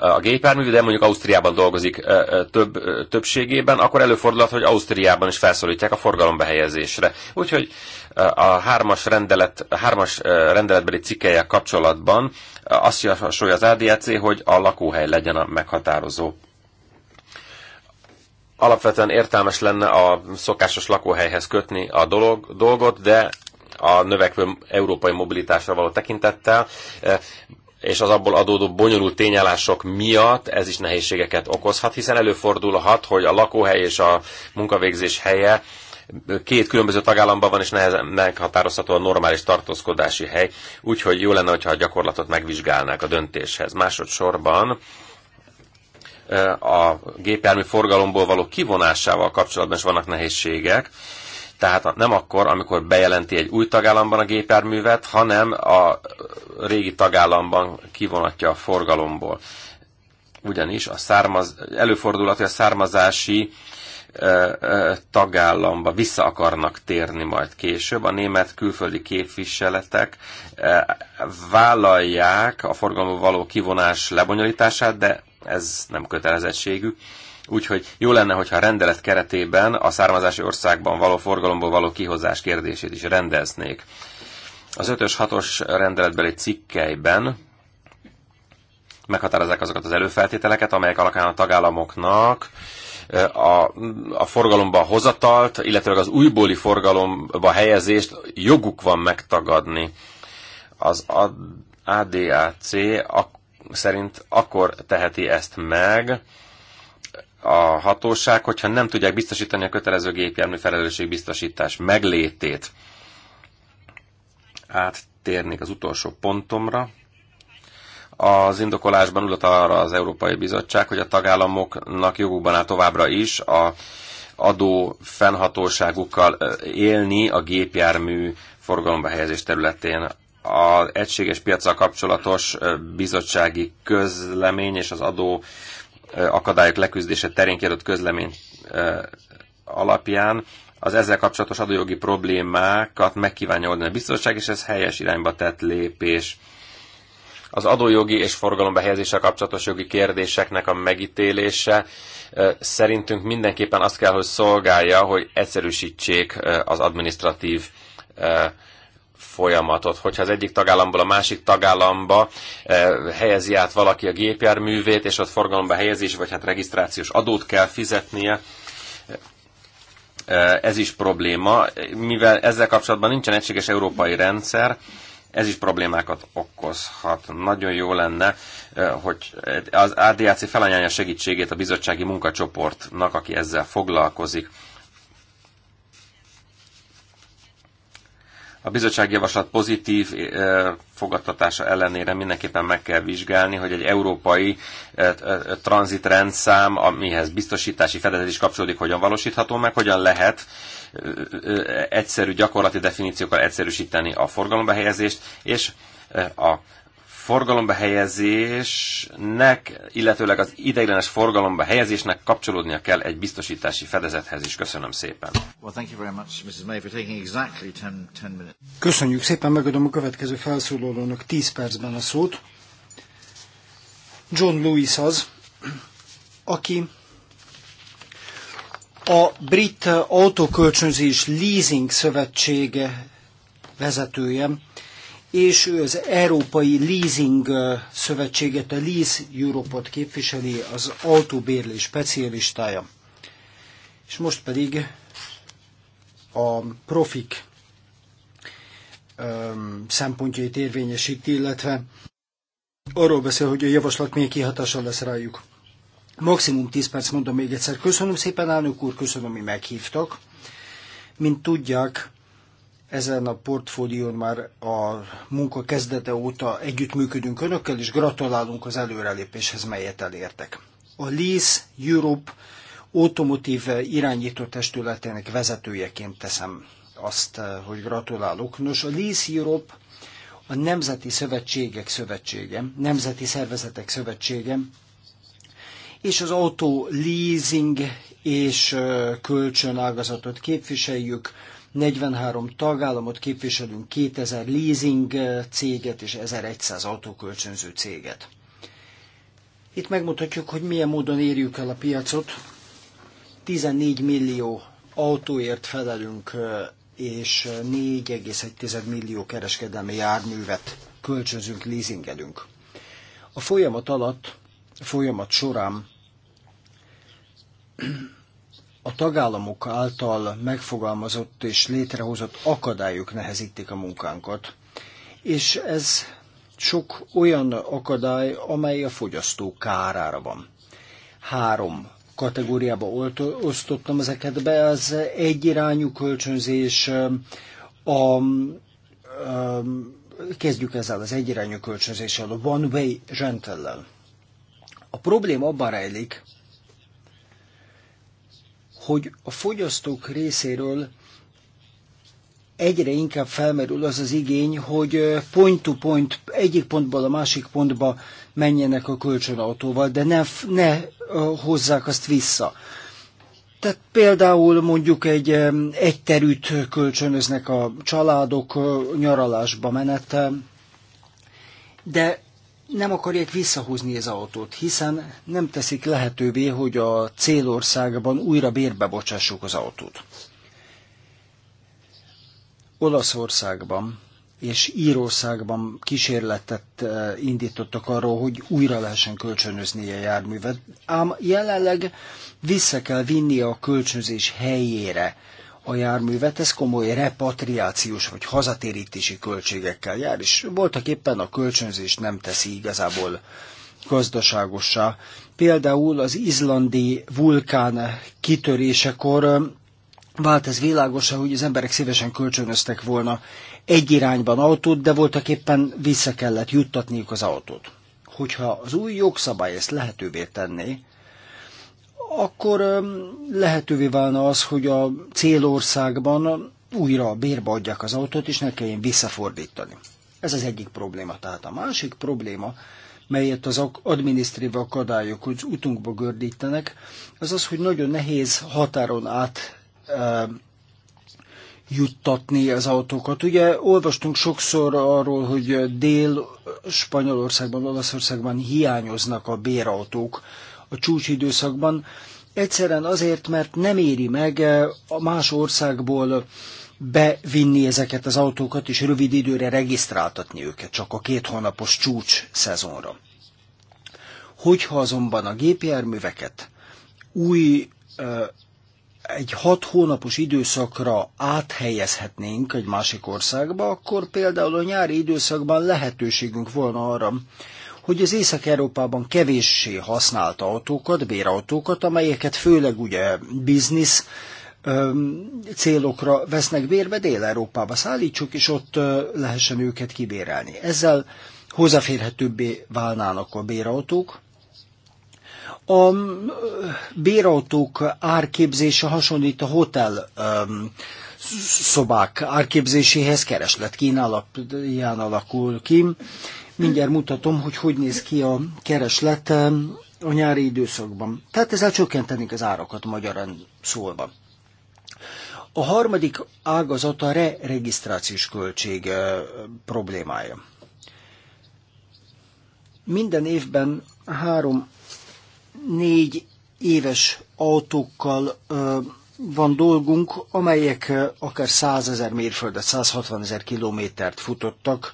a gépjármű, de mondjuk Ausztriában dolgozik több, többségében, akkor előfordulhat, hogy Ausztriában is felszólítják a forgalombehelyezésre. Úgyhogy a hármas, rendelet, a hármas rendeletbeli cikkelyek kapcsolatban azt javasolja az ADAC, hogy a lakóhely legyen a meghatározó alapvetően értelmes lenne a szokásos lakóhelyhez kötni a dolog, dolgot, de a növekvő európai mobilitásra való tekintettel és az abból adódó bonyolult tényállások miatt ez is nehézségeket okozhat, hiszen előfordulhat, hogy a lakóhely és a munkavégzés helye két különböző tagállamban van, és nehezen meghatározható a normális tartózkodási hely, úgyhogy jó lenne, hogyha a gyakorlatot megvizsgálnák a döntéshez. Másodszorban a gépjármű forgalomból való kivonásával kapcsolatban is vannak nehézségek. Tehát nem akkor, amikor bejelenti egy új tagállamban a gépjárművet, hanem a régi tagállamban kivonatja a forgalomból. Ugyanis a származ, előfordulhat, hogy a származási tagállamba vissza akarnak térni majd később. A német külföldi képviseletek vállalják a forgalomból való kivonás lebonyolítását, de ez nem kötelezettségük Úgyhogy jó lenne, hogyha a rendelet keretében a származási országban való forgalomból való kihozás kérdését is rendeznék. Az 5-ös 6-os rendeletbeli cikkeiben meghatározzák azokat az előfeltételeket, amelyek alapján a tagállamoknak a, a forgalomba hozatalt, illetve az újbóli forgalomba helyezést joguk van megtagadni. Az ADAC ak- szerint akkor teheti ezt meg, a hatóság, hogyha nem tudják biztosítani a kötelező gépjármű felelősségbiztosítás meglétét. Áttérnék az utolsó pontomra. Az indokolásban utat arra az Európai Bizottság, hogy a tagállamoknak jogukban áll továbbra is a adó fennhatóságukkal élni a gépjármű forgalomba helyezés területén az egységes piacsal kapcsolatos bizottsági közlemény és az adó akadályok leküzdése terén kiadott közlemény alapján az ezzel kapcsolatos adójogi problémákat megkívánja oldani a biztonság, és ez helyes irányba tett lépés. Az adójogi és forgalombehelyezéssel kapcsolatos jogi kérdéseknek a megítélése szerintünk mindenképpen azt kell, hogy szolgálja, hogy egyszerűsítsék az administratív folyamatot. Hogyha az egyik tagállamból a másik tagállamba eh, helyezi át valaki a gépjárművét, és ott forgalomba helyezés, vagy hát regisztrációs adót kell fizetnie, eh, ez is probléma, mivel ezzel kapcsolatban nincsen egységes európai rendszer, ez is problémákat okozhat. Nagyon jó lenne, eh, hogy az ADAC felanyája segítségét a bizottsági munkacsoportnak, aki ezzel foglalkozik, A bizottság javaslat pozitív eh, fogadtatása ellenére mindenképpen meg kell vizsgálni, hogy egy európai eh, eh, tranzitrendszám, amihez biztosítási fedezet is kapcsolódik, hogyan valósítható meg, hogyan lehet egyszerű gyakorlati definíciókkal egyszerűsíteni a forgalombehelyezést, és a forgalomba helyezésnek, illetőleg az ideiglenes forgalomba helyezésnek kapcsolódnia kell egy biztosítási fedezethez is. Köszönöm szépen. Köszönjük szépen, megadom a következő felszólalónak 10 percben a szót. John Lewis az, aki a Brit Autókölcsönzés Leasing Szövetsége vezetője, és ő az Európai Leasing Szövetséget, a Lease Europot képviseli, az autóbérlés specialistája. És most pedig a profik szempontjait érvényesíti, illetve arról beszél, hogy a javaslat milyen kihatással lesz rájuk. Maximum 10 perc, mondom még egyszer. Köszönöm szépen, elnök úr, köszönöm, hogy meghívtak. Mint tudják, ezen a portfólión már a munka kezdete óta együttműködünk önökkel, és gratulálunk az előrelépéshez, melyet elértek. A Lease Europe automotív irányító testületének vezetőjeként teszem azt, hogy gratulálok. Nos, a Lease Europe a Nemzeti Szövetségek Szövetsége, Nemzeti Szervezetek Szövetsége, és az autó leasing és kölcsönágazatot képviseljük 43 tagállamot képviselünk, 2000 leasing eh, céget és 1100 autókölcsönző céget. Itt megmutatjuk, hogy milyen módon érjük el a piacot. 14 millió autóért felelünk, eh, és 4,1 millió kereskedelmi járművet kölcsönzünk, leasingelünk. A folyamat alatt, a folyamat során a tagállamok által megfogalmazott és létrehozott akadályok nehezítik a munkánkat, és ez sok olyan akadály, amely a fogyasztó kárára van. Három kategóriába osztottam ezeket be, az egyirányú kölcsönzés, a, a, a kezdjük ezzel az egyirányú kölcsönzéssel, a one-way rental A probléma abban rejlik, hogy a fogyasztók részéről egyre inkább felmerül az az igény, hogy point-to-point, egyik pontból a másik pontba menjenek a kölcsönautóval, de ne, ne hozzák azt vissza. Tehát például mondjuk egy, egy kölcsönöznek a családok nyaralásba menete, de nem akarják visszahúzni az autót, hiszen nem teszik lehetővé, hogy a célországban újra bérbe bocsássuk az autót. Olaszországban és Írországban kísérletet eh, indítottak arról, hogy újra lehessen kölcsönözni a járművet, ám jelenleg vissza kell vinni a kölcsönzés helyére a járművet, ez komoly repatriációs vagy hazatérítési költségekkel jár, és voltak éppen a kölcsönzés nem teszi igazából gazdaságossá. Például az izlandi vulkán kitörésekor vált ez világosan, hogy az emberek szívesen kölcsönöztek volna egy irányban autót, de voltak éppen vissza kellett juttatniuk az autót. Hogyha az új jogszabály ezt lehetővé tenné, akkor lehetővé válna az, hogy a célországban újra bérbe adják az autót, és ne kelljen visszafordítani. Ez az egyik probléma. Tehát a másik probléma, melyet az adminisztrív akadályok az utunkba gördítenek, az az, hogy nagyon nehéz határon át e, juttatni az autókat. Ugye olvastunk sokszor arról, hogy Dél-Spanyolországban, Olaszországban hiányoznak a bérautók, a csúcsidőszakban, egyszerűen azért, mert nem éri meg eh, a más országból bevinni ezeket az autókat, és rövid időre regisztráltatni őket, csak a két hónapos csúcs szezonra. Hogyha azonban a gépjárműveket új eh, egy hat hónapos időszakra áthelyezhetnénk egy másik országba, akkor például a nyári időszakban lehetőségünk volna arra, hogy az Észak-Európában kevéssé használt autókat, bérautókat, amelyeket főleg ugye biznisz célokra vesznek bérbe, Dél-Európába szállítsuk, és ott lehessen őket kibérelni. Ezzel hozzáférhetőbbé válnának a bérautók, a bérautók árképzése hasonlít a hotel um, szobák árképzéséhez, kereslet kínálatján alakul ki. Mindjárt mutatom, hogy hogy néz ki a kereslet a nyári időszakban. Tehát ezzel csökkentenik az árakat magyarán szólva. A harmadik ágazat a re-regisztrációs költség problémája. Minden évben három-négy éves autókkal van dolgunk, amelyek akár 100 ezer mérföldet, 160 ezer kilométert futottak,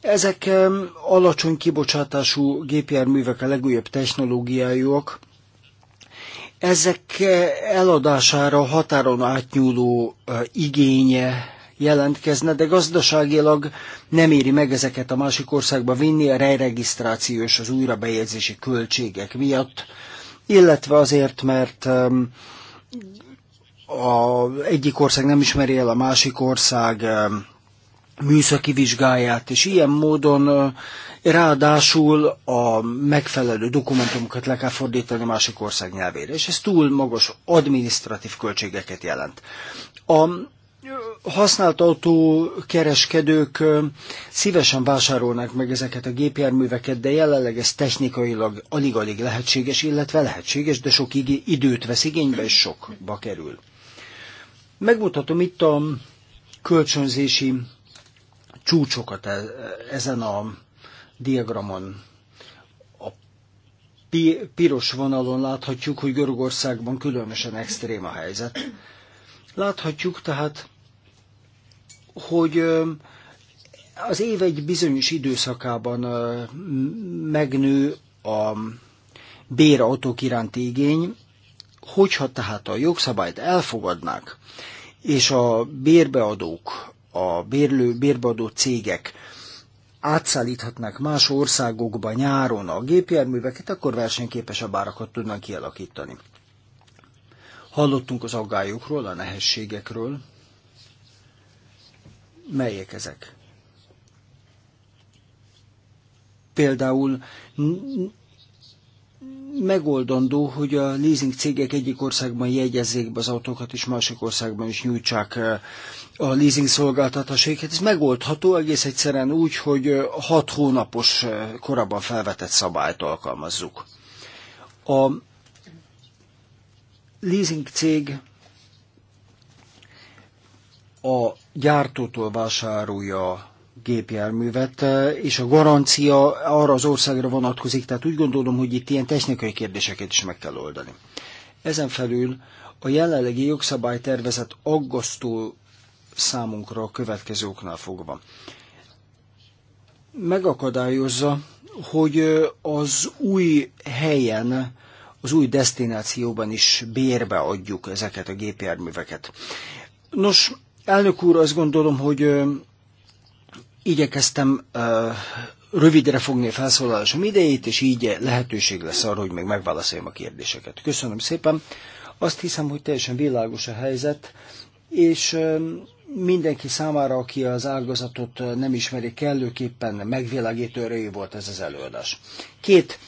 ezek alacsony kibocsátású gépjárművek a legújabb technológiájúak. Ezek eh, eladására határon átnyúló eh, igénye jelentkezne, de gazdaságilag nem éri meg ezeket a másik országba vinni a reregisztráció és az újrabejegyzési költségek miatt, illetve azért, mert a egyik ország nem ismeri el a másik ország műszaki vizsgáját, és ilyen módon ráadásul a megfelelő dokumentumokat le kell fordítani másik ország nyelvére, és ez túl magas administratív költségeket jelent. A használt autó kereskedők szívesen vásárolnak meg ezeket a gépjárműveket, de jelenleg ez technikailag alig-alig lehetséges, illetve lehetséges, de sok időt vesz igénybe, és sokba kerül. Megmutatom itt a kölcsönzési csúcsokat e, ezen a diagramon. A piros vonalon láthatjuk, hogy Görögországban különösen extrém a helyzet. Láthatjuk tehát, hogy az év egy bizonyos időszakában megnő a bérautók iránti igény, hogyha tehát a jogszabályt elfogadnák, és a bérbeadók a bérlő, bérbadó cégek átszállíthatnák más országokba nyáron a gépjárműveket, akkor versenyképesebb árakat tudnak kialakítani. Hallottunk az aggályokról, a nehézségekről. Melyek ezek? Például megoldandó, hogy a leasing cégek egyik országban jegyezzék be az autókat, és másik országban is nyújtsák eh, a leasing szolgáltatásaikat. Ez megoldható egész egyszerűen úgy, hogy eh, hat hónapos eh, korábban felvetett szabályt alkalmazzuk. A leasing cég a gyártótól vásárolja gépjárművet, eh, és a garancia arra az országra vonatkozik, tehát úgy gondolom, hogy itt ilyen technikai kérdéseket is meg kell oldani. Ezen felül a jelenlegi jogszabálytervezet aggasztó számunkra a következő oknál fogva. Megakadályozza, hogy eh, az új helyen, az új destinációban is bérbe adjuk ezeket a gépjárműveket. Nos, elnök úr, azt gondolom, hogy eh, igyekeztem rövidre fogni a felszólalásom idejét, és így lehetőség lesz arra, hogy még megválaszoljam a kérdéseket. Köszönöm szépen. Azt hiszem, hogy teljesen világos a helyzet, és mindenki számára, aki az ágazatot nem ismeri kellőképpen, megvilágító erejű volt ez az előadás. Két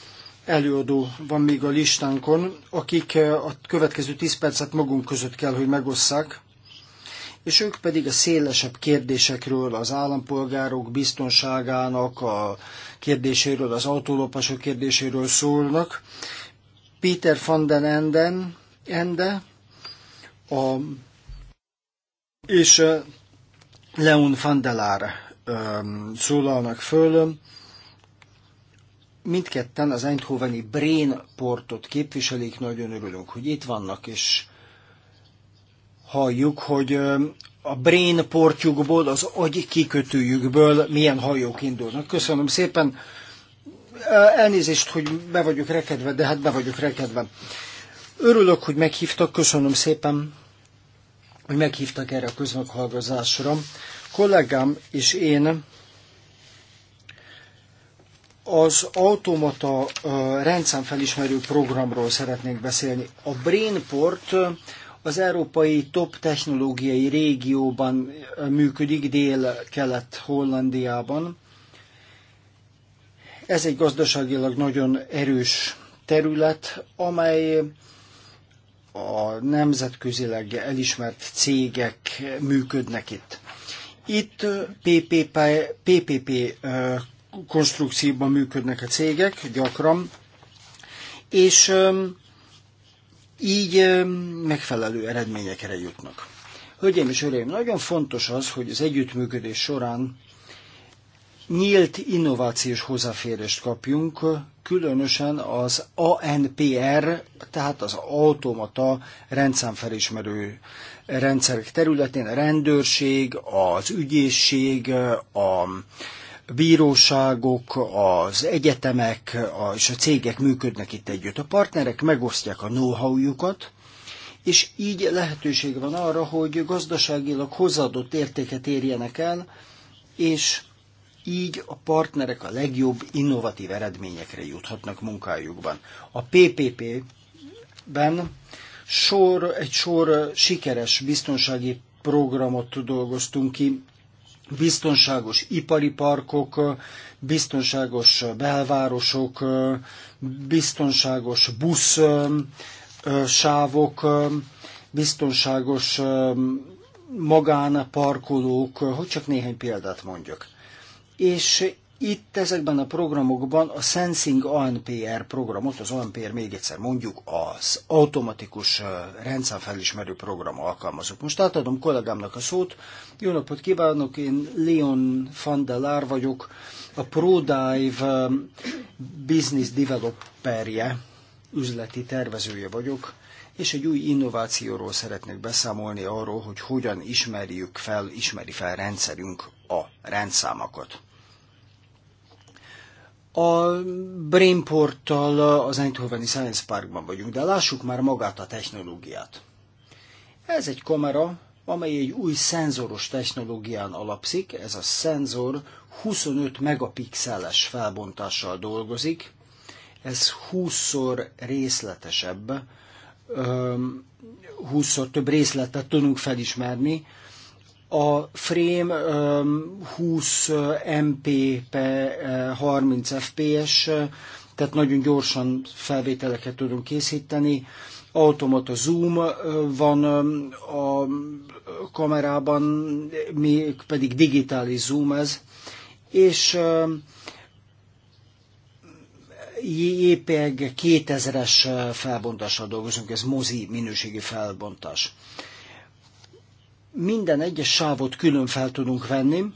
előadó van még a listánkon, akik a következő 10 percet magunk között kell, hogy megosszák és ők pedig a szélesebb kérdésekről, az állampolgárok biztonságának a kérdéséről, az autólopások kérdéséről szólnak. Peter van den Enden, Ende, a, és Leon van Delár szólalnak föl, mindketten az Eindhoveni Brain portot képviselik, nagyon örülünk, hogy itt vannak, és halljuk, hogy a brain portjukból, az agy kikötőjükből milyen hajók indulnak. Köszönöm szépen. Elnézést, hogy be vagyok rekedve, de hát be vagyok rekedve. Örülök, hogy meghívtak, köszönöm szépen, hogy meghívtak erre a közmeghallgatásra. Kollégám és én az automata rendszámfelismerő programról szeretnék beszélni. A Brainport az európai top technológiai régióban működik, dél-kelet-Hollandiában. Ez egy gazdaságilag nagyon erős terület, amely a nemzetközileg elismert cégek működnek itt. Itt PPP, PPP konstrukcióban működnek a cégek gyakran, és így megfelelő eredményekre jutnak. Hölgyeim és Uraim, nagyon fontos az, hogy az együttműködés során nyílt innovációs hozzáférést kapjunk, különösen az ANPR, tehát az automata rendszámfelismerő rendszerek területén a rendőrség, az ügyészség, a bíróságok, az egyetemek a, és a cégek működnek itt együtt. A partnerek megosztják a know-howjukat, és így lehetőség van arra, hogy gazdaságilag hozzáadott értéket érjenek el, és így a partnerek a legjobb innovatív eredményekre juthatnak munkájukban. A PPP-ben sor, egy sor sikeres biztonsági programot dolgoztunk ki, biztonságos ipari parkok, biztonságos belvárosok, biztonságos busz sávok, biztonságos magánparkolók, hogy csak néhány példát mondjak. És itt ezekben a programokban a Sensing ANPR programot, az ANPR még egyszer mondjuk az automatikus rendszerfelismerő program alkalmazok. Most átadom kollégámnak a szót. Jó napot kívánok, én Leon van der Lár vagyok, a ProDive business developerje, üzleti tervezője vagyok, és egy új innovációról szeretnék beszámolni arról, hogy hogyan ismerjük fel, ismeri fel rendszerünk a rendszámokat. A Brainporttal az Eindhoveni Science Parkban vagyunk, de lássuk már magát a technológiát. Ez egy kamera, amely egy új szenzoros technológián alapszik, ez a szenzor 25 megapixeles felbontással dolgozik, ez 20-szor részletesebb, 20-szor több részletet tudunk felismerni, a frame 20 MP 30 FPS, tehát nagyon gyorsan felvételeket tudunk készíteni. Automata zoom van a kamerában, mi pedig digitális zoom ez, és JPEG 2000-es felbontással dolgozunk, ez mozi minőségi felbontás. Minden egyes sávot külön fel tudunk venni,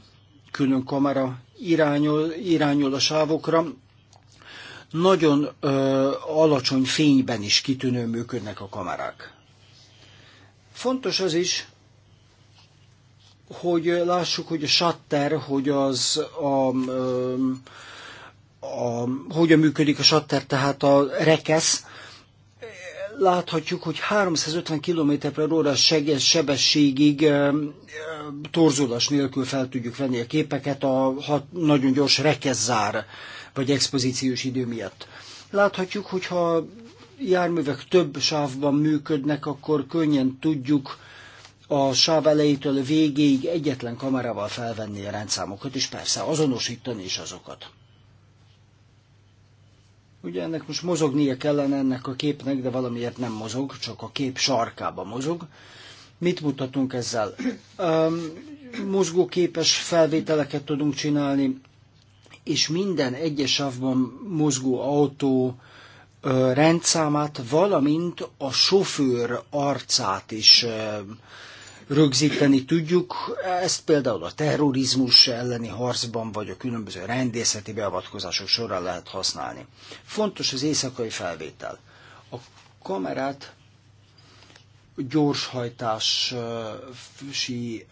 külön kamera irányul, irányul a sávokra, nagyon ö, alacsony fényben is kitűnő működnek a kamerák. Fontos az is, hogy lássuk, hogy a shutter, hogy az a, a, a hogyan működik a shutter, tehát a rekesz, láthatjuk, hogy 350 km per óra sebességig torzulás nélkül fel tudjuk venni a képeket a hat, nagyon gyors rekezzár vagy expozíciós idő miatt. Láthatjuk, hogyha járművek több sávban működnek, akkor könnyen tudjuk a sáv elejétől a végéig egyetlen kamerával felvenni a rendszámokat, és persze azonosítani is azokat. Ugye ennek most mozognia kellene ennek a képnek, de valamiért nem mozog, csak a kép sarkába mozog. Mit mutatunk ezzel? Um, mozgóképes felvételeket tudunk csinálni, és minden egyes sávban mozgó autó rendszámát, valamint a sofőr arcát is rögzíteni tudjuk. Ezt például a terrorizmus elleni harcban, vagy a különböző rendészeti beavatkozások során lehet használni. Fontos az éjszakai felvétel. A kamerát gyorshajtási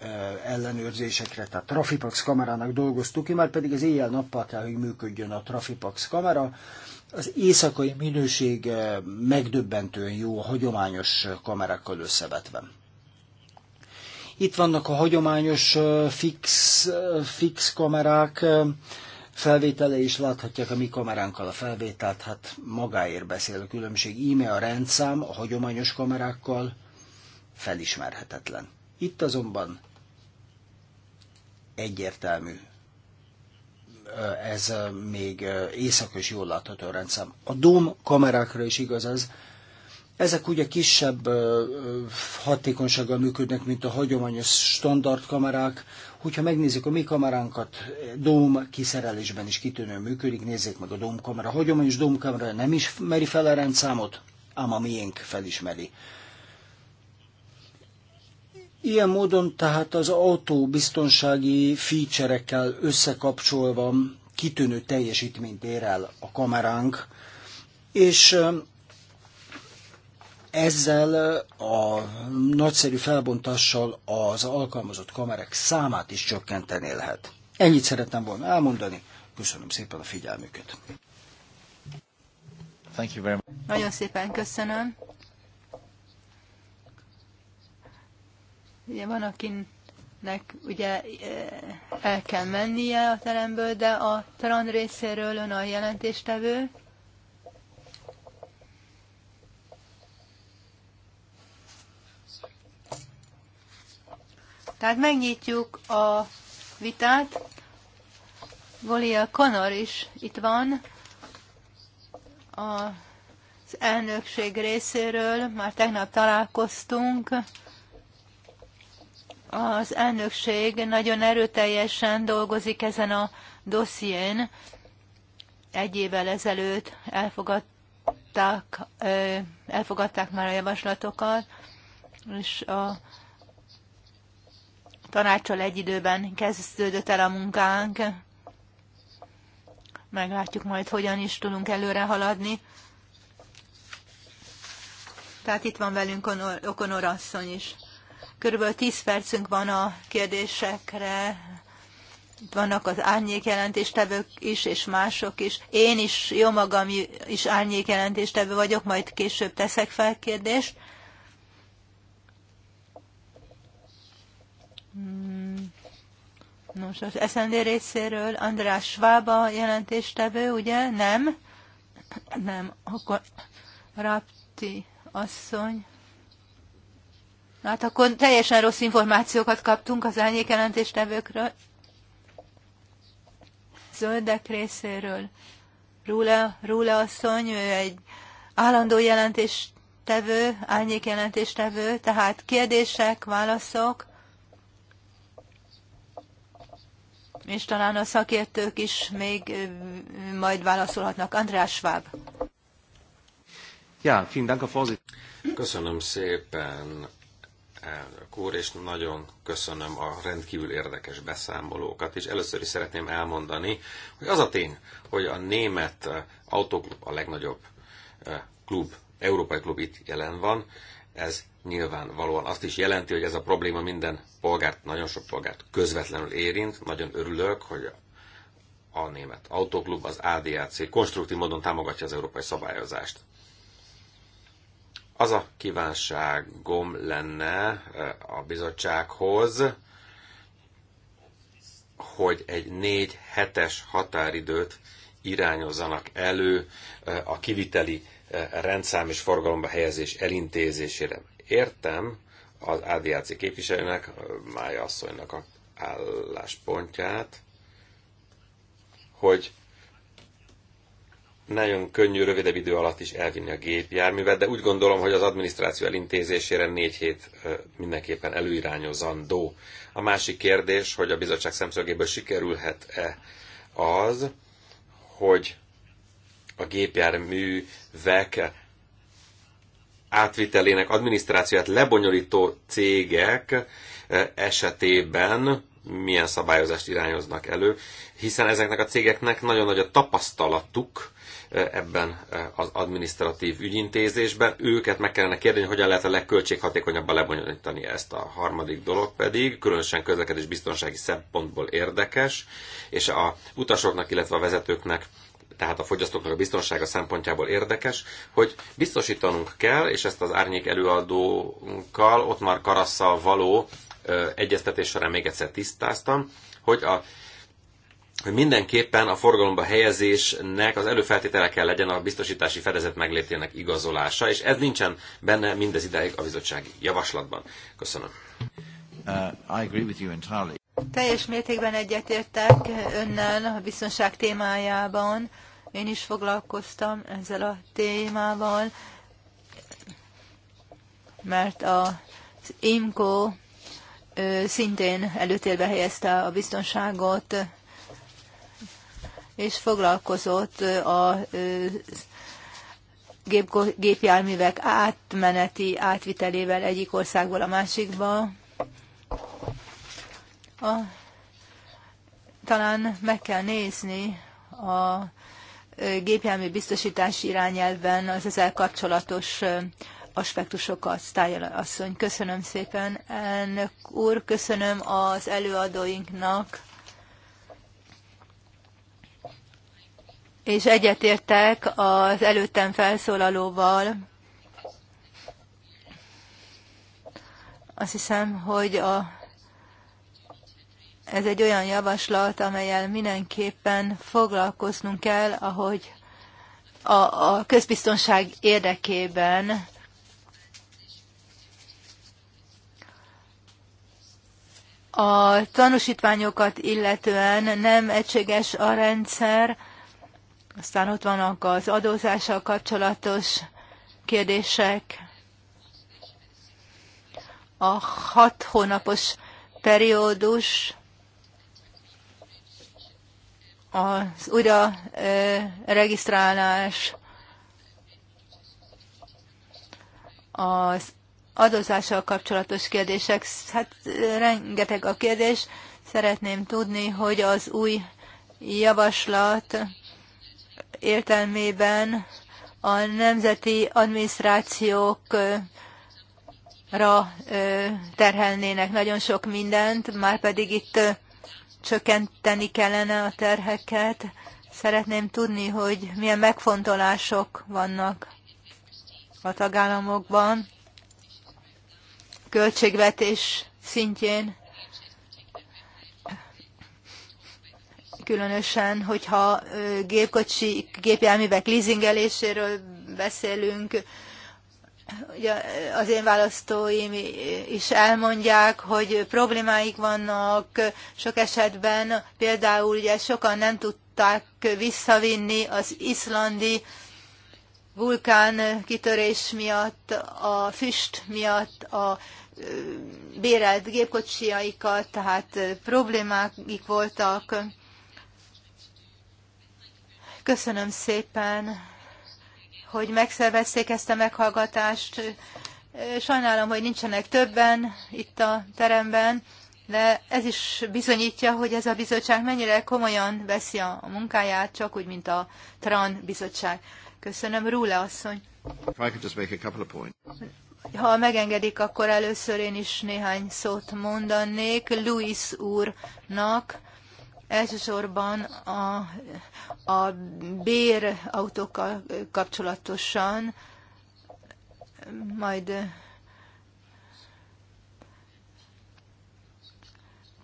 ellenőrzésekre, tehát Trafipax kamerának dolgoztuk ki, már pedig az éjjel-nappal kell, hogy működjön a Trafipax kamera. Az éjszakai minőség megdöbbentően jó a hagyományos kamerákkal összevetve. Itt vannak a hagyományos fix, fix kamerák, felvétele is láthatják a mi kameránkkal a felvételt, hát magáért beszél a különbség. Íme a rendszám a hagyományos kamerákkal felismerhetetlen. Itt azonban egyértelmű. Ez még éjszaka is jól látható a rendszám. A DOM kamerákra is igaz ez, ezek ugye kisebb hatékonysággal működnek, mint a hagyományos standard kamerák. Hogyha megnézzük a mi kameránkat, DOM kiszerelésben is kitűnően működik, nézzék meg a DOM kamera. A hagyományos DOM kamera nem ismeri fel a rendszámot, ám a miénk felismeri. Ilyen módon tehát az autó biztonsági feature-ekkel összekapcsolva kitűnő teljesítményt ér el a kameránk, és ezzel a nagyszerű felbontással az alkalmazott kamerák számát is csökkenteni lehet. Ennyit szerettem volna elmondani. Köszönöm szépen a figyelmüket. Thank you very much. Nagyon szépen köszönöm. Ugye van, akinek ugye el kell mennie a teremből, de a Tran részéről ön a jelentéstevő. Tehát megnyitjuk a vitát. Golia Connor is itt van az elnökség részéről. Már tegnap találkoztunk. Az elnökség nagyon erőteljesen dolgozik ezen a dosszién. Egy évvel ezelőtt elfogadták, elfogadták már a javaslatokat, és a tanácsal egy időben kezdődött el a munkánk. Meglátjuk majd, hogyan is tudunk előre haladni. Tehát itt van velünk Okonor asszony is. Körülbelül 10 percünk van a kérdésekre. Itt vannak az árnyékjelentéstevők is, és mások is. Én is, jó magam is árnyékjelentéstevő vagyok, majd később teszek fel kérdést. Hmm. Nos, az SND részéről András Schwab a jelentéstevő, ugye? Nem? Nem. Akkor Rapti asszony. Hát akkor teljesen rossz információkat kaptunk az elnyék jelentéstevőkről. Zöldek részéről. Rúle, Rúle asszony, ő egy állandó jelentéstevő, árnyék jelentéstevő, tehát kérdések, válaszok és talán a szakértők is még majd válaszolhatnak. András Schwab. Ja, vielen Dank, Herr Köszönöm szépen, elnök úr, és nagyon köszönöm a rendkívül érdekes beszámolókat, és először is szeretném elmondani, hogy az a tény, hogy a német autóklub a legnagyobb klub, európai klub itt jelen van, ez nyilvánvalóan azt is jelenti, hogy ez a probléma minden polgárt, nagyon sok polgárt közvetlenül érint. Nagyon örülök, hogy a német autóklub, az ADAC konstruktív módon támogatja az európai szabályozást. Az a kívánságom lenne a bizottsághoz, hogy egy négy hetes határidőt irányozzanak elő a kiviteli E, rendszám és forgalomba helyezés elintézésére. Értem az ADAC képviselőnek, e, Mája asszonynak a álláspontját, hogy nagyon könnyű rövidebb idő alatt is elvinni a gépjárművet, de úgy gondolom, hogy az adminisztráció elintézésére négy hét e, mindenképpen előirányozandó. A másik kérdés, hogy a bizottság szemszögéből sikerülhet-e az, hogy a gépjárművek átvitelének adminisztrációját lebonyolító cégek eh, esetében milyen szabályozást irányoznak elő, hiszen ezeknek a cégeknek nagyon nagy a tapasztalatuk eh, ebben eh, az adminisztratív ügyintézésben. Őket meg kellene kérdeni, hogy hogyan lehet a legköltséghatékonyabban lebonyolítani ezt. A harmadik dolog pedig különösen közlekedés biztonsági szempontból érdekes, és a utasoknak, illetve a vezetőknek tehát a fogyasztóknak a biztonsága szempontjából érdekes, hogy biztosítanunk kell, és ezt az árnyék előadókkal, ott már Karasszal való ö, egyeztetés során még egyszer tisztáztam, hogy a hogy mindenképpen a forgalomba helyezésnek az előfeltétele kell legyen a biztosítási fedezet meglétének igazolása, és ez nincsen benne mindez ideig a bizottsági javaslatban. Köszönöm. Uh, I agree with you entirely. Teljes mértékben egyetértek önnel a biztonság témájában. Én is foglalkoztam ezzel a témával, mert az IMCO szintén előtérbe helyezte a biztonságot, és foglalkozott a gép, gépjárművek átmeneti átvitelével egyik országból a másikba. A, talán meg kell nézni a gépjármű biztosítási irányelvben az ezzel kapcsolatos aspektusokat, Stájel asszony. Köszönöm szépen, elnök úr, köszönöm az előadóinknak. És egyetértek az előttem felszólalóval. Azt hiszem, hogy a ez egy olyan javaslat, amelyel mindenképpen foglalkoznunk kell, ahogy a, a közbiztonság érdekében a tanúsítványokat illetően nem egységes a rendszer, aztán ott vannak az adózással kapcsolatos kérdések, a hat hónapos periódus, az újra regisztrálás, az adózással kapcsolatos kérdések, hát rengeteg a kérdés. Szeretném tudni, hogy az új javaslat értelmében a nemzeti adminisztrációkra terhelnének nagyon sok mindent, már pedig itt csökkenteni kellene a terheket. Szeretném tudni, hogy milyen megfontolások vannak a tagállamokban, költségvetés szintjén, különösen, hogyha gépkocsi, gépjárművek leasingeléséről beszélünk, ugye az én választóim is elmondják, hogy problémáik vannak sok esetben, például ugye sokan nem tudták visszavinni az iszlandi vulkán kitörés miatt, a füst miatt, a bérelt gépkocsiaikat, tehát problémáik voltak. Köszönöm szépen! hogy megszervezték ezt a meghallgatást. Sajnálom, hogy nincsenek többen itt a teremben, de ez is bizonyítja, hogy ez a bizottság mennyire komolyan veszi a munkáját, csak úgy, mint a TRAN bizottság. Köszönöm, Rúle asszony. Ha megengedik, akkor először én is néhány szót mondanék Louis úrnak, Elsősorban a, a bérautókkal kapcsolatosan, majd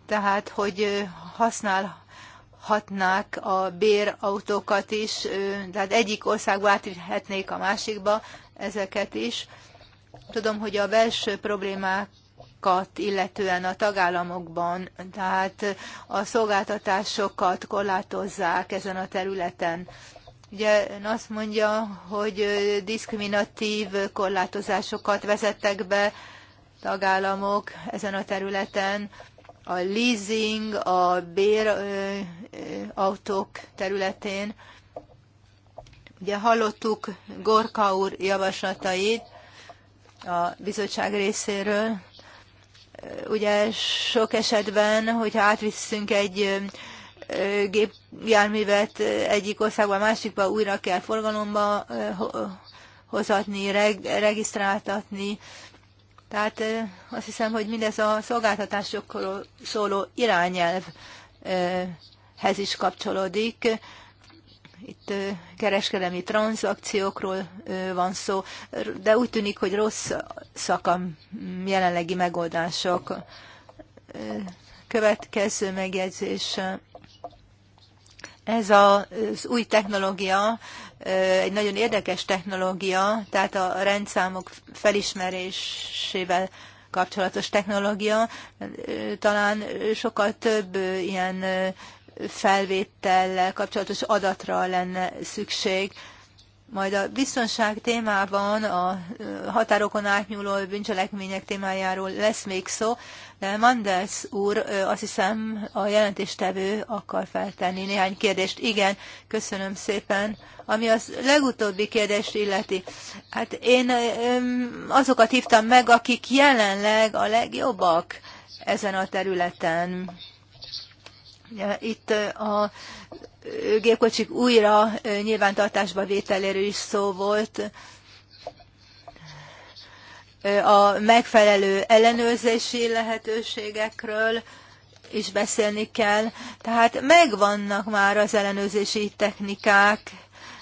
tehát, hogy használhatnák a bérautókat is, tehát egyik országba átvihetnék a másikba ezeket is. Tudom, hogy a belső problémák korlátokat illetően a tagállamokban, tehát a szolgáltatásokat korlátozzák ezen a területen. Ugye ön azt mondja, hogy diszkriminatív korlátozásokat vezettek be tagállamok ezen a területen, a leasing, a bérautók területén. Ugye hallottuk Gorka úr javaslatait a bizottság részéről, ugye sok esetben, hogyha átvisszünk egy gépjárművet egyik országba, másikba újra kell forgalomba hozatni, reg, regisztráltatni. Tehát azt hiszem, hogy mindez a szolgáltatásokról szóló irányelvhez is kapcsolódik itt kereskedelmi tranzakciókról van szó, de úgy tűnik, hogy rossz szakam jelenlegi megoldások. Következő megjegyzés. Ez az új technológia, egy nagyon érdekes technológia, tehát a rendszámok felismerésével kapcsolatos technológia. Talán sokkal több ilyen felvétellel kapcsolatos adatra lenne szükség. Majd a biztonság témában, a határokon átnyúló bűncselekmények témájáról lesz még szó, de Mandels úr azt hiszem a jelentéstevő akar feltenni néhány kérdést. Igen, köszönöm szépen. Ami az legutóbbi kérdést illeti, hát én azokat hívtam meg, akik jelenleg a legjobbak ezen a területen itt a gépkocsik újra nyilvántartásba vételéről is szó volt. A megfelelő ellenőrzési lehetőségekről is beszélni kell. Tehát megvannak már az ellenőrzési technikák,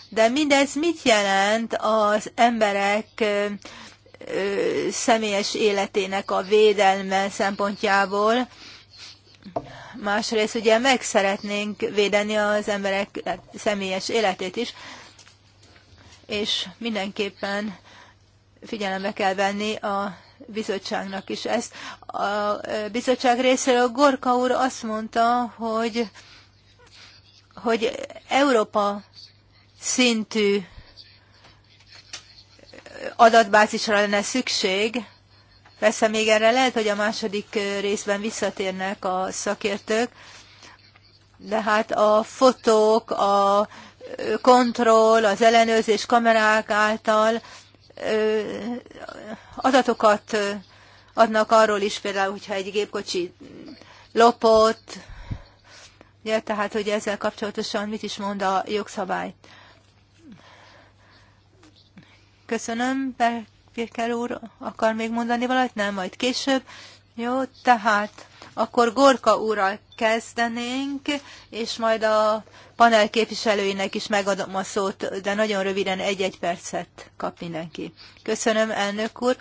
de mindez mit jelent az emberek személyes életének a védelme szempontjából? másrészt ugye meg szeretnénk védeni az emberek személyes életét is, és mindenképpen figyelembe kell venni a bizottságnak is ezt. A bizottság részéről Gorka úr azt mondta, hogy, hogy Európa szintű adatbázisra lenne szükség, Persze még erre lehet, hogy a második részben visszatérnek a szakértők, de hát a fotók, a kontroll, az ellenőrzés kamerák által adatokat adnak arról is, például, hogyha egy gépkocsi lopott, ugye, tehát, hogy ezzel kapcsolatosan mit is mond a jogszabály. Köszönöm, Pirkel úr akar még mondani valamit? Nem, majd később. Jó, tehát akkor Gorka úrral kezdenénk, és majd a panel képviselőinek is megadom a szót, de nagyon röviden egy-egy percet kap mindenki. Köszönöm, elnök úr,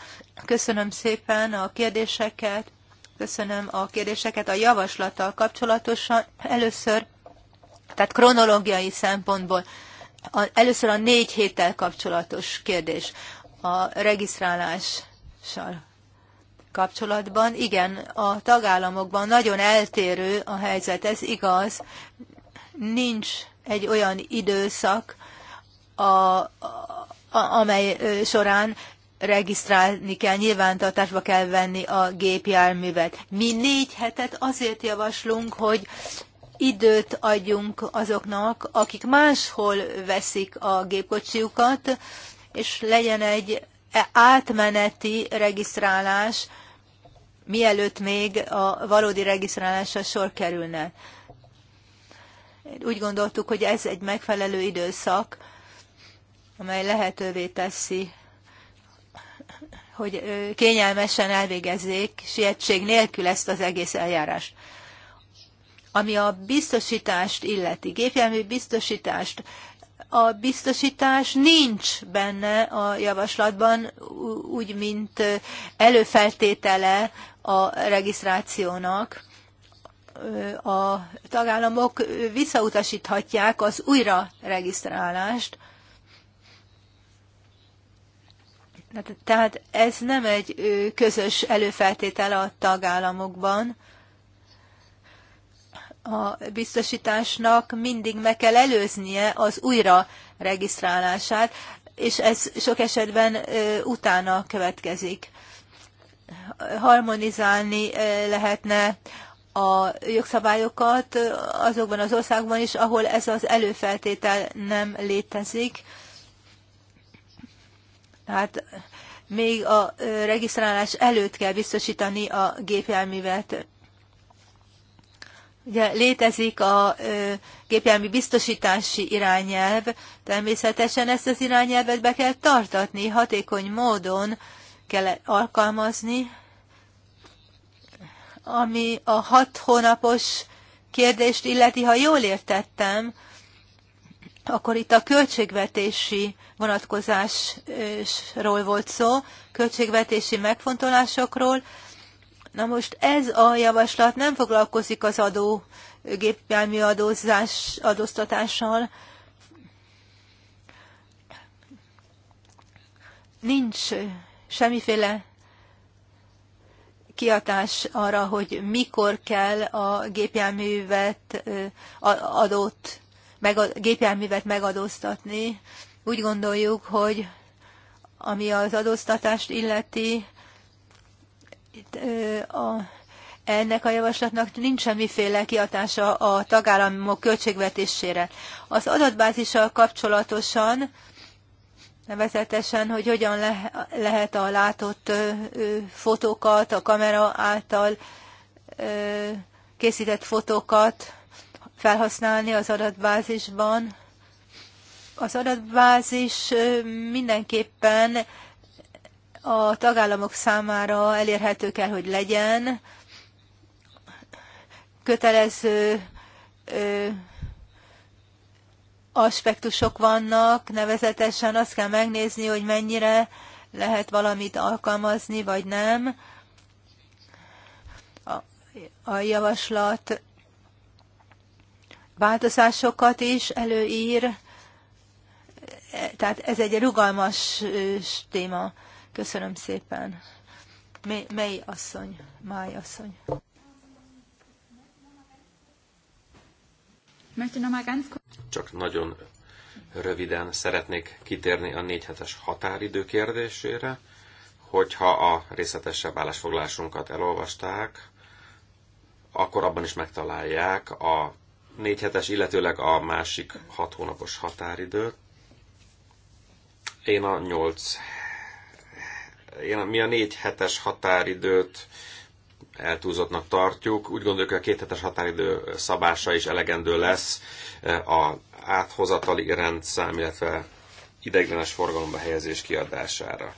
köszönöm szépen a kérdéseket, köszönöm a kérdéseket a javaslattal kapcsolatosan. Először, tehát kronológiai szempontból, a, először a négy héttel kapcsolatos kérdés a regisztrálással kapcsolatban. Igen, a tagállamokban nagyon eltérő a helyzet, ez igaz. Nincs egy olyan időszak, a, a, amely során regisztrálni kell, nyilvántartásba kell venni a gépjárművet. Mi négy hetet azért javaslunk, hogy időt adjunk azoknak, akik máshol veszik a gépkocsiukat, és legyen egy átmeneti regisztrálás, mielőtt még a valódi regisztrálásra sor kerülne. Úgy gondoltuk, hogy ez egy megfelelő időszak, amely lehetővé teszi, hogy kényelmesen elvégezzék sietség nélkül ezt az egész eljárást. Ami a biztosítást illeti, gépjármű biztosítást, a biztosítás nincs benne a javaslatban, úgy, mint előfeltétele a regisztrációnak. A tagállamok visszautasíthatják az újra regisztrálást. Tehát ez nem egy közös előfeltétel a tagállamokban a biztosításnak mindig meg kell előznie az újra regisztrálását, és ez sok esetben utána következik. Harmonizálni lehetne a jogszabályokat azokban az országban is, ahol ez az előfeltétel nem létezik. Hát még a regisztrálás előtt kell biztosítani a gépjárművet Ugye létezik a ö, gépjármű biztosítási irányelv, természetesen ezt az irányelvet be kell tartatni, hatékony módon kell alkalmazni, ami a hat hónapos kérdést illeti, ha jól értettem, akkor itt a költségvetési vonatkozásról volt szó, költségvetési megfontolásokról, Na most ez a javaslat nem foglalkozik az adó, gépjármű adózás, adóztatással. Nincs semmiféle kiadás arra, hogy mikor kell a gépjárművet adót, meg, a gépjárművet megadóztatni. Úgy gondoljuk, hogy ami az adóztatást illeti, a, ennek a javaslatnak nincs semmiféle kiatása a tagállamok költségvetésére. Az adatbázissal kapcsolatosan, nevezetesen, hogy hogyan le, lehet a látott ö, ö, fotókat, a kamera által ö, készített fotókat felhasználni az adatbázisban. Az adatbázis mindenképpen a tagállamok számára elérhető kell, hogy legyen, kötelező ö, aspektusok vannak, nevezetesen azt kell megnézni, hogy mennyire lehet valamit alkalmazni, vagy nem. A, a javaslat változásokat is előír, tehát ez egy rugalmas téma. Köszönöm szépen. Mely asszony, Máj asszony. Csak nagyon röviden szeretnék kitérni a 4 hetes határidő kérdésére, hogyha a részletesebb állásfoglalásunkat elolvasták, akkor abban is megtalálják a 4 hetes, illetőleg a másik hat hónapos határidőt. Én a nyolc én mi a négy hetes határidőt eltúzottnak tartjuk. Úgy gondoljuk, hogy a két hetes határidő szabása is elegendő lesz e, a áthozatali rendszám, illetve ideiglenes forgalomba helyezés kiadására.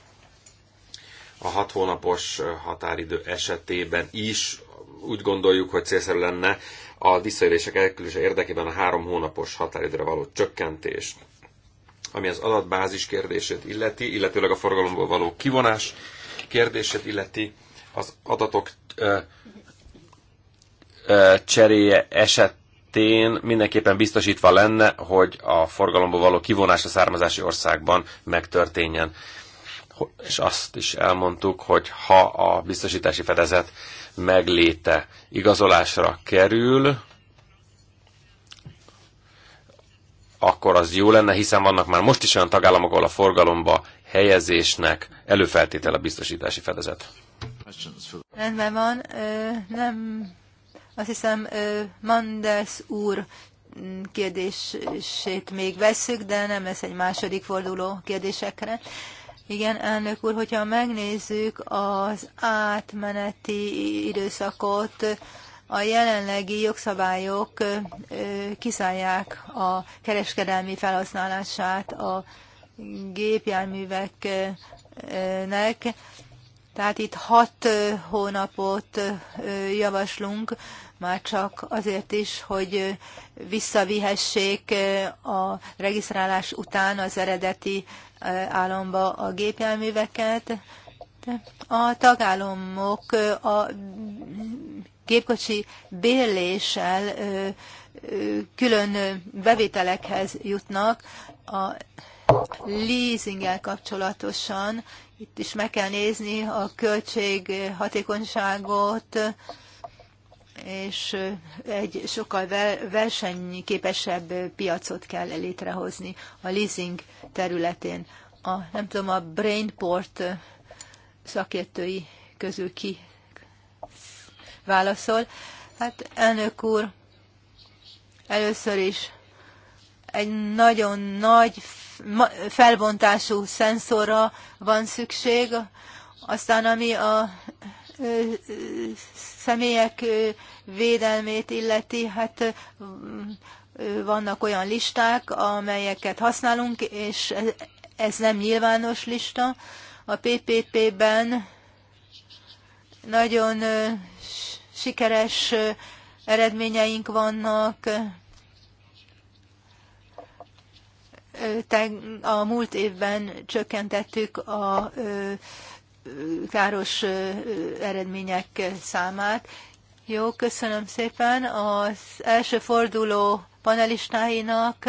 A hat hónapos határidő esetében is úgy gondoljuk, hogy célszerű lenne a visszaélések elkülönése érdekében a három hónapos határidőre való csökkentést ami az adatbázis kérdését illeti, illetőleg a forgalomból való kivonás kérdését illeti, az adatok ö, ö, cseréje esetén mindenképpen biztosítva lenne, hogy a forgalomból való kivonás a származási országban megtörténjen. És azt is elmondtuk, hogy ha a biztosítási fedezet megléte igazolásra kerül, akkor az jó lenne, hiszen vannak már most is olyan tagállamok, ahol a forgalomba helyezésnek előfeltétel a biztosítási fedezet. Rendben van, ö, nem, azt hiszem ö, Manders úr mm, kérdését még vesszük, de nem lesz egy második forduló kérdésekre. Igen, elnök úr, hogyha megnézzük az átmeneti időszakot, a jelenlegi jogszabályok kiszállják a kereskedelmi felhasználását a gépjárműveknek. Tehát itt hat hónapot javaslunk, már csak azért is, hogy visszavihessék a regisztrálás után az eredeti államba a gépjárműveket. A tagállamok a gépkocsi bérléssel külön bevételekhez jutnak a leasinggel kapcsolatosan. Itt is meg kell nézni a költség hatékonyságot, és egy sokkal versenyképesebb piacot kell létrehozni a leasing területén. A, nem tudom, a Brainport szakértői közül ki válaszol. Hát elnök úr, először is egy nagyon nagy felbontású szenzorra van szükség, aztán ami a személyek védelmét illeti, hát vannak olyan listák, amelyeket használunk, és e-, ez nem nyilvános lista. A PPP-ben nagyon sikeres eredményeink vannak. A múlt évben csökkentettük a káros eredmények számát. Jó, köszönöm szépen az első forduló panelistáinak.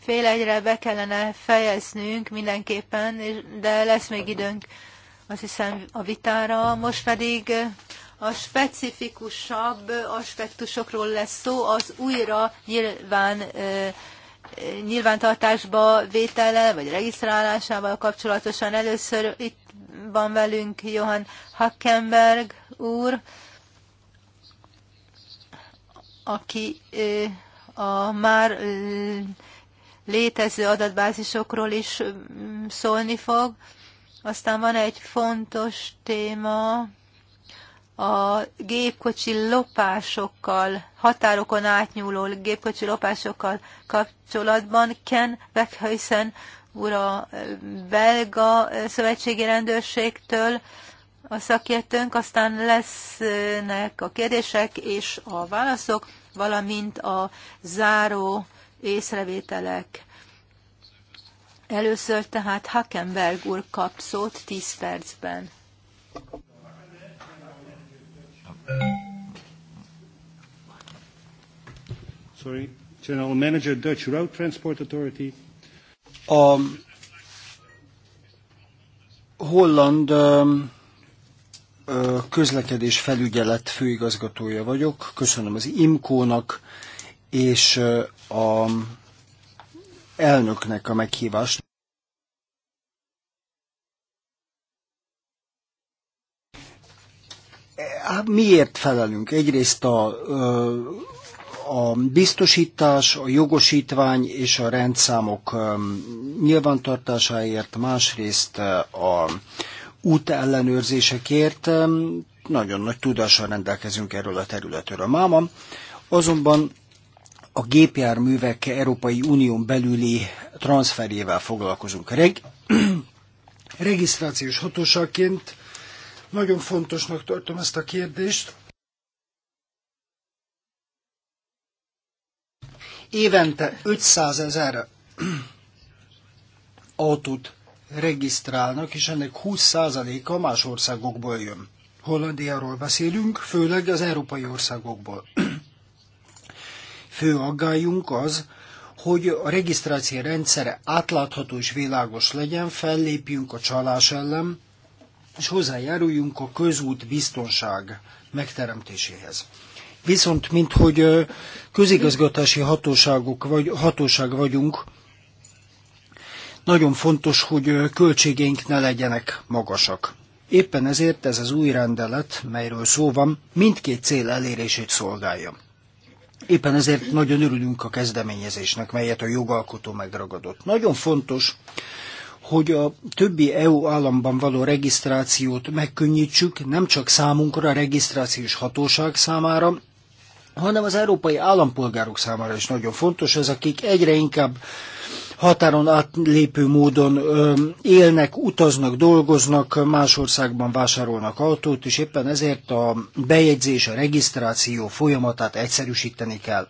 Fél egyre be kellene fejeznünk mindenképpen, de lesz még időnk azt hiszem a vitára, most pedig a specifikusabb aspektusokról lesz szó, az újra nyilván nyilvántartásba vétele vagy regisztrálásával kapcsolatosan. Először itt van velünk Johan Hackenberg úr, aki a már létező adatbázisokról is szólni fog. Aztán van egy fontos téma, a gépkocsi lopásokkal, határokon átnyúló gépkocsi lopásokkal kapcsolatban Ken Beckhuisen úr a belga szövetségi rendőrségtől a szakértőnk, aztán lesznek a kérdések és a válaszok, valamint a záró észrevételek. Először tehát Hakenberg úr kap szót 10 percben. Sorry, General Manager, Dutch Road Transport Authority. A holland um, közlekedés felügyelet főigazgatója vagyok. Köszönöm az IMCO-nak és a elnöknek a meghívást. Miért felelünk? Egyrészt a, a biztosítás, a jogosítvány és a rendszámok nyilvántartásáért, másrészt a útellenőrzésekért. nagyon nagy tudással rendelkezünk erről a területről. Máma azonban a gépjárművek Európai Unión belüli transferjével foglalkozunk. Reg- <clears throat> regisztrációs hatóságként nagyon fontosnak tartom ezt a kérdést. Évente 500 ezer <clears throat> autót regisztrálnak, és ennek 20%-a más országokból jön. Hollandiáról beszélünk, főleg az európai országokból. <clears throat> Fő aggályunk az, hogy a regisztráció rendszere átlátható és világos legyen, fellépjünk a csalás ellen, és hozzájáruljunk a közút biztonság megteremtéséhez. Viszont, mint hogy közigazgatási hatóságok vagy, hatóság vagyunk, nagyon fontos, hogy költségeink ne legyenek magasak. Éppen ezért ez az új rendelet, melyről szó van, mindkét cél elérését szolgálja. Éppen ezért nagyon örülünk a kezdeményezésnek, melyet a jogalkotó megragadott. Nagyon fontos, hogy a többi EU államban való regisztrációt megkönnyítsük, nem csak számunkra, a regisztrációs hatóság számára, hanem az európai állampolgárok számára is nagyon fontos ez, akik egyre inkább határon átlépő módon élnek, utaznak, dolgoznak, más országban vásárolnak autót, és éppen ezért a bejegyzés, a regisztráció folyamatát egyszerűsíteni kell.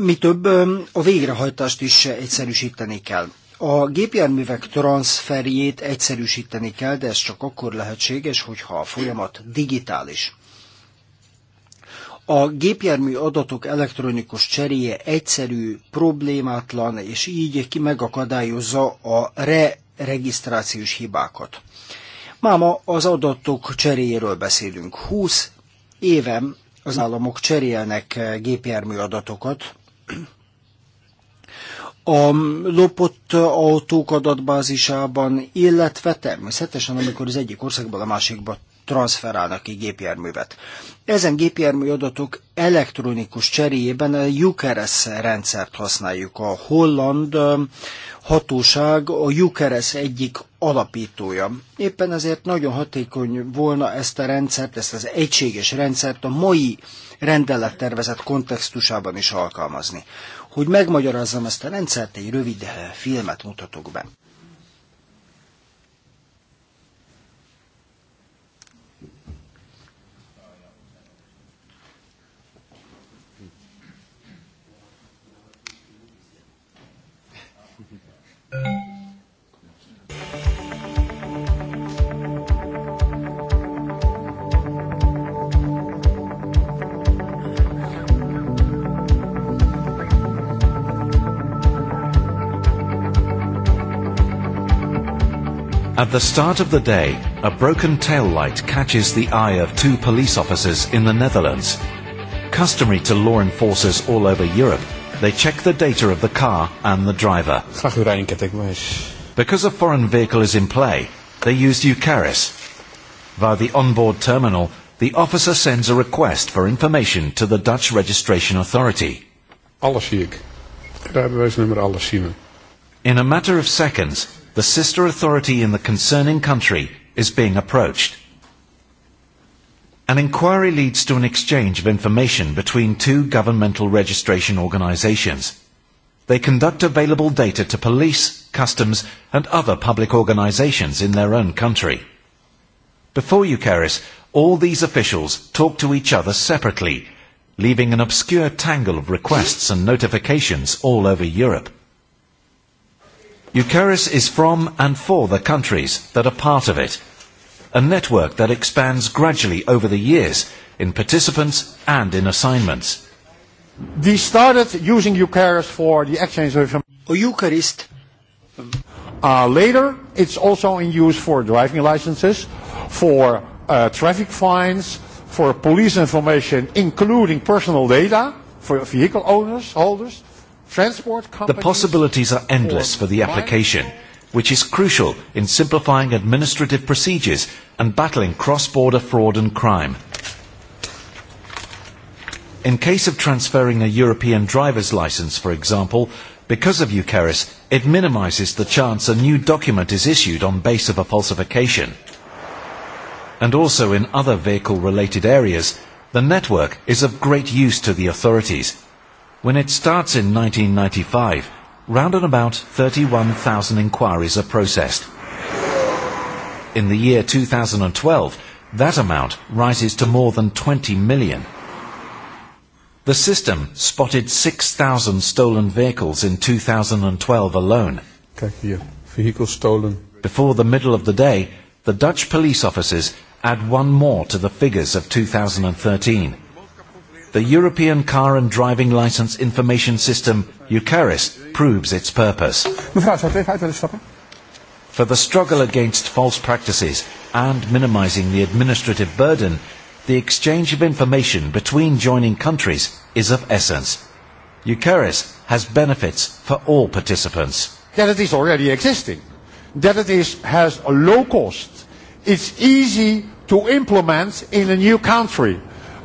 Mi több, a végrehajtást is egyszerűsíteni kell. A gépjárművek transferjét egyszerűsíteni kell, de ez csak akkor lehetséges, hogyha a folyamat digitális. A gépjármű adatok elektronikus cseréje egyszerű, problémátlan, és így ki megakadályozza a re-regisztrációs hibákat. Máma az adatok cseréjéről beszélünk. 20 évem az államok cserélnek eh, gépjármű adatokat, a lopott autók adatbázisában, illetve természetesen, amikor az egyik országban a másikba transferálnak egy gépjárművet. Ezen gépjármű adatok elektronikus cseréjében a UKRS rendszert használjuk. A holland um, hatóság a UKRS egyik alapítója. Éppen ezért nagyon hatékony volna ezt a rendszert, ezt az egységes rendszert a mai rendelettervezet kontextusában is alkalmazni. Hogy megmagyarázzam ezt a rendszert, egy rövid eh, filmet mutatok be. At the start of the day, a broken tail light catches the eye of two police officers in the Netherlands. Customary to law enforcers all over Europe, They check the data of the car and the driver. Because a foreign vehicle is in play, they use EuCaris. Via the onboard terminal, the officer sends a request for information to the Dutch Registration Authority. Alles zie ik. Rijbewijsnummer, alles zien we. In a matter of seconds, the sister authority in the concerning country is being approached. An inquiry leads to an exchange of information between two governmental registration organizations. They conduct available data to police, customs and other public organizations in their own country. Before Eucharis, all these officials talk to each other separately, leaving an obscure tangle of requests and notifications all over Europe. Eucharis is from and for the countries that are part of it – a network that expands gradually over the years in participants and in assignments. We started using Eucharist for the exchange of information. Eucharist. Uh, later, it's also in use for driving licenses, for uh, traffic fines, for police information, including personal data for vehicle owners, holders, transport companies. The possibilities are endless for the application. Mine which is crucial in simplifying administrative procedures and battling cross-border fraud and crime. In case of transferring a European driver's license, for example, because of Eucharis, it minimises the chance a new document is issued on base of a falsification. And also in other vehicle-related areas, the network is of great use to the authorities. When it starts in 1995, round and about 31,000 inquiries are processed. In the year 2012, that amount rises to more than 20 million. The system spotted 6,000 stolen vehicles in 2012 alone. Kijk stolen. Before the middle of the day, the Dutch police officers add one more to the figures of 2013. The European Car and Driving License Information System, (EUCARIS) proves its purpose. For the struggle against false practices and minimising the administrative burden, the exchange of information between joining countries is of essence. EUCARIS has benefits for all participants. That it is already existing, that it is, has a low cost, it's easy to implement in a new country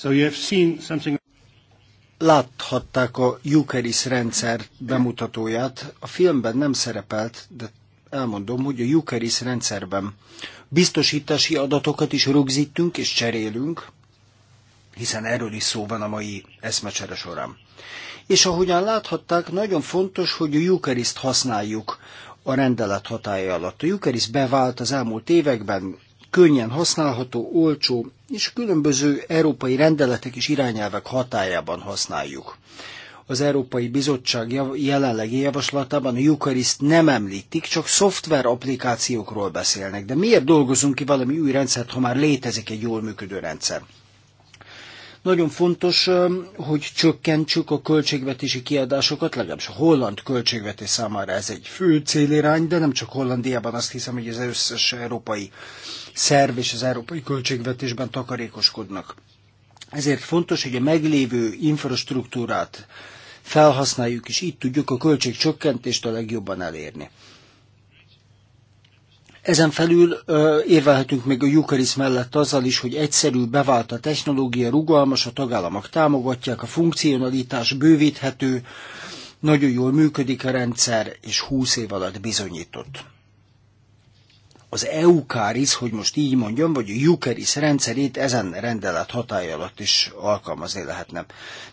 So you have seen something... Láthatták a Jukeris rendszer bemutatóját. A filmben nem szerepelt, de elmondom, hogy a Jukeris rendszerben biztosítási adatokat is rögzítünk és cserélünk, hiszen erről is szó van a mai eszmecsere során. És ahogyan láthatták, nagyon fontos, hogy a Jukeriszt használjuk a rendelet hatája alatt. A Eucharist bevált az elmúlt években könnyen használható, olcsó, és különböző európai rendeletek és irányelvek hatájában használjuk. Az Európai Bizottság jelenlegi javaslatában a Eucharist nem említik, csak szoftver applikációkról beszélnek. De miért dolgozunk ki valami új rendszert, ha már létezik egy jól működő rendszer? Nagyon fontos, hogy csökkentsük a költségvetési kiadásokat, legalábbis a holland költségvetés számára ez egy fő célirány, de nem csak Hollandiában, azt hiszem, hogy az összes európai szerv és az európai költségvetésben takarékoskodnak. Ezért fontos, hogy a meglévő infrastruktúrát felhasználjuk, és így tudjuk a költségcsökkentést a legjobban elérni. Ezen felül érvelhetünk még a Jukarisz mellett azzal is, hogy egyszerű, bevált a technológia, rugalmas, a tagállamok támogatják, a funkcionalitás bővíthető, nagyon jól működik a rendszer, és 20 év alatt bizonyított az EUKARIS, hogy most így mondjam, vagy a UKARIS rendszerét ezen rendelet hatája alatt is alkalmazni lehetne.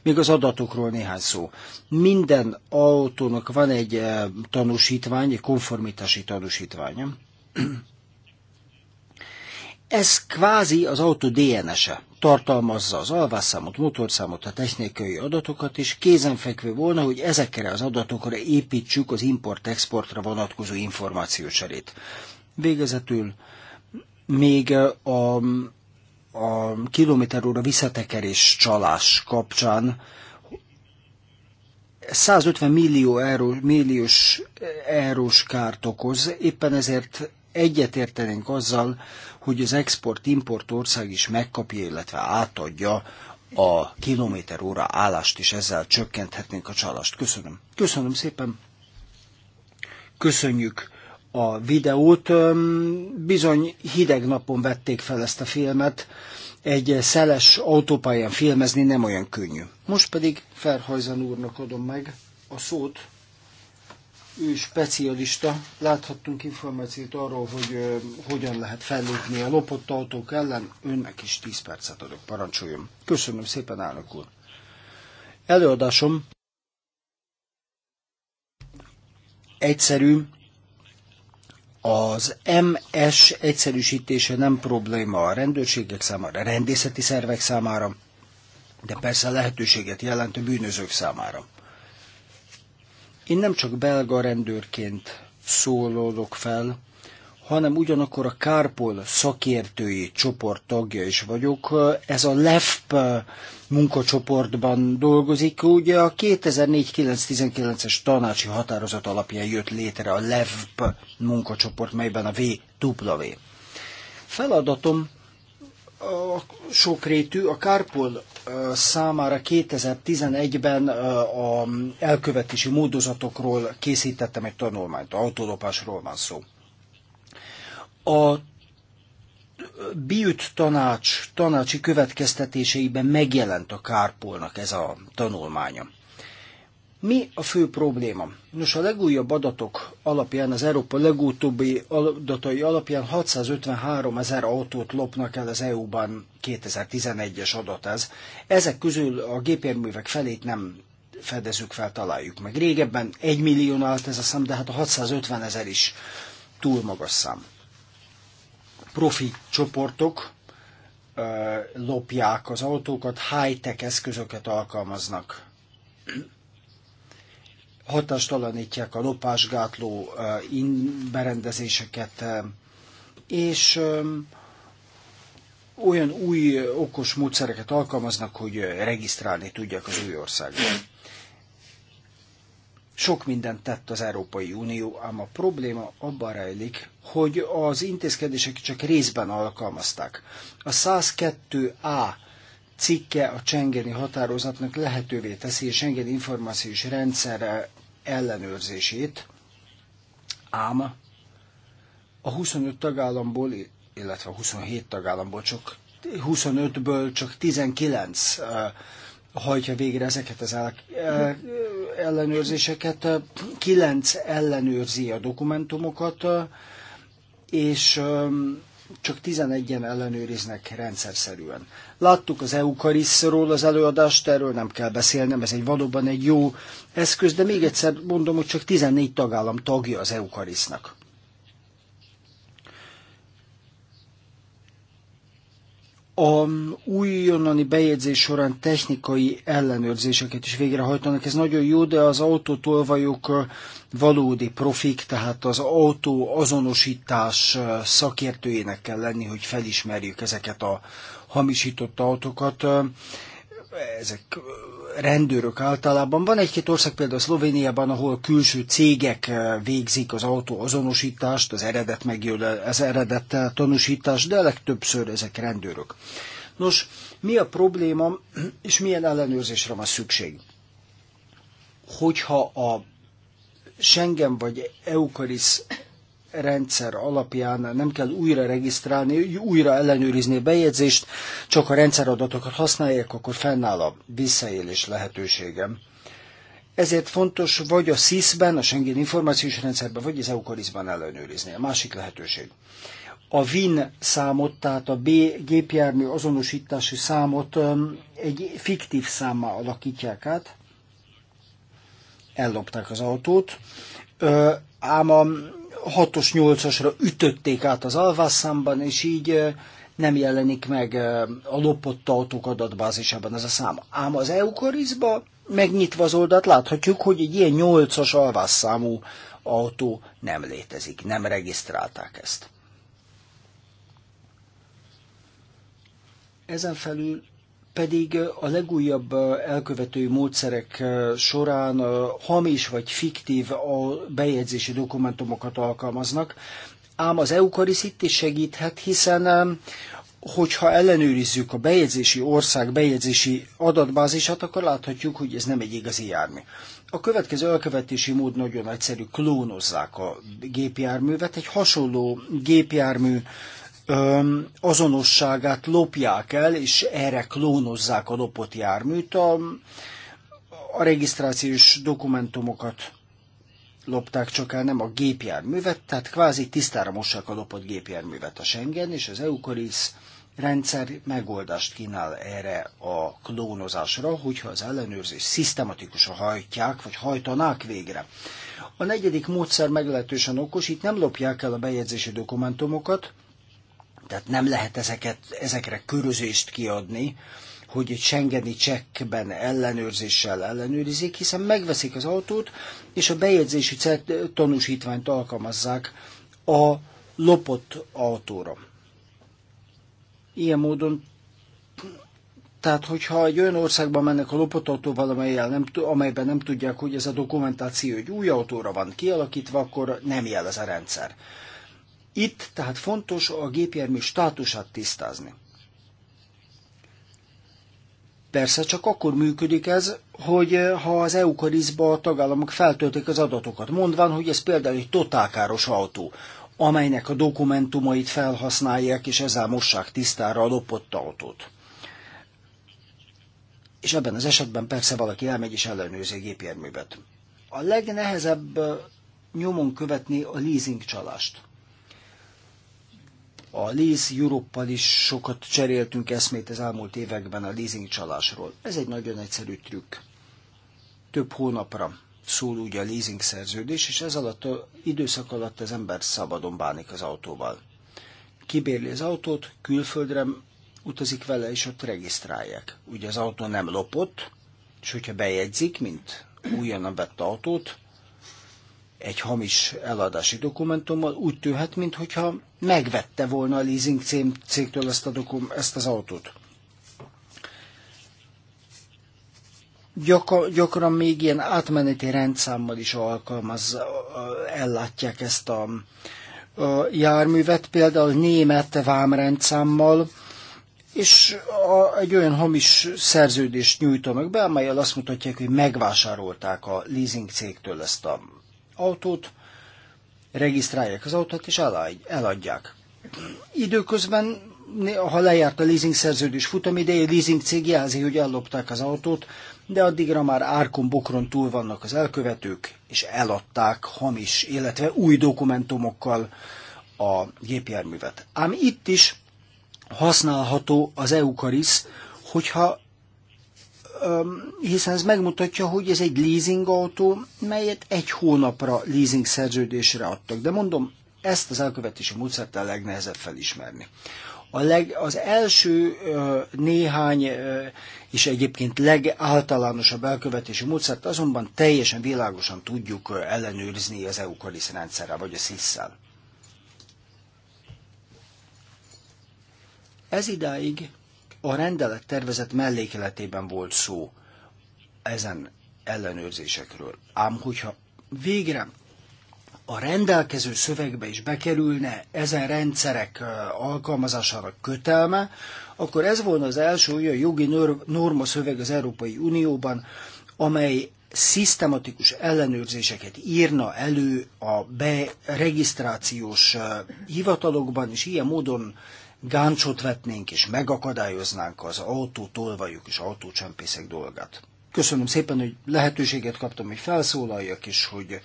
Még az adatokról néhány szó. Minden autónak van egy eh, tanúsítvány, egy konformitási tanúsítványa. <clears throat> Ez kvázi az autó DNS-e. Tartalmazza az alvásszámot, motorszámot, a technikai adatokat, és kézenfekvő volna, hogy ezekre az adatokra építsük az import-exportra vonatkozó információcserét. Végezetül még a, a kilométer óra visszatekerés csalás kapcsán 150 millió euró, milliós eurós kárt okoz, éppen ezért egyetértenénk azzal, hogy az export-import ország is megkapja, illetve átadja a kilométer óra állást, és ezzel csökkenthetnénk a csalást. Köszönöm. Köszönöm szépen. Köszönjük a videót. Bizony hideg napon vették fel ezt a filmet, egy szeles autópályán filmezni nem olyan könnyű. Most pedig Ferhajzan úrnak adom meg a szót. Ő specialista, láthattunk információt arról, hogy ö, hogyan lehet fellépni a lopott autók ellen. Önnek is 10 percet adok, parancsoljon. Köszönöm szépen, elnök úr. Előadásom egyszerű, az MS egyszerűsítése nem probléma a rendőrségek számára, a rendészeti szervek számára, de persze lehetőséget jelent a bűnözők számára. Én nem csak belga rendőrként szólódok fel, hanem ugyanakkor a Kárpol szakértői csoport tagja is vagyok. Ez a LEFP munkacsoportban dolgozik. Ugye a 2004-9-19-es tanácsi határozat alapján jött létre a LEFP munkacsoport, melyben a VW. Feladatom a sokrétű, a Kárpol számára 2011-ben a elkövetési módozatokról készítettem egy tanulmányt, autódopásról van szó a Biüt tanács tanácsi következtetéseiben megjelent a Kárpolnak ez a tanulmánya. Mi a fő probléma? Nos, a legújabb adatok alapján, az Európa legutóbbi adatai alapján 653 ezer autót lopnak el az EU-ban, 2011-es adat ez. Ezek közül a gépjárművek felét nem fedezük fel, találjuk meg. Régebben 1 millió állt ez a szám, de hát a 650 ezer is túl magas szám profi csoportok lopják az autókat, high-tech eszközöket alkalmaznak. Hatástalanítják a lopásgátló berendezéseket, és olyan új okos módszereket alkalmaznak, hogy regisztrálni tudják az új országban. Sok mindent tett az Európai Unió, ám a probléma abban rejlik, hogy az intézkedések csak részben alkalmazták. A 102A cikke a Schengeni határozatnak lehetővé teszi a Schengen információs rendszerre ellenőrzését, ám a 25 tagállamból, illetve a 27 tagállamból csak 25-ből csak 19 hajtja végre ezeket az eh, ellenőrzéseket. Kilenc ellenőrzi a dokumentumokat, és um, csak 11-en ellenőriznek rendszerszerűen. Láttuk az Eukarisszról az előadást, erről nem kell beszélnem, ez egy valóban egy jó eszköz, de még egyszer mondom, hogy csak 14 tagállam tagja az Eukarisznak. a újonnani bejegyzés során technikai ellenőrzéseket is végrehajtanak. Ez nagyon jó, de az autótolvajok valódi profik, tehát az autó azonosítás szakértőjének kell lenni, hogy felismerjük ezeket a hamisított autókat. Ezek rendőrök általában. Van egy-két ország, például Szlovéniában, ahol külső cégek eh, végzik az autó azonosítást, az eredet, megjön, az eredet tanúsítás, de legtöbbször ezek rendőrök. Nos, mi a probléma, <clears throat> és milyen ellenőrzésre van szükség? Hogyha a Schengen vagy Eukaris rendszer alapján nem kell újra regisztrálni, újra ellenőrizni a bejegyzést, csak a rendszeradatokat használják, akkor fennáll a visszaélés lehetőségem. Ezért fontos vagy a SIS-ben, a Schengen információs rendszerben, vagy az Eukarizban ellenőrizni. A másik lehetőség. A VIN számot, tehát a B gépjármű azonosítási számot egy fiktív számmal alakítják át. Ellopták az autót, ám a 6-os, 8-asra ütötték át az Alvászszámban, és így nem jelenik meg a lopott autók adatbázisában ez a szám. Ám az Eukarizba megnyitva az oldalt láthatjuk, hogy egy ilyen 8-as alvásszámú autó nem létezik, nem regisztrálták ezt. Ezen felül pedig a legújabb elkövetői módszerek során hamis vagy fiktív a bejegyzési dokumentumokat alkalmaznak, ám az EUCARIS itt is segíthet, hiszen hogyha ellenőrizzük a bejegyzési ország bejegyzési adatbázisát, akkor láthatjuk, hogy ez nem egy igazi jármű. A következő elkövetési mód nagyon egyszerű, klónozzák a gépjárművet, egy hasonló gépjármű öm, azonosságát lopják el, és erre klónozzák a lopott járműt. A, a regisztrációs dokumentumokat lopták csak el, nem a gépjárművet, tehát kvázi tisztára mossák a lopott gépjárművet a Schengen, és az Eucharist rendszer megoldást kínál erre a klónozásra, hogyha az ellenőrzés szisztematikusan hajtják, vagy hajtanák végre. A negyedik módszer meglehetősen okos, itt nem lopják el a bejegyzési dokumentumokat, tehát nem lehet ezeket, ezekre körözést kiadni, hogy egy Schengeni csekkben ellenőrzéssel ellenőrizik, hiszen megveszik az autót, és a bejegyzési tanúsítványt alkalmazzák a lopott autóra. Ilyen módon tehát, hogyha egy olyan országban mennek a lopott autóval, nem, amelyben nem tudják, hogy ez a dokumentáció egy új autóra van kialakítva, akkor nem jel ez a rendszer. Itt tehát fontos a gépjármű státusát tisztázni. Persze csak akkor működik ez, hogy eh, ha az Eukarizba a tagállamok feltöltik az adatokat, mondván, hogy ez például egy totálkáros autó, amelynek a dokumentumait felhasználják, és ezzel mossák tisztára a lopott autót. És ebben az esetben persze valaki elmegy és ellenőrzi a gépjárművet. A legnehezebb eh, nyomon követni a leasing csalást. A Lease europe is sokat cseréltünk eszmét az elmúlt években a leasing csalásról. Ez egy nagyon egyszerű trükk. Több hónapra szól úgy a leasing szerződés, és ez alatt a időszak alatt az ember szabadon bánik az autóval. Kibérli az autót, külföldre utazik vele, és ott regisztrálják. Ugye az autó nem lopott, és hogyha bejegyzik, mint újonnan vett autót, egy hamis eladási dokumentummal, úgy tűhet, mintha megvette volna a leasing cégtől ezt, a dokum, ezt az autót. Gyakor, gyakran még ilyen átmeneti rendszámmal is alkalmaz, ellátják ezt a, a járművet, például német vámrendszámmal, és a, egy olyan hamis szerződést nyújtanak be, amelyel azt mutatják, hogy megvásárolták a leasing cégtől ezt a autót, regisztrálják az autót és eladják. Időközben, ha lejárt a leasing szerződés futamideje, a leasing cég jelzi, hogy ellopták az autót, de addigra már árkon bokron túl vannak az elkövetők, és eladták hamis, illetve új dokumentumokkal a gépjárművet. Ám itt is használható az EUKARISZ, hogyha hiszen ez megmutatja, hogy ez egy autó, melyet egy hónapra leasing szerződésre adtak. De mondom, ezt az elkövetési módszert a legnehezebb felismerni. A leg, az első néhány és egyébként legáltalánosabb elkövetési módszert azonban teljesen világosan tudjuk ellenőrizni az EU rendszerrel, vagy a sis szel Ez idáig a rendelet tervezet mellékeletében volt szó ezen ellenőrzésekről. Ám hogyha végre a rendelkező szövegbe is bekerülne ezen rendszerek alkalmazására kötelme, akkor ez volna az első olyan jogi norma szöveg az Európai Unióban, amely szisztematikus ellenőrzéseket írna elő a beregisztrációs hivatalokban, és ilyen módon gáncsot vetnénk és megakadályoznánk az tolvajuk és autócsempészek dolgát. Köszönöm szépen, hogy lehetőséget kaptam, hogy felszólaljak, és hogy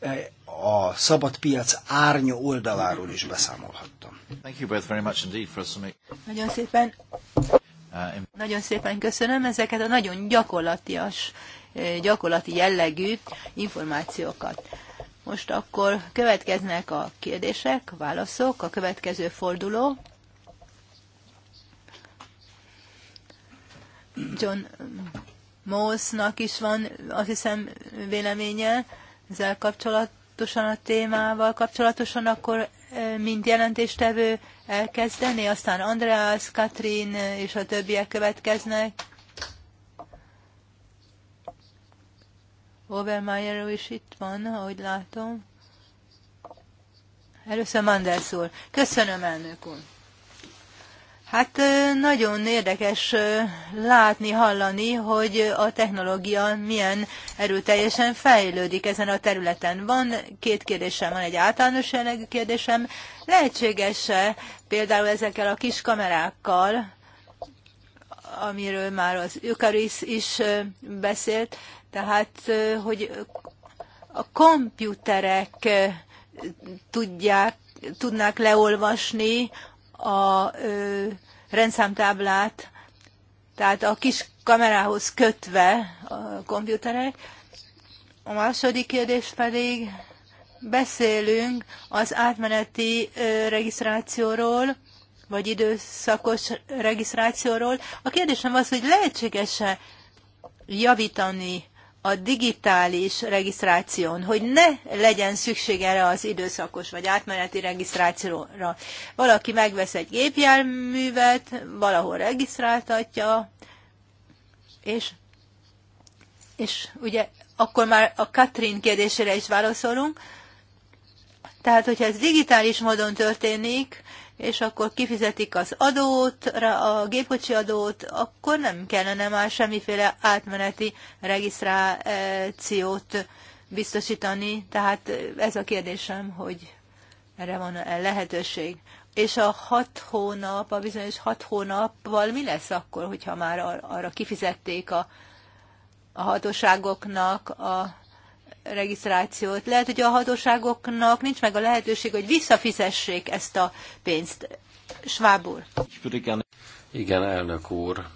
e, a szabad piac árnya oldaláról is beszámolhattam. Thank you both very much indeed for Nagyon szépen, uh, nagyon szépen köszönöm ezeket a nagyon gyakorlatias, eh, gyakorlati jellegű információkat. Most akkor következnek a kérdések, válaszok, a következő forduló. John Mossnak is van, azt hiszem, véleménye ezzel kapcsolatosan a témával kapcsolatosan, akkor eh, mint jelentéstevő elkezdeni, aztán Andreas, Katrin és a többiek következnek. Obermeyer is itt van, ahogy látom. Először Manders úr. Köszönöm, elnök úr. Hát nagyon érdekes látni, hallani, hogy a technológia milyen erőteljesen fejlődik ezen a területen. Van két kérdésem, van egy általános jellegű kérdésem. Lehetséges-e például ezekkel a kis kamerákkal, amiről már az Ökaris is beszélt, tehát, hogy a komputerek tudják, tudnák leolvasni a rendszámtáblát, tehát a kis kamerához kötve a komputerek. A második kérdés pedig beszélünk az átmeneti regisztrációról, vagy időszakos regisztrációról. A kérdésem az, hogy lehetséges-e javítani a digitális regisztráción, hogy ne legyen szükség erre az időszakos vagy átmeneti regisztrációra. Valaki megvesz egy gépjárművet, valahol regisztráltatja, és, és ugye akkor már a Katrin kérdésére is válaszolunk. Tehát, hogyha ez digitális módon történik, és akkor kifizetik az adót, a gépkocsi adót, akkor nem kellene már semmiféle átmeneti regisztrációt biztosítani. Tehát ez a kérdésem, hogy erre van -e lehetőség. És a hat hónap, a bizonyos hat hónappal mi lesz akkor, hogyha már arra kifizették a, a hatóságoknak a regisztrációt. Lehet, hogy a hatóságoknak nincs meg a lehetőség, hogy visszafizessék ezt a pénzt. Schwab úr. Igen, elnök úr.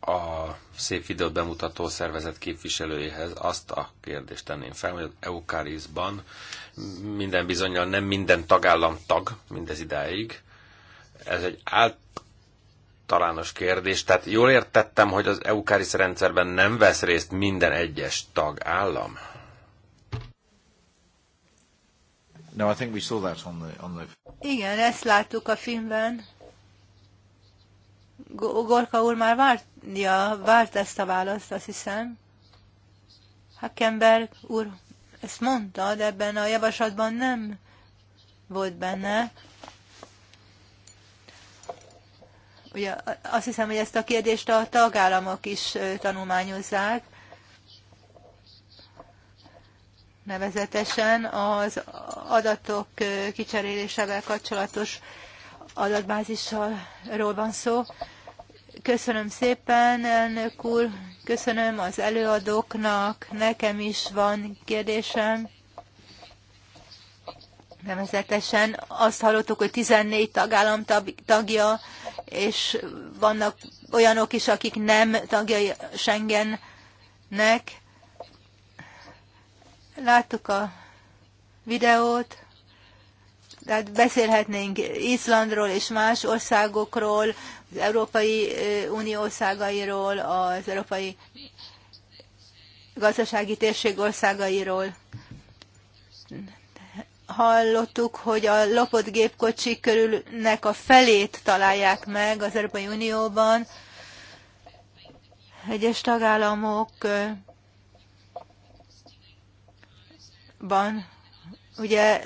A szép videót bemutató szervezet képviselőjéhez azt a kérdést tenném fel, hogy az Eukarizban minden bizonyal nem minden tagállam tag mindez idáig. Ez egy állt általános kérdés. Tehát jól értettem, hogy az eukáris rendszerben nem vesz részt minden egyes tagállam? No, I think we saw that on the, on the... Igen, ezt láttuk a filmben. Gorka úr már várja, várt ezt a választ, azt hiszem. Hackenberg úr ezt mondta, de ebben a javaslatban nem volt benne. Ugye azt hiszem, hogy ezt a kérdést a tagállamok is tanulmányozzák, nevezetesen az adatok kicserélésevel kapcsolatos adatbázisról van szó. Köszönöm szépen, elnök úr, köszönöm az előadóknak, nekem is van kérdésem. Nevezetesen azt hallottuk, hogy 14 tagállam tagja és vannak olyanok is, akik nem tagjai Schengennek. Láttuk a videót, tehát beszélhetnénk Izlandról és más országokról, az Európai Unió országairól, az Európai Gazdasági Térség országairól hallottuk, hogy a lopott gépkocsik körülnek a felét találják meg az Európai Unióban. Egyes tagállamokban ugye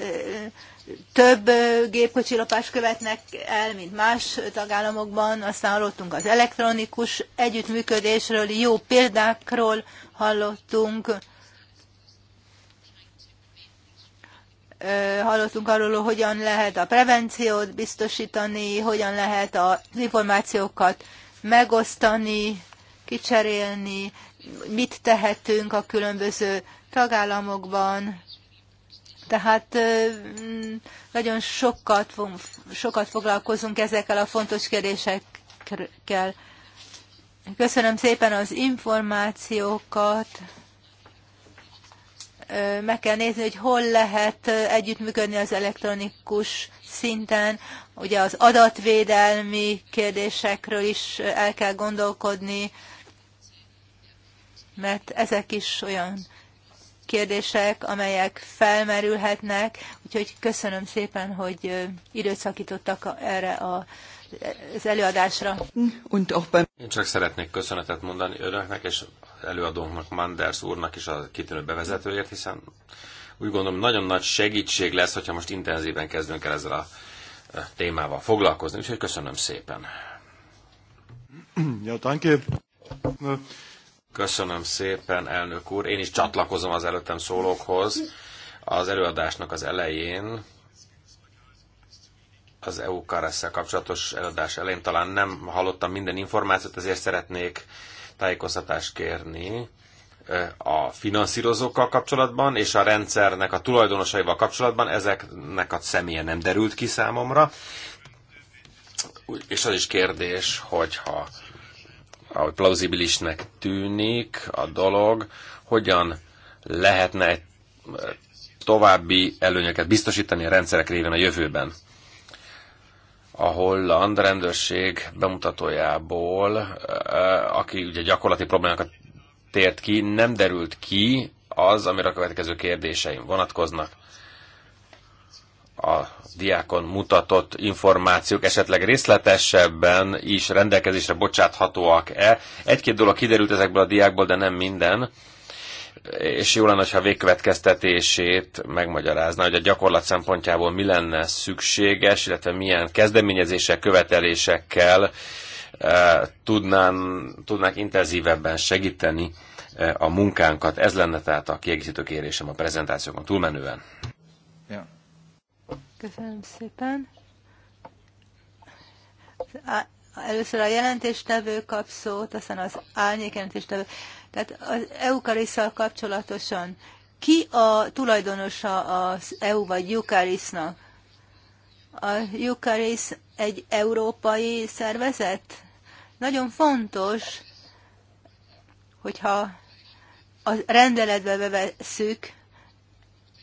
több gépkocsi lopás követnek el, mint más tagállamokban. Aztán hallottunk az elektronikus együttműködésről, jó példákról hallottunk hallottunk arról, hogyan lehet a prevenciót biztosítani, hogyan lehet az információkat megosztani, kicserélni, mit tehetünk a különböző tagállamokban. Tehát nagyon sokat, sokat foglalkozunk ezekkel a fontos kérdésekkel. Köszönöm szépen az információkat meg kell nézni, hogy hol lehet együttműködni az elektronikus szinten. Ugye az adatvédelmi kérdésekről is el kell gondolkodni, mert ezek is olyan kérdések, amelyek felmerülhetnek. Úgyhogy köszönöm szépen, hogy időt szakítottak erre a az előadásra. Én csak szeretnék köszönetet mondani önöknek és az előadónknak, Manders úrnak is a kitűnő bevezetőért, hiszen úgy gondolom nagyon nagy segítség lesz, hogyha most intenzíven kezdünk el ezzel a témával foglalkozni, úgyhogy köszönöm szépen. Ja, danke. Köszönöm szépen, elnök úr. Én is csatlakozom az előttem szólókhoz. Az előadásnak az elején az EU Karasszal e kapcsolatos előadás elején talán nem hallottam minden információt, ezért szeretnék tájékoztatást kérni a finanszírozókkal kapcsolatban és a rendszernek a tulajdonosaival kapcsolatban, ezeknek a személye nem derült ki számomra. És az is kérdés, hogyha ahogy plauzibilisnek tűnik a dolog, hogyan lehetne egy további előnyöket biztosítani a rendszerek révén a jövőben a holland rendőrség bemutatójából, eh, aki ugye gyakorlati problémákat tért ki, nem derült ki az, amire a következő kérdéseim vonatkoznak. A diákon mutatott információk esetleg részletesebben is rendelkezésre bocsáthatóak-e? Egy-két dolog kiderült ezekből a diákból, de nem minden és jó lenne, ha a végkövetkeztetését megmagyarázna, hogy a gyakorlat szempontjából mi lenne szükséges, illetve milyen kezdeményezések, követelésekkel eh, tudnán, tudnák intenzívebben segíteni eh, a munkánkat. Ez lenne tehát a kiegészítő kérésem a prezentációkon túlmenően. Ja. Köszönöm szépen. Először a jelentéstevő kap szót, aztán az árnyék jelentéstevő. Tehát az eukarisszal kapcsolatosan ki a tulajdonosa az EU vagy Jukarisznak? E a Jukarisz e egy európai szervezet? Nagyon fontos, hogyha a rendeletbe bevesszük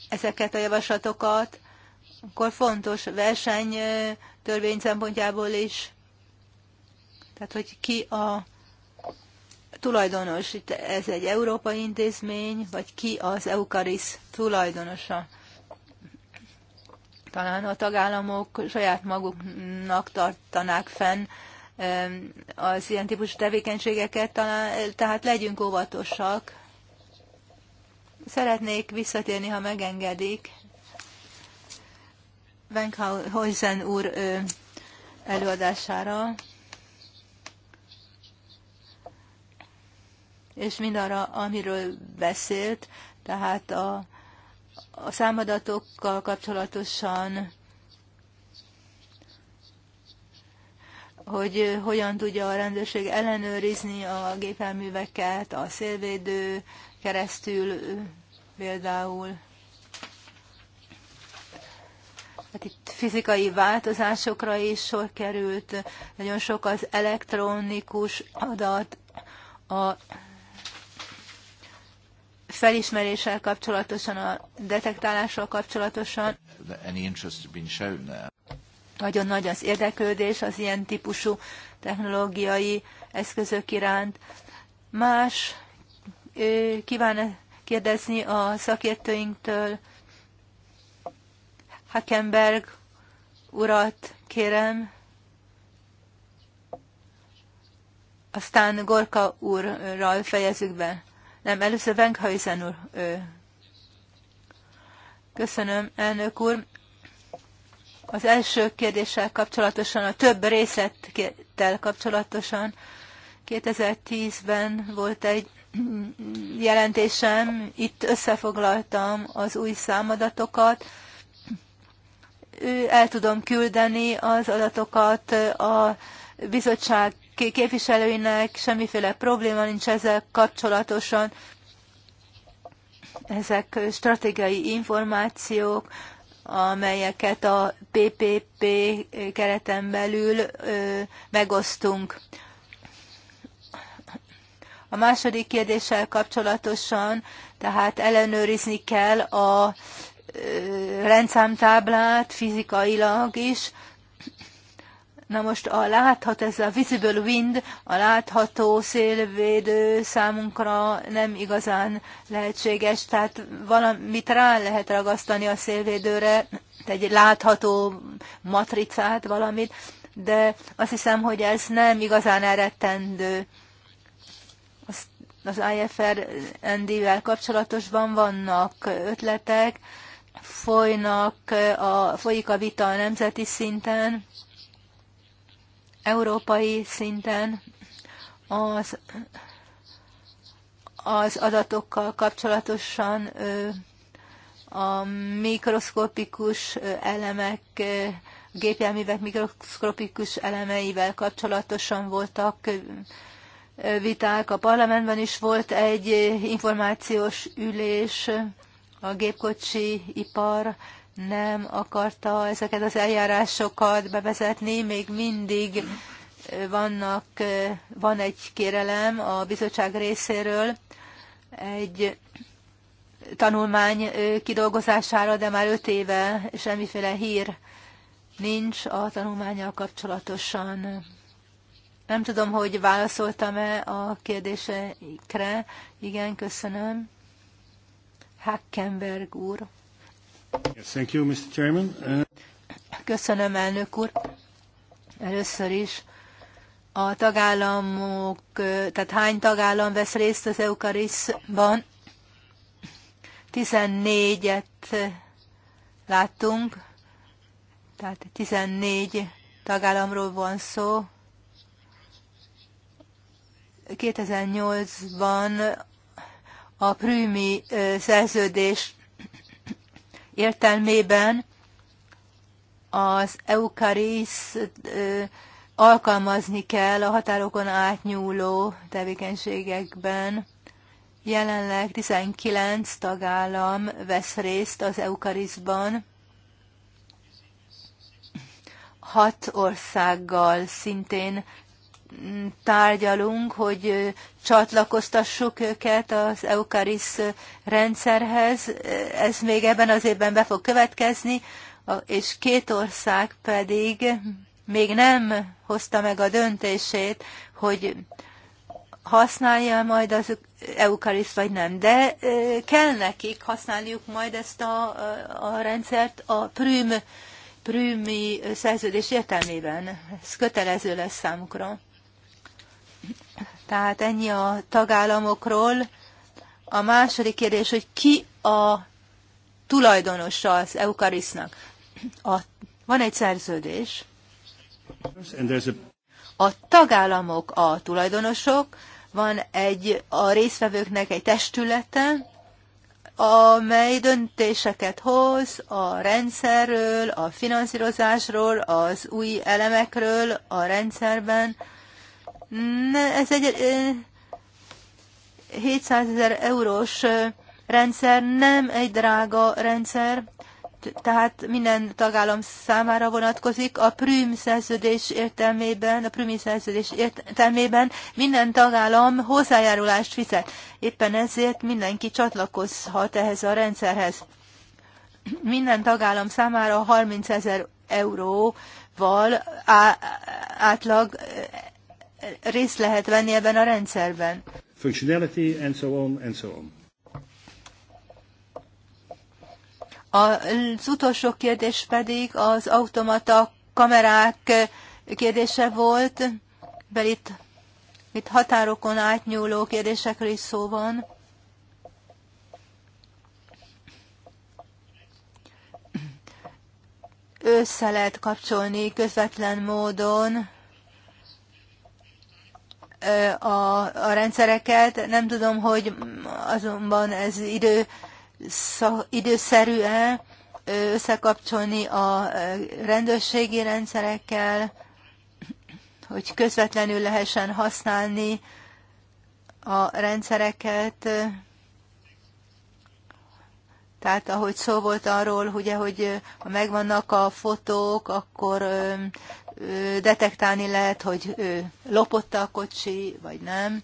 ezeket a javaslatokat, akkor fontos verseny törvény szempontjából is. Tehát, hogy ki a tulajdonos, itt ez egy európai intézmény, vagy ki az Eukarisz tulajdonosa? Talán a tagállamok saját maguknak tartanák fenn az ilyen típusú tevékenységeket, talán, tehát legyünk óvatosak. Szeretnék visszatérni, ha megengedik, Venkhausen úr előadására és mindarra, amiről beszélt, tehát a, a számadatokkal kapcsolatosan, hogy hogyan tudja a rendőrség ellenőrizni a gépelműveket, a szélvédő keresztül például. Hát itt fizikai változásokra is sor került, nagyon sok az elektronikus adat, a felismeréssel kapcsolatosan, a detektálással kapcsolatosan. Nagyon nagy az érdeklődés az ilyen típusú technológiai eszközök iránt. Más kíván kérdezni a szakértőinktől. Hakenberg urat kérem. Aztán Gorka úrral fejezzük be. Nem, először Benkhuyzen úr. Köszönöm, elnök úr. Az első kérdéssel kapcsolatosan, a több részlettel kapcsolatosan 2010-ben volt egy jelentésem, itt összefoglaltam az új számadatokat, el tudom küldeni az adatokat a bizottság képviselőinek semmiféle probléma nincs ezzel kapcsolatosan. Ezek stratégiai információk, amelyeket a PPP kereten belül megosztunk. A második kérdéssel kapcsolatosan, tehát ellenőrizni kell a rendszámtáblát fizikailag is, Na most a láthat, ez a visible wind, a látható szélvédő számunkra nem igazán lehetséges, tehát valamit rá lehet ragasztani a szélvédőre, egy látható matricát, valamit, de azt hiszem, hogy ez nem igazán elrettendő. Az, az IFR ND-vel kapcsolatosban vannak ötletek, folynak a, folyik a vita a nemzeti szinten, európai szinten az, az adatokkal kapcsolatosan a mikroszkopikus elemek, gépjárművek mikroszkopikus elemeivel kapcsolatosan voltak viták. A parlamentben is volt egy információs ülés a gépkocsi ipar nem akarta ezeket az eljárásokat bevezetni, még mindig vannak, van egy kérelem a bizottság részéről egy tanulmány kidolgozására, de már öt éve semmiféle hír nincs a tanulmányal kapcsolatosan. Nem tudom, hogy válaszoltam-e a kérdésekre. Igen, köszönöm. Hackenberg úr. Uh, Köszönöm, elnök úr. Először is a tagállamok, tehát hány tagállam vesz részt az Eukariszban? 14-et láttunk, tehát 14 tagállamról van szó. 2008-ban a prümi szerződést értelmében az eukariszt alkalmazni kell a határokon átnyúló tevékenységekben. Jelenleg 19 tagállam vesz részt az eukarizban Hat országgal szintén mm, tárgyalunk, hogy csatlakoztassuk őket az Eukarisz rendszerhez. Ez még ebben az évben be fog következni, és két ország pedig még nem hozta meg a döntését, hogy használja majd az Eukarisz vagy nem, de kell nekik használniuk majd ezt a, a rendszert a prüm, prümi szerződés értelmében. Ez kötelező lesz számukra. Tehát ennyi a tagállamokról. A második kérdés, hogy ki a tulajdonosa az Eukarisznak? A, van egy szerződés. A tagállamok a tulajdonosok, van egy a résztvevőknek egy testülete, amely döntéseket hoz a rendszerről, a finanszírozásról, az új elemekről a rendszerben, ez egy 700 ezer eurós rendszer, nem egy drága rendszer, tehát minden tagállam számára vonatkozik. A Prüm szerződés értelmében, a Prümi szerződés értelmében minden tagállam hozzájárulást fizet. Éppen ezért mindenki csatlakozhat ehhez a rendszerhez. Minden tagállam számára 30 ezer euróval átlag részt lehet venni ebben a rendszerben. Functionality and so on and so on. Az utolsó kérdés pedig az automata kamerák kérdése volt, mert itt, itt határokon átnyúló kérdésekről is szó van. Össze lehet kapcsolni közvetlen módon a, a rendszereket. Nem tudom, hogy azonban ez idő, időszerű-e összekapcsolni a rendőrségi rendszerekkel, hogy közvetlenül lehessen használni a rendszereket. Tehát ahogy szó volt arról, ugye, hogy ha megvannak a fotók, akkor detektálni lehet, hogy lopotta a kocsi, vagy nem.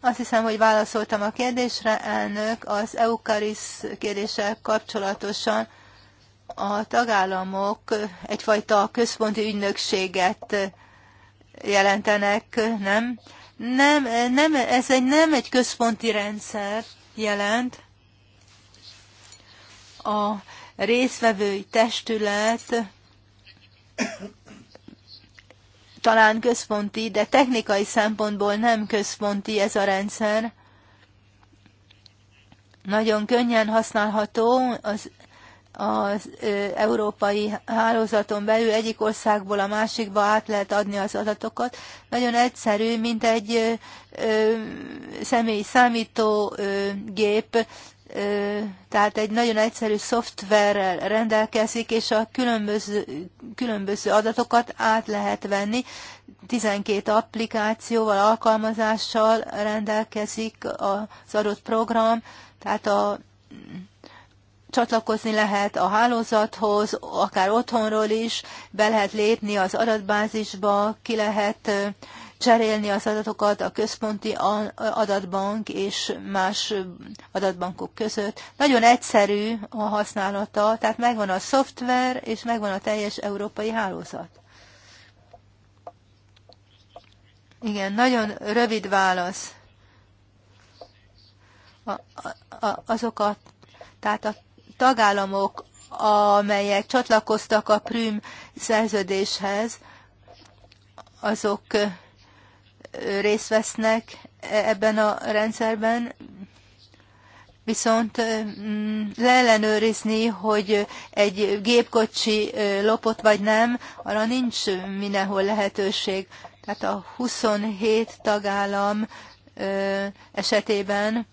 Azt hiszem, hogy válaszoltam a kérdésre, elnök. Az Eukarisz kérdéssel kapcsolatosan a tagállamok egyfajta központi ügynökséget jelentenek, nem? Nem, nem ez egy, nem egy központi rendszer jelent. A részvevői testület talán központi, de technikai szempontból nem központi ez a rendszer. Nagyon könnyen használható az, az ö, európai hálózaton belül egyik országból a másikba át lehet adni az adatokat. Nagyon egyszerű, mint egy ö, ö, személy számítógép tehát egy nagyon egyszerű szoftverrel rendelkezik, és a különböző, különböző adatokat át lehet venni. 12 applikációval, alkalmazással rendelkezik az adott program, tehát a, csatlakozni lehet a hálózathoz, akár otthonról is, be lehet lépni az adatbázisba, ki lehet cserélni az adatokat a központi adatbank és más adatbankok között. Nagyon egyszerű a használata, tehát megvan a szoftver, és megvan a teljes európai hálózat. Igen, nagyon rövid válasz. A, a, a, azokat, tehát a tagállamok, amelyek csatlakoztak a Prüm szerződéshez, azok részt vesznek e- ebben a rendszerben, viszont mm, leellenőrizni, hogy egy gépkocsi lopott vagy nem, arra nincs mindenhol lehetőség. Tehát a 27 tagállam esetében,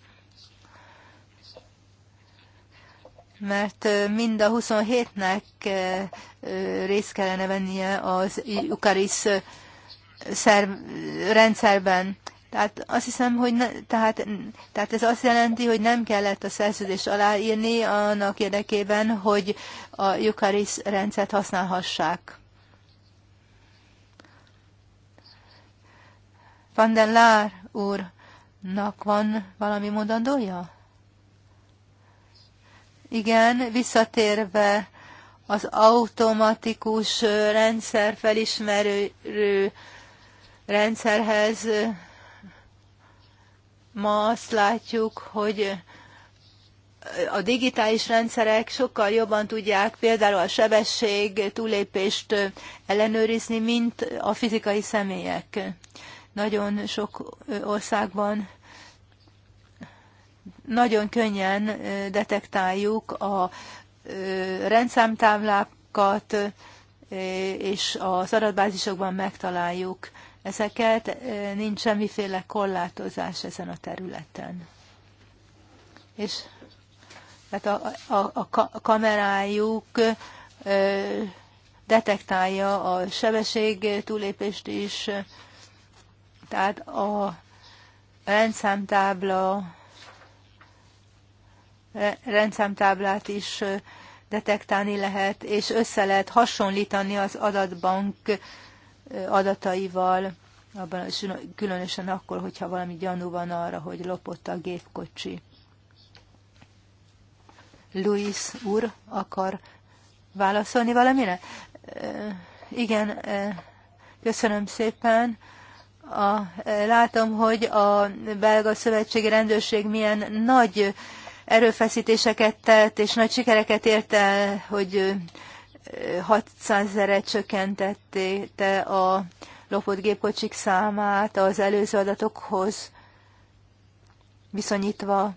mert mind a 27-nek részt kellene vennie az Ukarisz szerv, rendszerben. Tehát azt hiszem, hogy ne, tehát, tehát ez azt jelenti, hogy nem kellett a szerződést aláírni annak érdekében, hogy a Jukaris rendszert használhassák. Van den Lár úrnak van valami mondandója? Igen, visszatérve az automatikus rendszer felismerő rendszerhez. Ma azt látjuk, hogy a digitális rendszerek sokkal jobban tudják például a sebesség túlépést ellenőrizni, mint a fizikai személyek. Nagyon sok országban nagyon könnyen detektáljuk a rendszámtáblákat, és az adatbázisokban megtaláljuk ezeket, nincs semmiféle korlátozás ezen a területen. És tehát a, a, a kamerájuk detektálja a sebesség túlépést is, tehát a rendszámtábla rendszámtáblát is detektálni lehet, és össze lehet hasonlítani az adatbank adataival, abban, különösen akkor, hogyha valami gyanú van arra, hogy lopott a gépkocsi. Luis úr akar válaszolni valamire? Igen, köszönöm szépen. A, látom, hogy a belga szövetségi rendőrség milyen nagy erőfeszítéseket tett, és nagy sikereket ért el, hogy 600 ezerre csökkentette a lopott gépkocsik számát az előző adatokhoz viszonyítva.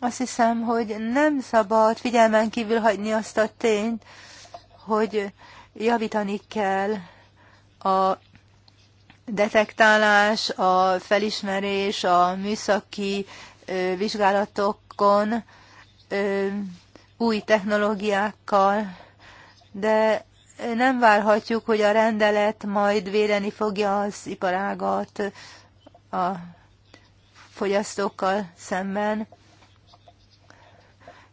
Azt hiszem, hogy nem szabad figyelmen kívül hagyni azt a tényt, hogy javítani kell a detektálás, a felismerés, a műszaki vizsgálatokon új technológiákkal, de nem várhatjuk, hogy a rendelet majd védeni fogja az iparágat a fogyasztókkal szemben.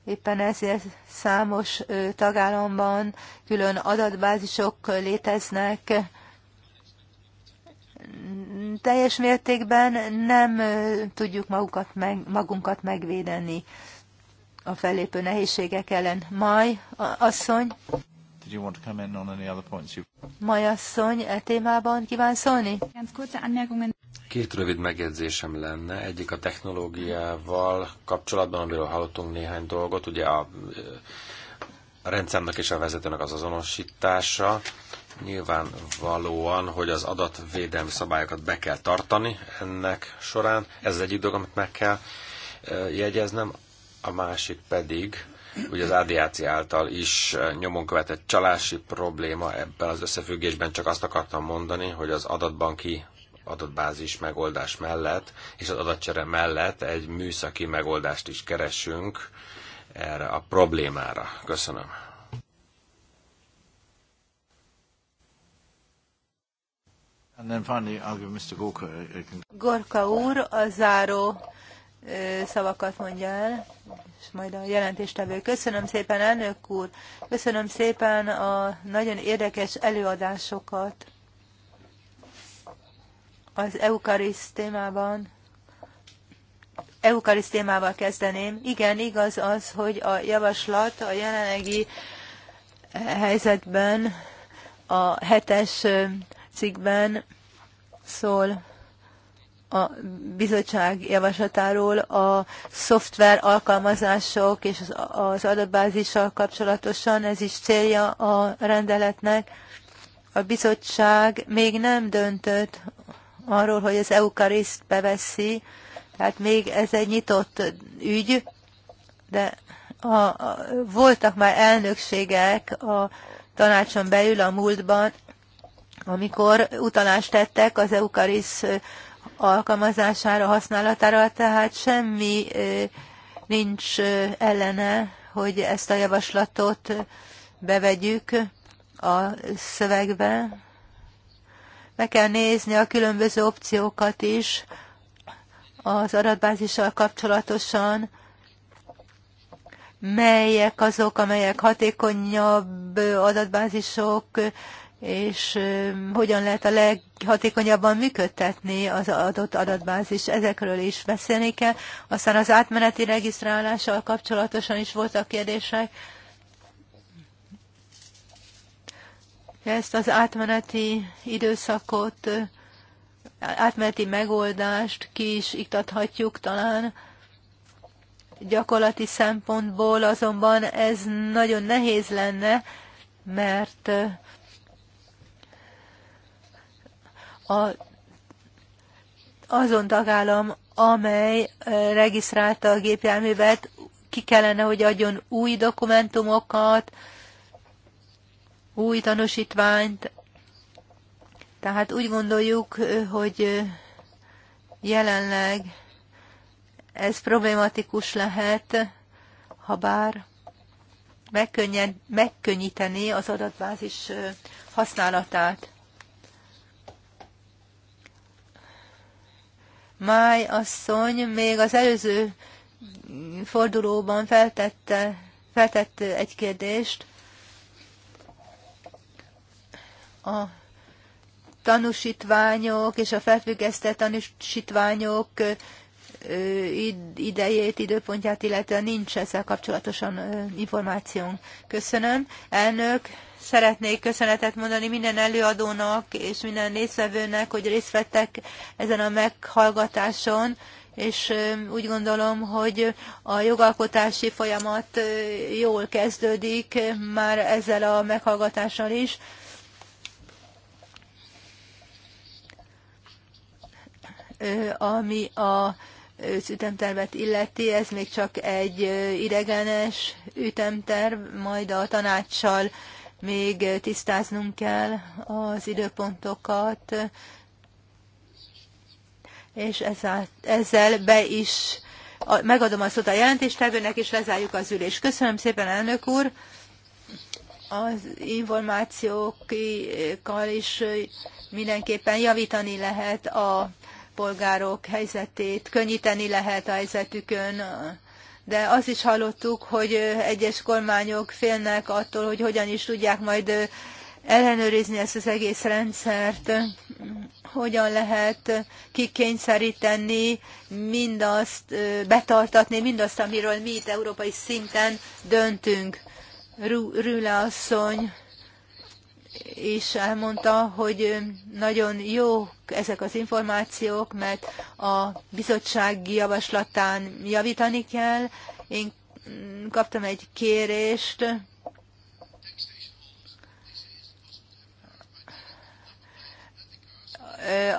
Éppen ezért számos tagállamban külön adatbázisok léteznek. Teljes mértékben nem tudjuk magukat meg, magunkat megvédeni a fellépő nehézségek ellen. Maj asszony. Did you want to come in on any other points? You... Maj asszony, e témában kíván szólni? Két rövid megjegyzésem lenne. Egyik a technológiával kapcsolatban, amiről hallottunk néhány dolgot. Ugye a, a e, rendszernek és a vezetőnek az azonosítása. Nyilvánvalóan, hogy az adatvédelmi szabályokat be kell tartani ennek során. Ez az egyik dolog, amit meg kell e, jegyeznem a másik pedig, ugye az ADAC által is eh, nyomon követett csalási probléma ebben az összefüggésben csak azt akartam mondani, hogy az adatbanki adatbázis megoldás mellett és az adatcsere mellett egy műszaki megoldást is keresünk erre a problémára. Köszönöm. Gorka úr a záró szavakat mondja el, és majd a jelentéstevő. Köszönöm szépen, elnök úr! Köszönöm szépen a nagyon érdekes előadásokat az eukariszt témában. Eukariszt témával kezdeném. Igen, igaz az, hogy a javaslat a jelenlegi helyzetben a hetes cikkben szól a bizottság javaslatáról a szoftver alkalmazások és az adatbázissal kapcsolatosan, ez is célja a rendeletnek. A bizottság még nem döntött arról, hogy az eukariszt beveszi, tehát még ez egy nyitott ügy, de a, a, voltak már elnökségek a tanácson belül a múltban, amikor utalást tettek az eukariszt alkalmazására, használatára, tehát semmi nincs ellene, hogy ezt a javaslatot bevegyük a szövegbe. Meg kell nézni a különböző opciókat is az adatbázissal kapcsolatosan, melyek azok, amelyek hatékonyabb adatbázisok, és hogyan lehet a leghatékonyabban működtetni az adott adatbázis. Ezekről is beszélni kell. Aztán az átmeneti regisztrálással kapcsolatosan is voltak kérdések. Ezt az átmeneti időszakot, átmeneti megoldást ki is iktathatjuk talán. Gyakorlati szempontból azonban ez nagyon nehéz lenne, mert a, azon tagállam, amely regisztrálta a gépjárművet, ki kellene, hogy adjon új dokumentumokat, új tanúsítványt. Tehát úgy gondoljuk, hogy jelenleg ez problematikus lehet, ha bár megkönnyíteni az adatbázis használatát. Máj asszony még az előző fordulóban feltette, feltett egy kérdést a tanúsítványok és a felfüggesztett tanúsítványok idejét, időpontját, illetve nincs ezzel kapcsolatosan információnk. Köszönöm. Elnök, Szeretnék köszönetet mondani minden előadónak és minden részvevőnek, hogy részt vettek ezen a meghallgatáson, és úgy gondolom, hogy a jogalkotási folyamat jól kezdődik már ezzel a meghallgatással is. Ami a ütemtervet illeti, ez még csak egy idegenes ütemterv, majd a tanácssal még tisztáznunk kell az időpontokat, és ezzel, ezzel be is megadom a szót a jelentéstevőnek, és lezárjuk az ülést. Köszönöm szépen, elnök úr! Az információkkal is mindenképpen javítani lehet a polgárok helyzetét, könnyíteni lehet a helyzetükön, de azt is hallottuk, hogy egyes kormányok félnek attól, hogy hogyan is tudják majd ellenőrizni ezt az egész rendszert, hogyan lehet kikényszeríteni mindazt, betartatni mindazt, amiről mi itt európai szinten döntünk. Rüle asszony is elmondta, hogy nagyon jók ezek az információk, mert a bizottsági javaslatán javítani kell. Én kaptam egy kérést,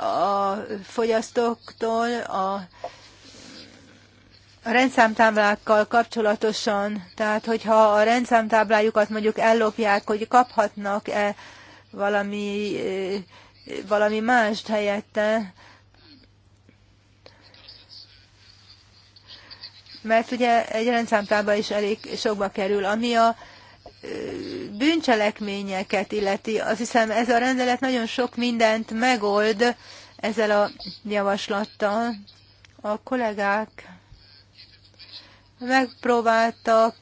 a fogyasztóktól, a a rendszámtáblákkal kapcsolatosan, tehát hogyha a rendszámtáblájukat mondjuk ellopják, hogy kaphatnak-e valami, eh, valami mást helyette, mert ugye egy rendszámtábla is elég sokba kerül. Ami a eh, bűncselekményeket illeti, azt hiszem ez a rendelet nagyon sok mindent megold ezzel a javaslattal. A kollégák megpróbáltak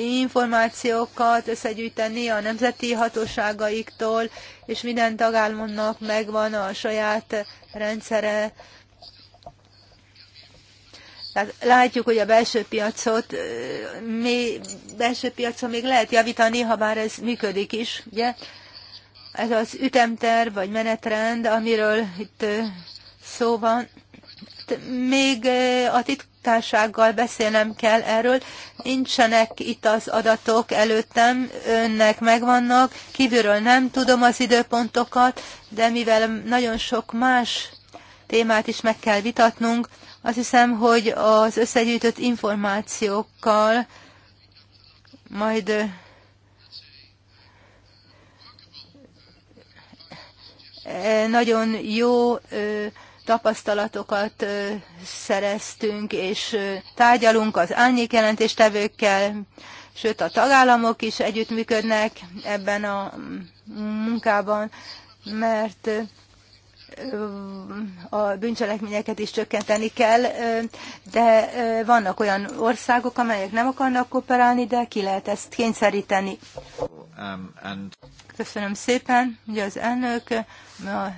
információkat összegyűjteni a nemzeti hatóságaiktól, és minden tagállamnak megvan a saját rendszere. Tehát látjuk, hogy a belső piacot, mi belső piacon még lehet javítani, ha bár ez működik is, ugye? Ez az ütemterv vagy menetrend, amiről itt szó van. Még a titk társággal beszélnem kell erről. Nincsenek itt az adatok előttem, önnek megvannak, kívülről nem tudom az időpontokat, de mivel nagyon sok más témát is meg kell vitatnunk, azt hiszem, hogy az összegyűjtött információkkal majd nagyon jó tapasztalatokat szereztünk, és tárgyalunk az árnyékjelentéstevőkkel, sőt a tagállamok is együttműködnek ebben a mm, munkában, mert a bűncselekményeket is csökkenteni kell, de vannak olyan országok, amelyek nem akarnak kooperálni, de ki lehet ezt kényszeríteni. Um, Köszönöm szépen, ugye az elnök, a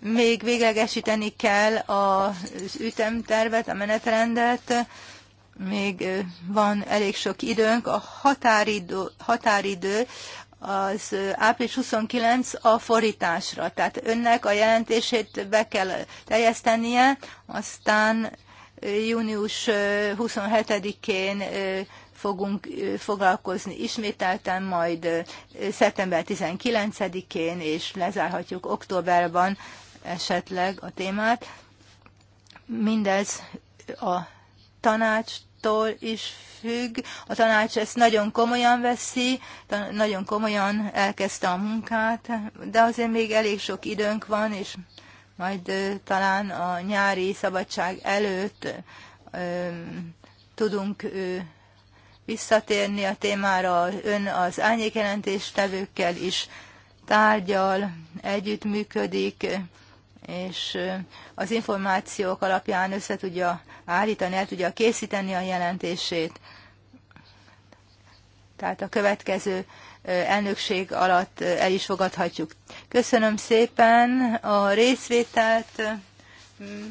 még véglegesíteni kell az ütemtervet, a menetrendet, még van elég sok időnk. A határidő, határidő az április 29 a forításra, Tehát önnek a jelentését be kell teljesztenie, aztán június 27-én fogunk foglalkozni ismételten, majd szeptember 19-én, és lezárhatjuk októberben esetleg a témát. Mindez a tanácstól is függ. A tanács ezt nagyon komolyan veszi, nagyon komolyan elkezdte a munkát, de azért még elég sok időnk van, és majd talán a nyári szabadság előtt tudunk visszatérni a témára. Ön az árnyékjelentéstevőkkel is tárgyal, együttműködik, és az információk alapján össze tudja állítani, el tudja készíteni a jelentését. Tehát a következő elnökség alatt el is fogadhatjuk. Köszönöm szépen a részvételt. Mm,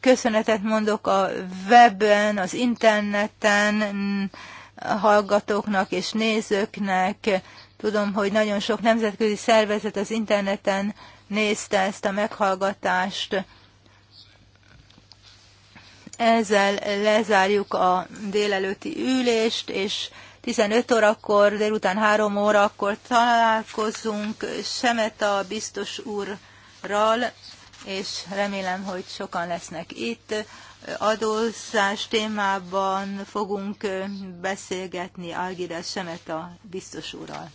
köszönetet mondok a webben, az interneten a mm, hallgatóknak és nézőknek. Tudom, hogy nagyon sok nemzetközi szervezet az interneten nézte ezt a meghallgatást. Ezzel lezárjuk a délelőtti ülést, és 15 órakor, délután 3 órakor találkozunk Semeta biztos úrral, és remélem, hogy sokan lesznek itt. Adózás témában fogunk beszélgetni Algida Semeta biztos úrral.